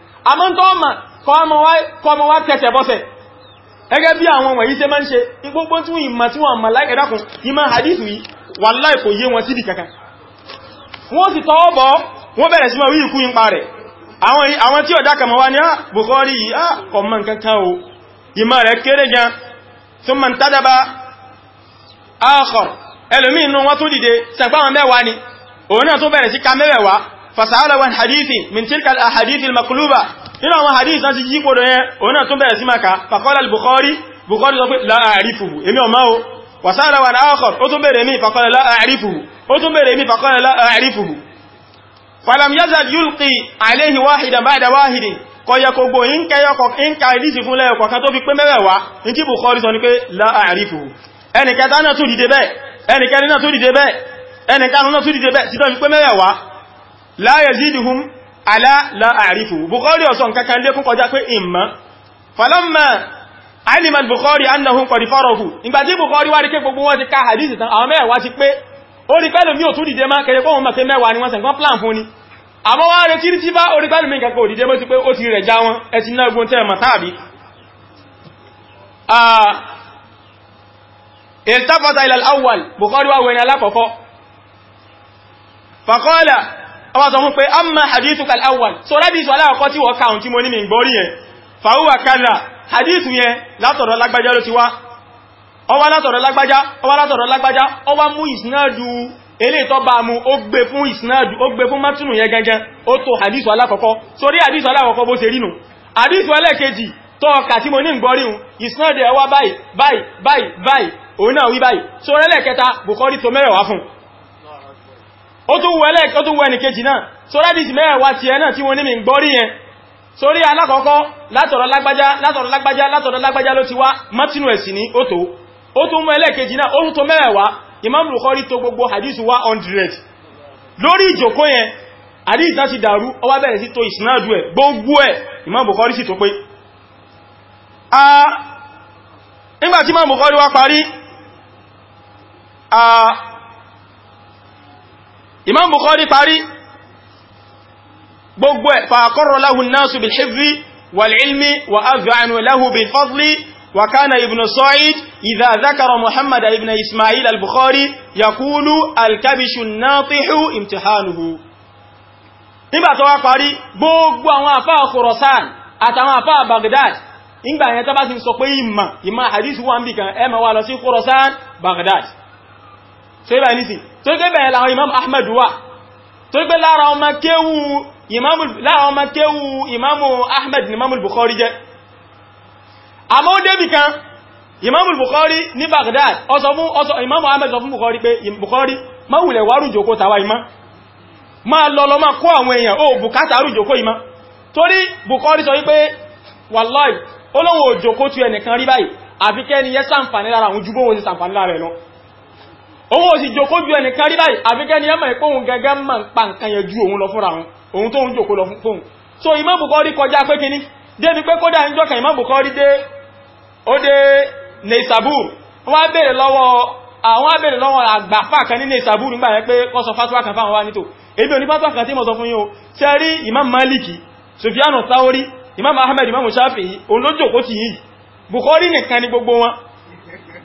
àmọ́ tó ọmọ kọmọ wá tẹ́tẹ̀ bọ́sẹ̀ ẹgẹ́ bí àwọn wọ̀nyí ṣe máa ń ṣe igbógbó tún ìmọ̀ tí wọ́n mọ̀ láìkẹ̀dàkùn ìmọ̀ hadithu yìí wà láìkò yé wọn sídì kankan wọ́n sì tọwọ́ bọ́ wọ́n bẹ̀rẹ̀ sí wọ́n ikú ń pa rẹ̀ àwọn tí ọ̀dá kàmọ̀ wá ní ah, Bukhari yìí á ah, kọmọ̀ kankan o ìmọ̀ rẹ̀ kéré فسأله عن حديثي من تلك الأحاديث المقلوبة هنا هو حديث ناس يجيب ودنيا هنا تنبع سمكة فقال البخاري بخاري لا أعرفه إمي أمه وسأله عن آخر أتنبع مي فقال لا أعرفه أتنبع مي فقال لا أعرفه فلم يزل يلقي عليه واحدا بعد واحد kọ̀yẹ kò gbò ń ká ìdísì fún lẹ́yọ̀kọ̀ kan tó fi pé mẹ́rẹ̀wá ní tí Bukhari sọ ní pé la a'rifu ẹnìkẹta náà tó dìde bẹ́ẹ̀ ẹnìkẹrin náà tó dìde bẹ́ẹ̀ ẹnìkarùn náà tó dìde bẹ́ẹ̀ sí tó fi pé mẹ́rẹ̀wá la yaziduhum ala la a'rifu bukhari ó sọ nǹkan kan lé kún kọjá pé imma falamma alima al-bukhari annahum qad farahu nígbà tí bukhari wá rí pé gbogbo wọn ti ka hadith tán àwọn mẹ́wàá ti pé ó rí pẹ̀lú mi ò tún dìde ma kere ko wọn ma pé mẹ́wàá ni wọ́n ṣe nǹkan plan àwọn sọ fún pé amma hadithu kal awwal so rabi so ala ko ti wo ka mi gbori yẹn fa huwa kaza hadithu yẹn látọ̀dọ̀ lágbájá ló ti wá ó wá látọ̀dọ̀ lágbájá ó wá látọ̀dọ̀ lágbájá ó wá mú isnadu ele tó bá mú ó gbé fún isnadu ó gbé fún matunu yẹn gangan ó to hadithu ala koko sori hadithu ala koko bó ṣe rinu hadithu ala kejì tó ka ti mo ni gbori un ó tún wọ ẹlẹ́ẹ̀kẹ́ ó tún wọ ẹnìkejì náà so rádìsì mẹ́wàá ti ẹ náà tí wọ́n ní mi ń gbọ́rí yẹn sórí alákọ̀ọ́kọ́ látọ̀rọ̀ lágbájá látọ̀rọ̀ lágbájá látọ̀rọ̀ lágbájá ló ti wá mọ́tínú ẹ̀sìn ní ó tó ó tún mọ́ kejì náà ó tún tó Imam Bukhari tó gbogbo hadithu 100 lórí ìjòkó gbogbo ẹ̀ Imam sì tó imam bukhari parí gbogbo ẹ̀ fàkọrọ láhùn náà su bilhifzi wal'ilmi wa azganu lahu bilfadli wa kana ibn sa'id idha zakara muhammad ibn ismail al-bukhari yaqulu al-kabishu natihu imtihanuhu nígbà tó wá parí gbogbo àwọn àfáà khurasan àtàwọn àfáà baghdad nígbà yẹn tó bá ti sọ pé ìmà ìmà hadith wọ́n bí kan ẹ máa wá lọ sí khurasan baghdad ṣe bá ní sí tó gbé bẹ̀rẹ̀ láwọn imam ahmed wà tó gbé lára ọmọ kéwú imamu ahmed ni imamu bukhari jẹ́ àmọ́ débì kan imamu bukhari ní baghdad ọsọ fún ọsọ imamu ahmed sọ fún bukhari pé bukhari ma wùlẹ̀ wà rújòkó tàwa imá ma lọlọ ma kó àwọn èèyàn ó bùkátà rújòkó imá torí bukhari sọ wípé wallahi olóhun òjòkó tu ẹnìkan rí báyìí àfikẹ́ ni yẹ́ sàǹfàní lára àwọn ojúgbóhun sí sàǹfàní lára ẹ̀ òun ò sì jòkó ju ẹnìkan rí báyìí àfikẹ́ ni ẹmọ̀ ìpóhun gẹ́gẹ́ mọ̀ ń pa nǹkan yẹn ju òun lọ fúnra wọn òun tó ń jòkó lọ fún so Imam Bukhari kọjá pé kíní débi pé kódà ń jọ́kàn Imam Bukhari dé ó dé Neisabur wọ́n á bèèrè lọ́wọ́ àwọn á bèèrè lọ́wọ́ àgbàfà kan ní Neisabur nígbà yẹn pé kọ́ sọ fatuwa kan fáwọn wá nítò èmi Imam Maliki Sufyanu Thawri Imam Ahmed Imam Shafi'i òun ló jòkó ti yìí Bukhari nìkan ni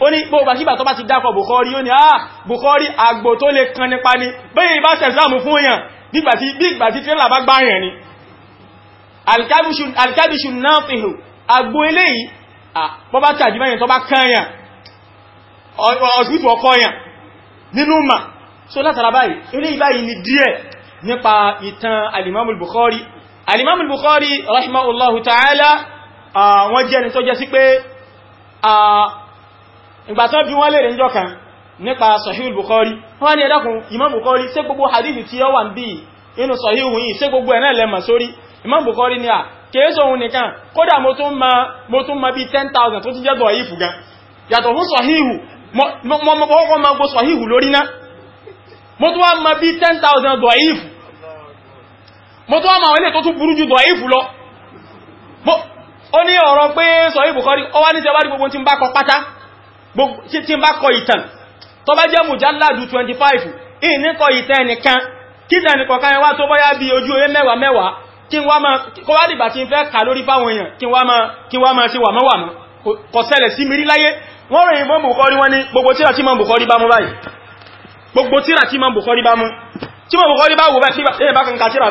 ó ní bó bá síbà tó bá ti dákọ̀ Bukhari ó ní àà ah, Bukhari àgbò tó lè kan nípa ní bẹ́yìn bá sẹ̀sáàmù fún èèyàn bígbà tí tírélà bá gbá èèyàn ni alkabishu náà fihù àgbò eléyìí bọ́ bá tàbí mẹ́yìn tó bá kányàn ọ̀sìtù ọkọ̀ yàn nínú mà so látara báyìí eléyìí báyìí ni díẹ̀ nípa ìtàn alimamul Bukhari alimamul ìgbàtọ́ bí wọ́n lè rìn jọ kan nípa sahihul bukhari wọ́n ni ẹ̀dàkùn imam bukhari ṣé gbogbo hadith tí ó wà ń bí inú sahihu yìí ṣé gbogbo ẹ̀nà lẹ́mà sórí imam bukhari ni a kéèsò òun nìkan kódà mo tún ma ma bí 10,000 tó ti jẹ́ dọ̀ ìfù yàtọ̀ fún sahihu ma ma tí n bá kọ ìtàn tó bá jẹ́ mùjáládù 25 in ní kọ ìtàn ẹnìkan kí tẹnìkọ̀ọ̀kan yẹn wá tó bọ́yá bí ojú ewé mẹ́wàá mẹ́wàá kí wá máa kó wá dìgbà tí ń fẹ́ kà lórí fáwọn èèyàn kí wá máa kí wá máa ṣe wà mọ́wà mọ́ kò ṣẹlẹ̀ sí mi rí láyé wọ́n ròyìn mọ́ bùkọ́rí wọ́n ní gbogbo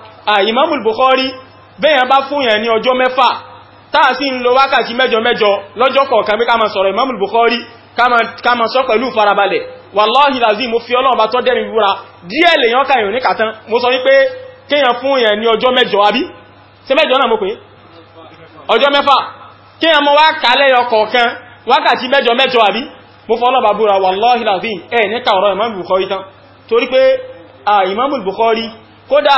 Ah, Imamul Bukhari bẹ́yàn bá fún yẹn ní ọjọ́ mẹ́fà táà sí ń lo wákàtí mẹ́jọ mẹ́jọ lọ́jọ́ kọ̀ọ̀kan bí ká sọ̀rọ̀ Imamul Bukhari ká ma sọ pẹ̀lú farabalẹ̀ wàláhì làzí mo fi ọlọ́ọ̀bá tọ́ dẹ́rin wúra díẹ̀ lèyàn kàyàn ní kàtán mo sọ wípé kéyàn fún yẹn ní ọjọ́ mẹ́jọ àbí ṣé mẹ́jọ náà mo pè ọjọ́ mẹ́fà kéyàn mọ́ wá kálẹ̀ ọkọ̀ọ̀kan wákàtí mẹ́jọ mẹ́jọ àbí Imamul Bukhari tán torí pé ah, Imamul Bukhari kódà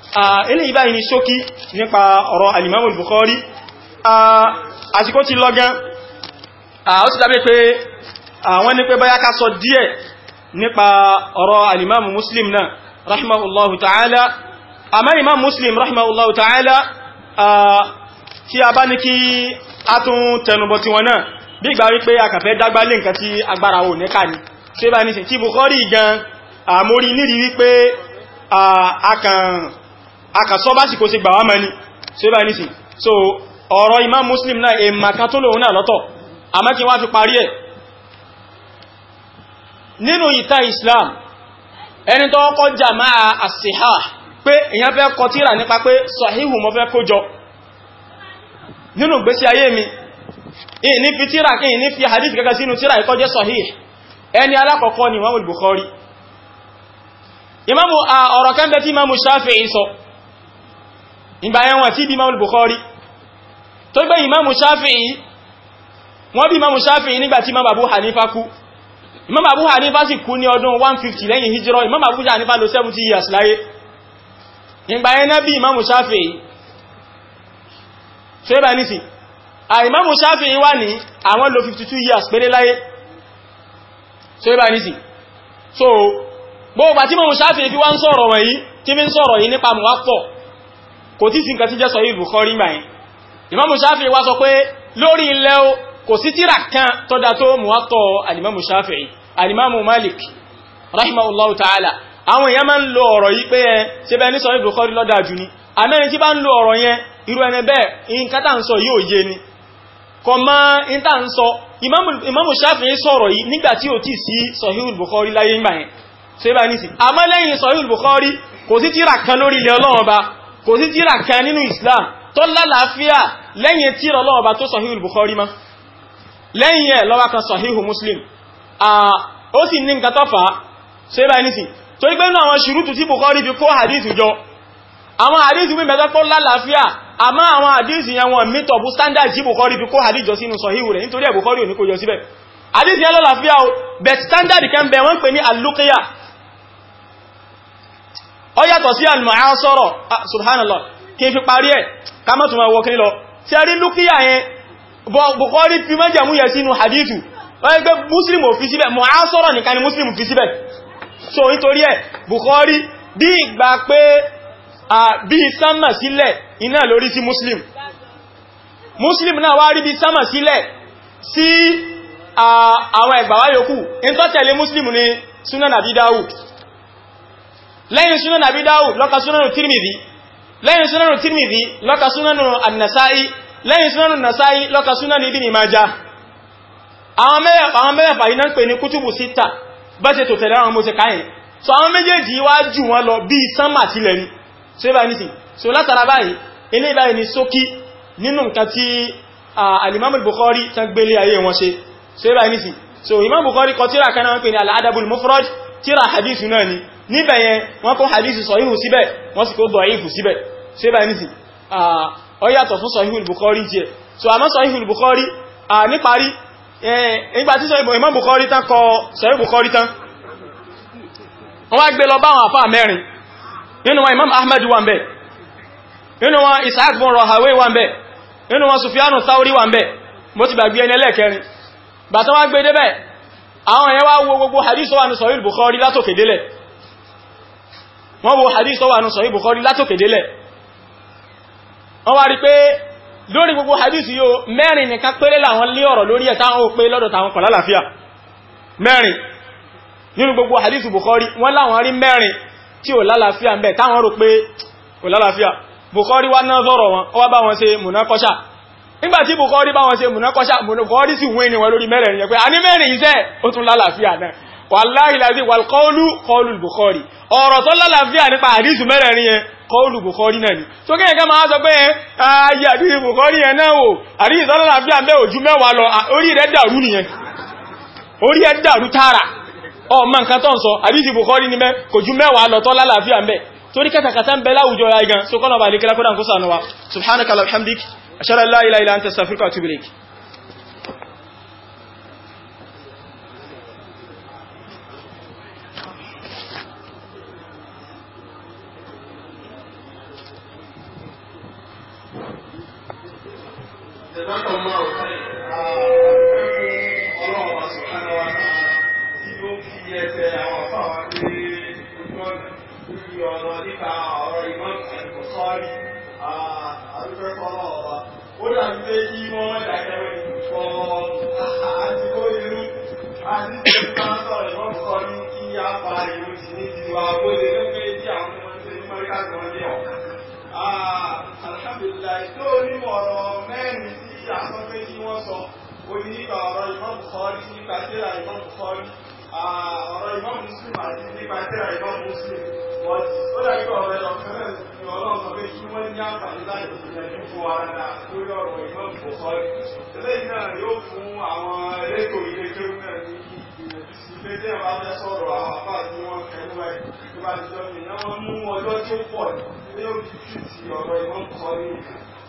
eléyìí báyìí ni ṣókí nípa ọ̀rọ̀ al-Imam al-Bukhari àsìkò ti lọ gan ó sì dábẹ́ pé àwọn ní pé báyá ká sọ díẹ̀ nípa ọ̀rọ̀ al Muslim náà rahimahullahu ta'ala ta'ala tí a bá ní kí a tún tẹnubọ̀ tí wọn náà bí ìgbà wípé akàfẹ́ dágbà lè nǹkan tí agbára ò ní ká ní tí ó bá ní sí tí Bukhari gan àmórí nídi wípé akàn akàsọ́ bá sì kó sí gbà wá mẹ́ni sí bá ní sí so ọ̀rọ̀ imam muslim náà èmà kan tó lòun náà lọ́tọ̀ àmọ́ wá fi parí ẹ̀ nínú ìta islam ẹni tó kọ́ jàmáà àsìhà pé èyàn fẹ́ kọ tíra nípa pé sahihu mo fẹ́ kójọ nínú gbésí ayé mi ìní fi tíra kí ìní fi hadith gẹ́gẹ́ sínú tíra ìkọjẹ́ sahih ẹni alákọ̀ọ́kọ́ ni imam al-bukhari imamu ọ̀rọ̀ kan bẹ́ tí imamu shafi'i sọ ìgbà yẹn wọ́n sí bí Imam Bukhari tó gbé Imam Shafi'i wọ́n bí Imam Shafi'i Hanifa kú Imam Abu Hanifa sì kú ní ọdún 150 lẹ́yìn Imam Abu Hanifa lò 70 years láyé ìgbà yẹn náà bí Imam Shafi'i so eba nisi a Imam Shafi'i wà ní àwọn lò 52 years péré láyé so eba nisi so gbogbo àti Imam Shafi'i fi wá ń sọ̀rọ̀ wọ̀nyí kí fi ń sọ̀rọ̀ kò tí sí nǹkan tí jẹ́ sọ yìí Bukhari máa yìí Imamu Shafi'i wá sọ pé lórí ilẹ̀ o kò sí tíra kan tó dá tó muwátọ̀ alimamu Shafi'i alimamu Malik rahimahullahu ta'ala àwọn èèyàn máa ń lo ọ̀rọ̀ yìí pé ẹ ṣe bẹ́ẹ̀ ní sọ yìí Bukhari lọ́dà jù ni àmẹ́rin tí bá ń lo ọ̀rọ̀ yẹn irú ẹni bẹ́ẹ̀ nǹkan tá ń sọ yóò yé ni kò mọ nǹkan ń sọ Imamu Shafi'i sọ̀rọ̀ yìí nígbà tí ò tí sí Sahihul Bukhari láyé ń gbà yẹn ṣe bá ní sí àmọ́ lẹ́yìn Sahihul Bukhari kò sí tíra kan lórí ilẹ̀ Ọlọ́run ba kò sí tíra kan nínú islam tó lálàáfíà lẹ́yìn tíra ọlọ́ọ̀bá tó sọ̀híhù bukhari ma lẹ́yìn ẹ̀ lọ́wọ́ kan sọ̀híhù muslim ó sì ní nǹkan tọ́fà ṣe bá ní sí torí pé nínú àwọn ṣùrútù tí bukhari fi kó hadith jọ àwọn hadith mi mẹ́ta pọ́ lálàáfíà àmọ́ àwọn hadith yẹn wọn mítọ̀ bú standard tí bukhari fi kó hadith jọ sínú sọ̀híhù rẹ̀ nítorí ẹ̀ bukhari ò ní kó jọ síbẹ̀ hadith yẹn lálàáfíà o bet standard kan ọ yàtọ̀ sí àlùmọ̀á sọ́rọ̀ ah, subhanallah kí n fi parí ẹ̀ ká mọ́ túnmọ̀ wọkí lọ tí a rí lúkíyà yẹn Bukhari fi mẹ́jẹ̀mú yẹ sínú hadithu wọ́n gbé muslim ò fi síbẹ̀ mọ̀á sọ́rọ̀ nìkan ni muslim fi síbẹ̀ so nítorí ẹ̀ Bukhari bí ìgbà pé bí sánmà sílẹ̀ iná lórí sí muslim muslim náà wá rí bí sánmà sílẹ̀ sí àwọn ẹgbàwá yòókù in tó tẹ̀lé muslim ni sunan abi lẹ́yìn súnánù Abi Dawud ló ka súnánù Tirmidhi lẹ́yìn súnánù Tirmidhi ló ka súnánù An-Nasa'i lẹ́yìn súnánù Nasa'i ló ka súnánù Ibn Majah àwọn mẹ́rẹ̀fà iná ń pè ní kútùbù síta bẹ́sẹ̀ tó tẹ̀lé àwọn mọ́sẹ̀ káyìn so àwọn méjèèjì wá jù wọn lọ bí sánmà sílẹ̀ so ibà ní sí so látara báyìí ilé ìbáyìí ní sókí nínú nǹkan tí alimami Bukhari tán so ibà ní sí so imam Bukhari kọ tíra kan náà ń náà ni níbẹ̀ yẹn wọ́n kó hadisi sọ̀híhù síbẹ̀ wọ́n sì kó dọ̀ífù síbẹ̀ ṣe bá ní sí ó yàtọ̀ fún sọ̀híhù Bukhari jẹ́ so àmọ́ sọ̀híhù Bukhari níparí nígbà tí Imam Bukhari tán kọ sọ̀híhù Bukhari tán wọ́n wá gbé lọ báwọn àfáà mẹ́rin nínú wọn Imam Ahmad wà ń bẹ̀ nínú wọn Ishaq bin Rahawe wà ń bẹ̀ nínú wọn Sufyanu Thawri wà ń bẹ̀ mo ti gbàgbé ẹni ẹlẹ́ẹ̀kẹrin wọ́n wo hadith tó wà ní sọ̀hí Bukhari látòkèdélẹ̀ wọ́n wá rí pé lórí gbogbo hadith yóò mẹ́rin nìkan péré láwọn lé ọ̀rọ̀ lórí ẹ̀ táwọn pé lọ́dọ̀ táwọn kọ̀lá mẹ́rin nínú gbogbo hadith Bukhari wọ́n láwọn rí mẹ́rin tí ò lálàáfíà wàláhì láti wà kọ́ọ̀lù kọ́ọ̀lù Bukhari ọ̀rọ̀ tó lálàáfíà nípa àdísù mẹ́rẹ̀rin yẹn kọ́ọ̀lù Bukhari náà ni tó kí ẹ̀kẹ́ máa sọ pé ayé àdísù Bukhari yẹn náà wò àdísù tó lálàáfíà mẹ́ ojú mẹ́wàá lọ orí rẹ̀ dàrú nìyẹn orí ẹ̀ dàrú tààrà ọmọ nǹkan tó ń sọ àdísù Bukhari ni mẹ́ kò ju mẹ́wàá lọ tó lálàáfíà mẹ́ torí kẹtàkàtà ń bẹ láwùjọ ya igan so kọ́nà bá lè kílákọ́dà ń kó sànúwa subhanaka ashara la ilaha anta astaghfiruka wa atubu ṣètọ́tọ̀ mọ́ ọlọ́run wa sọ̀rọ̀ wa tí ó fi ẹsẹ̀ àwọn ọ̀fà wa dé ojú ọ̀nà níbi ọ̀nà nípa ọ̀rọ̀ ìmọ̀ ẹ̀kọ́ sọ́ọ̀rì àdúgbò kọ́lọ̀ ọ̀la ó dàbí pé kí wọ́n dàgẹ́rẹ́ ìfọ̀ àti kó irú àti tí ó bá sọ̀rọ̀ ìmọ̀ sọ́ọ̀rì kí á pa ìlú sí ní tiwa bó lè lókè tí àwọn ọmọ ṣe ń mọ́ríkà gbọ́n dé ọ̀ alhamdulilayi tó onímọ̀ ọ̀rọ̀ mẹ́rin sí tí a sọ pé kí wọ́n sọ orí nípa ọ̀rọ̀ Imam Bukhari nípa tírà Imam Bukhari ọ̀rọ̀ Imam Muslim àti nípa tírà Imam Muslim but ó dàbí ọ̀rọ̀ ẹ̀yọ̀ fẹ́rẹ̀ ni ọlọ́run sọ pé kí wọ́n ní àǹfààní láti ìgbìyànjú fún ara ilé tí ẹ̀rọ abẹ́ sọ̀rọ̀ àwọn àbá tí wọ́n kẹ́nu ẹ̀ tó bá wọ́n mú ọjọ́ tí ó pọ̀ ní ó fi tì ọ̀rọ̀ Imam Bukhari nìkan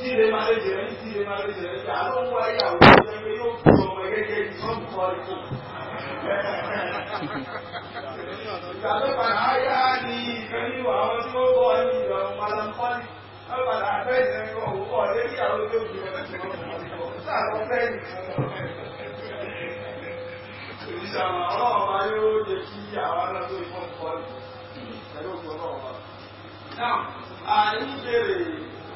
tí ilé máa lè jẹrẹ tí ilé máa lè jẹrẹ tí àlọ́ ń wá ìyàwó tó ṣe yóò fi ọmọ gẹ́gẹ́ bí sọ́ọ̀bù kọ́ ẹ ìgbàlópa àyà ni ìfẹ́ nínú àwọn tí ó bọ̀ ní ìlọrin malampali lọ́pàdà abẹ́ ìrìn òwúkọ lórí àwọn tó gbé sáà lọ fẹ́ nìkan. ìṣàmà ọlọ́run máa yóò jẹ kí àwọn aláṣọ ìfọ́nkọ́ ni pẹ̀lú òkú ọlọ́run wa. náà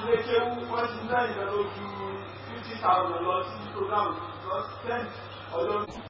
ilé kéwú wọ́n ti lẹ́yìn lọ lójú fifty thousand lọ sí program lọ send ọdún.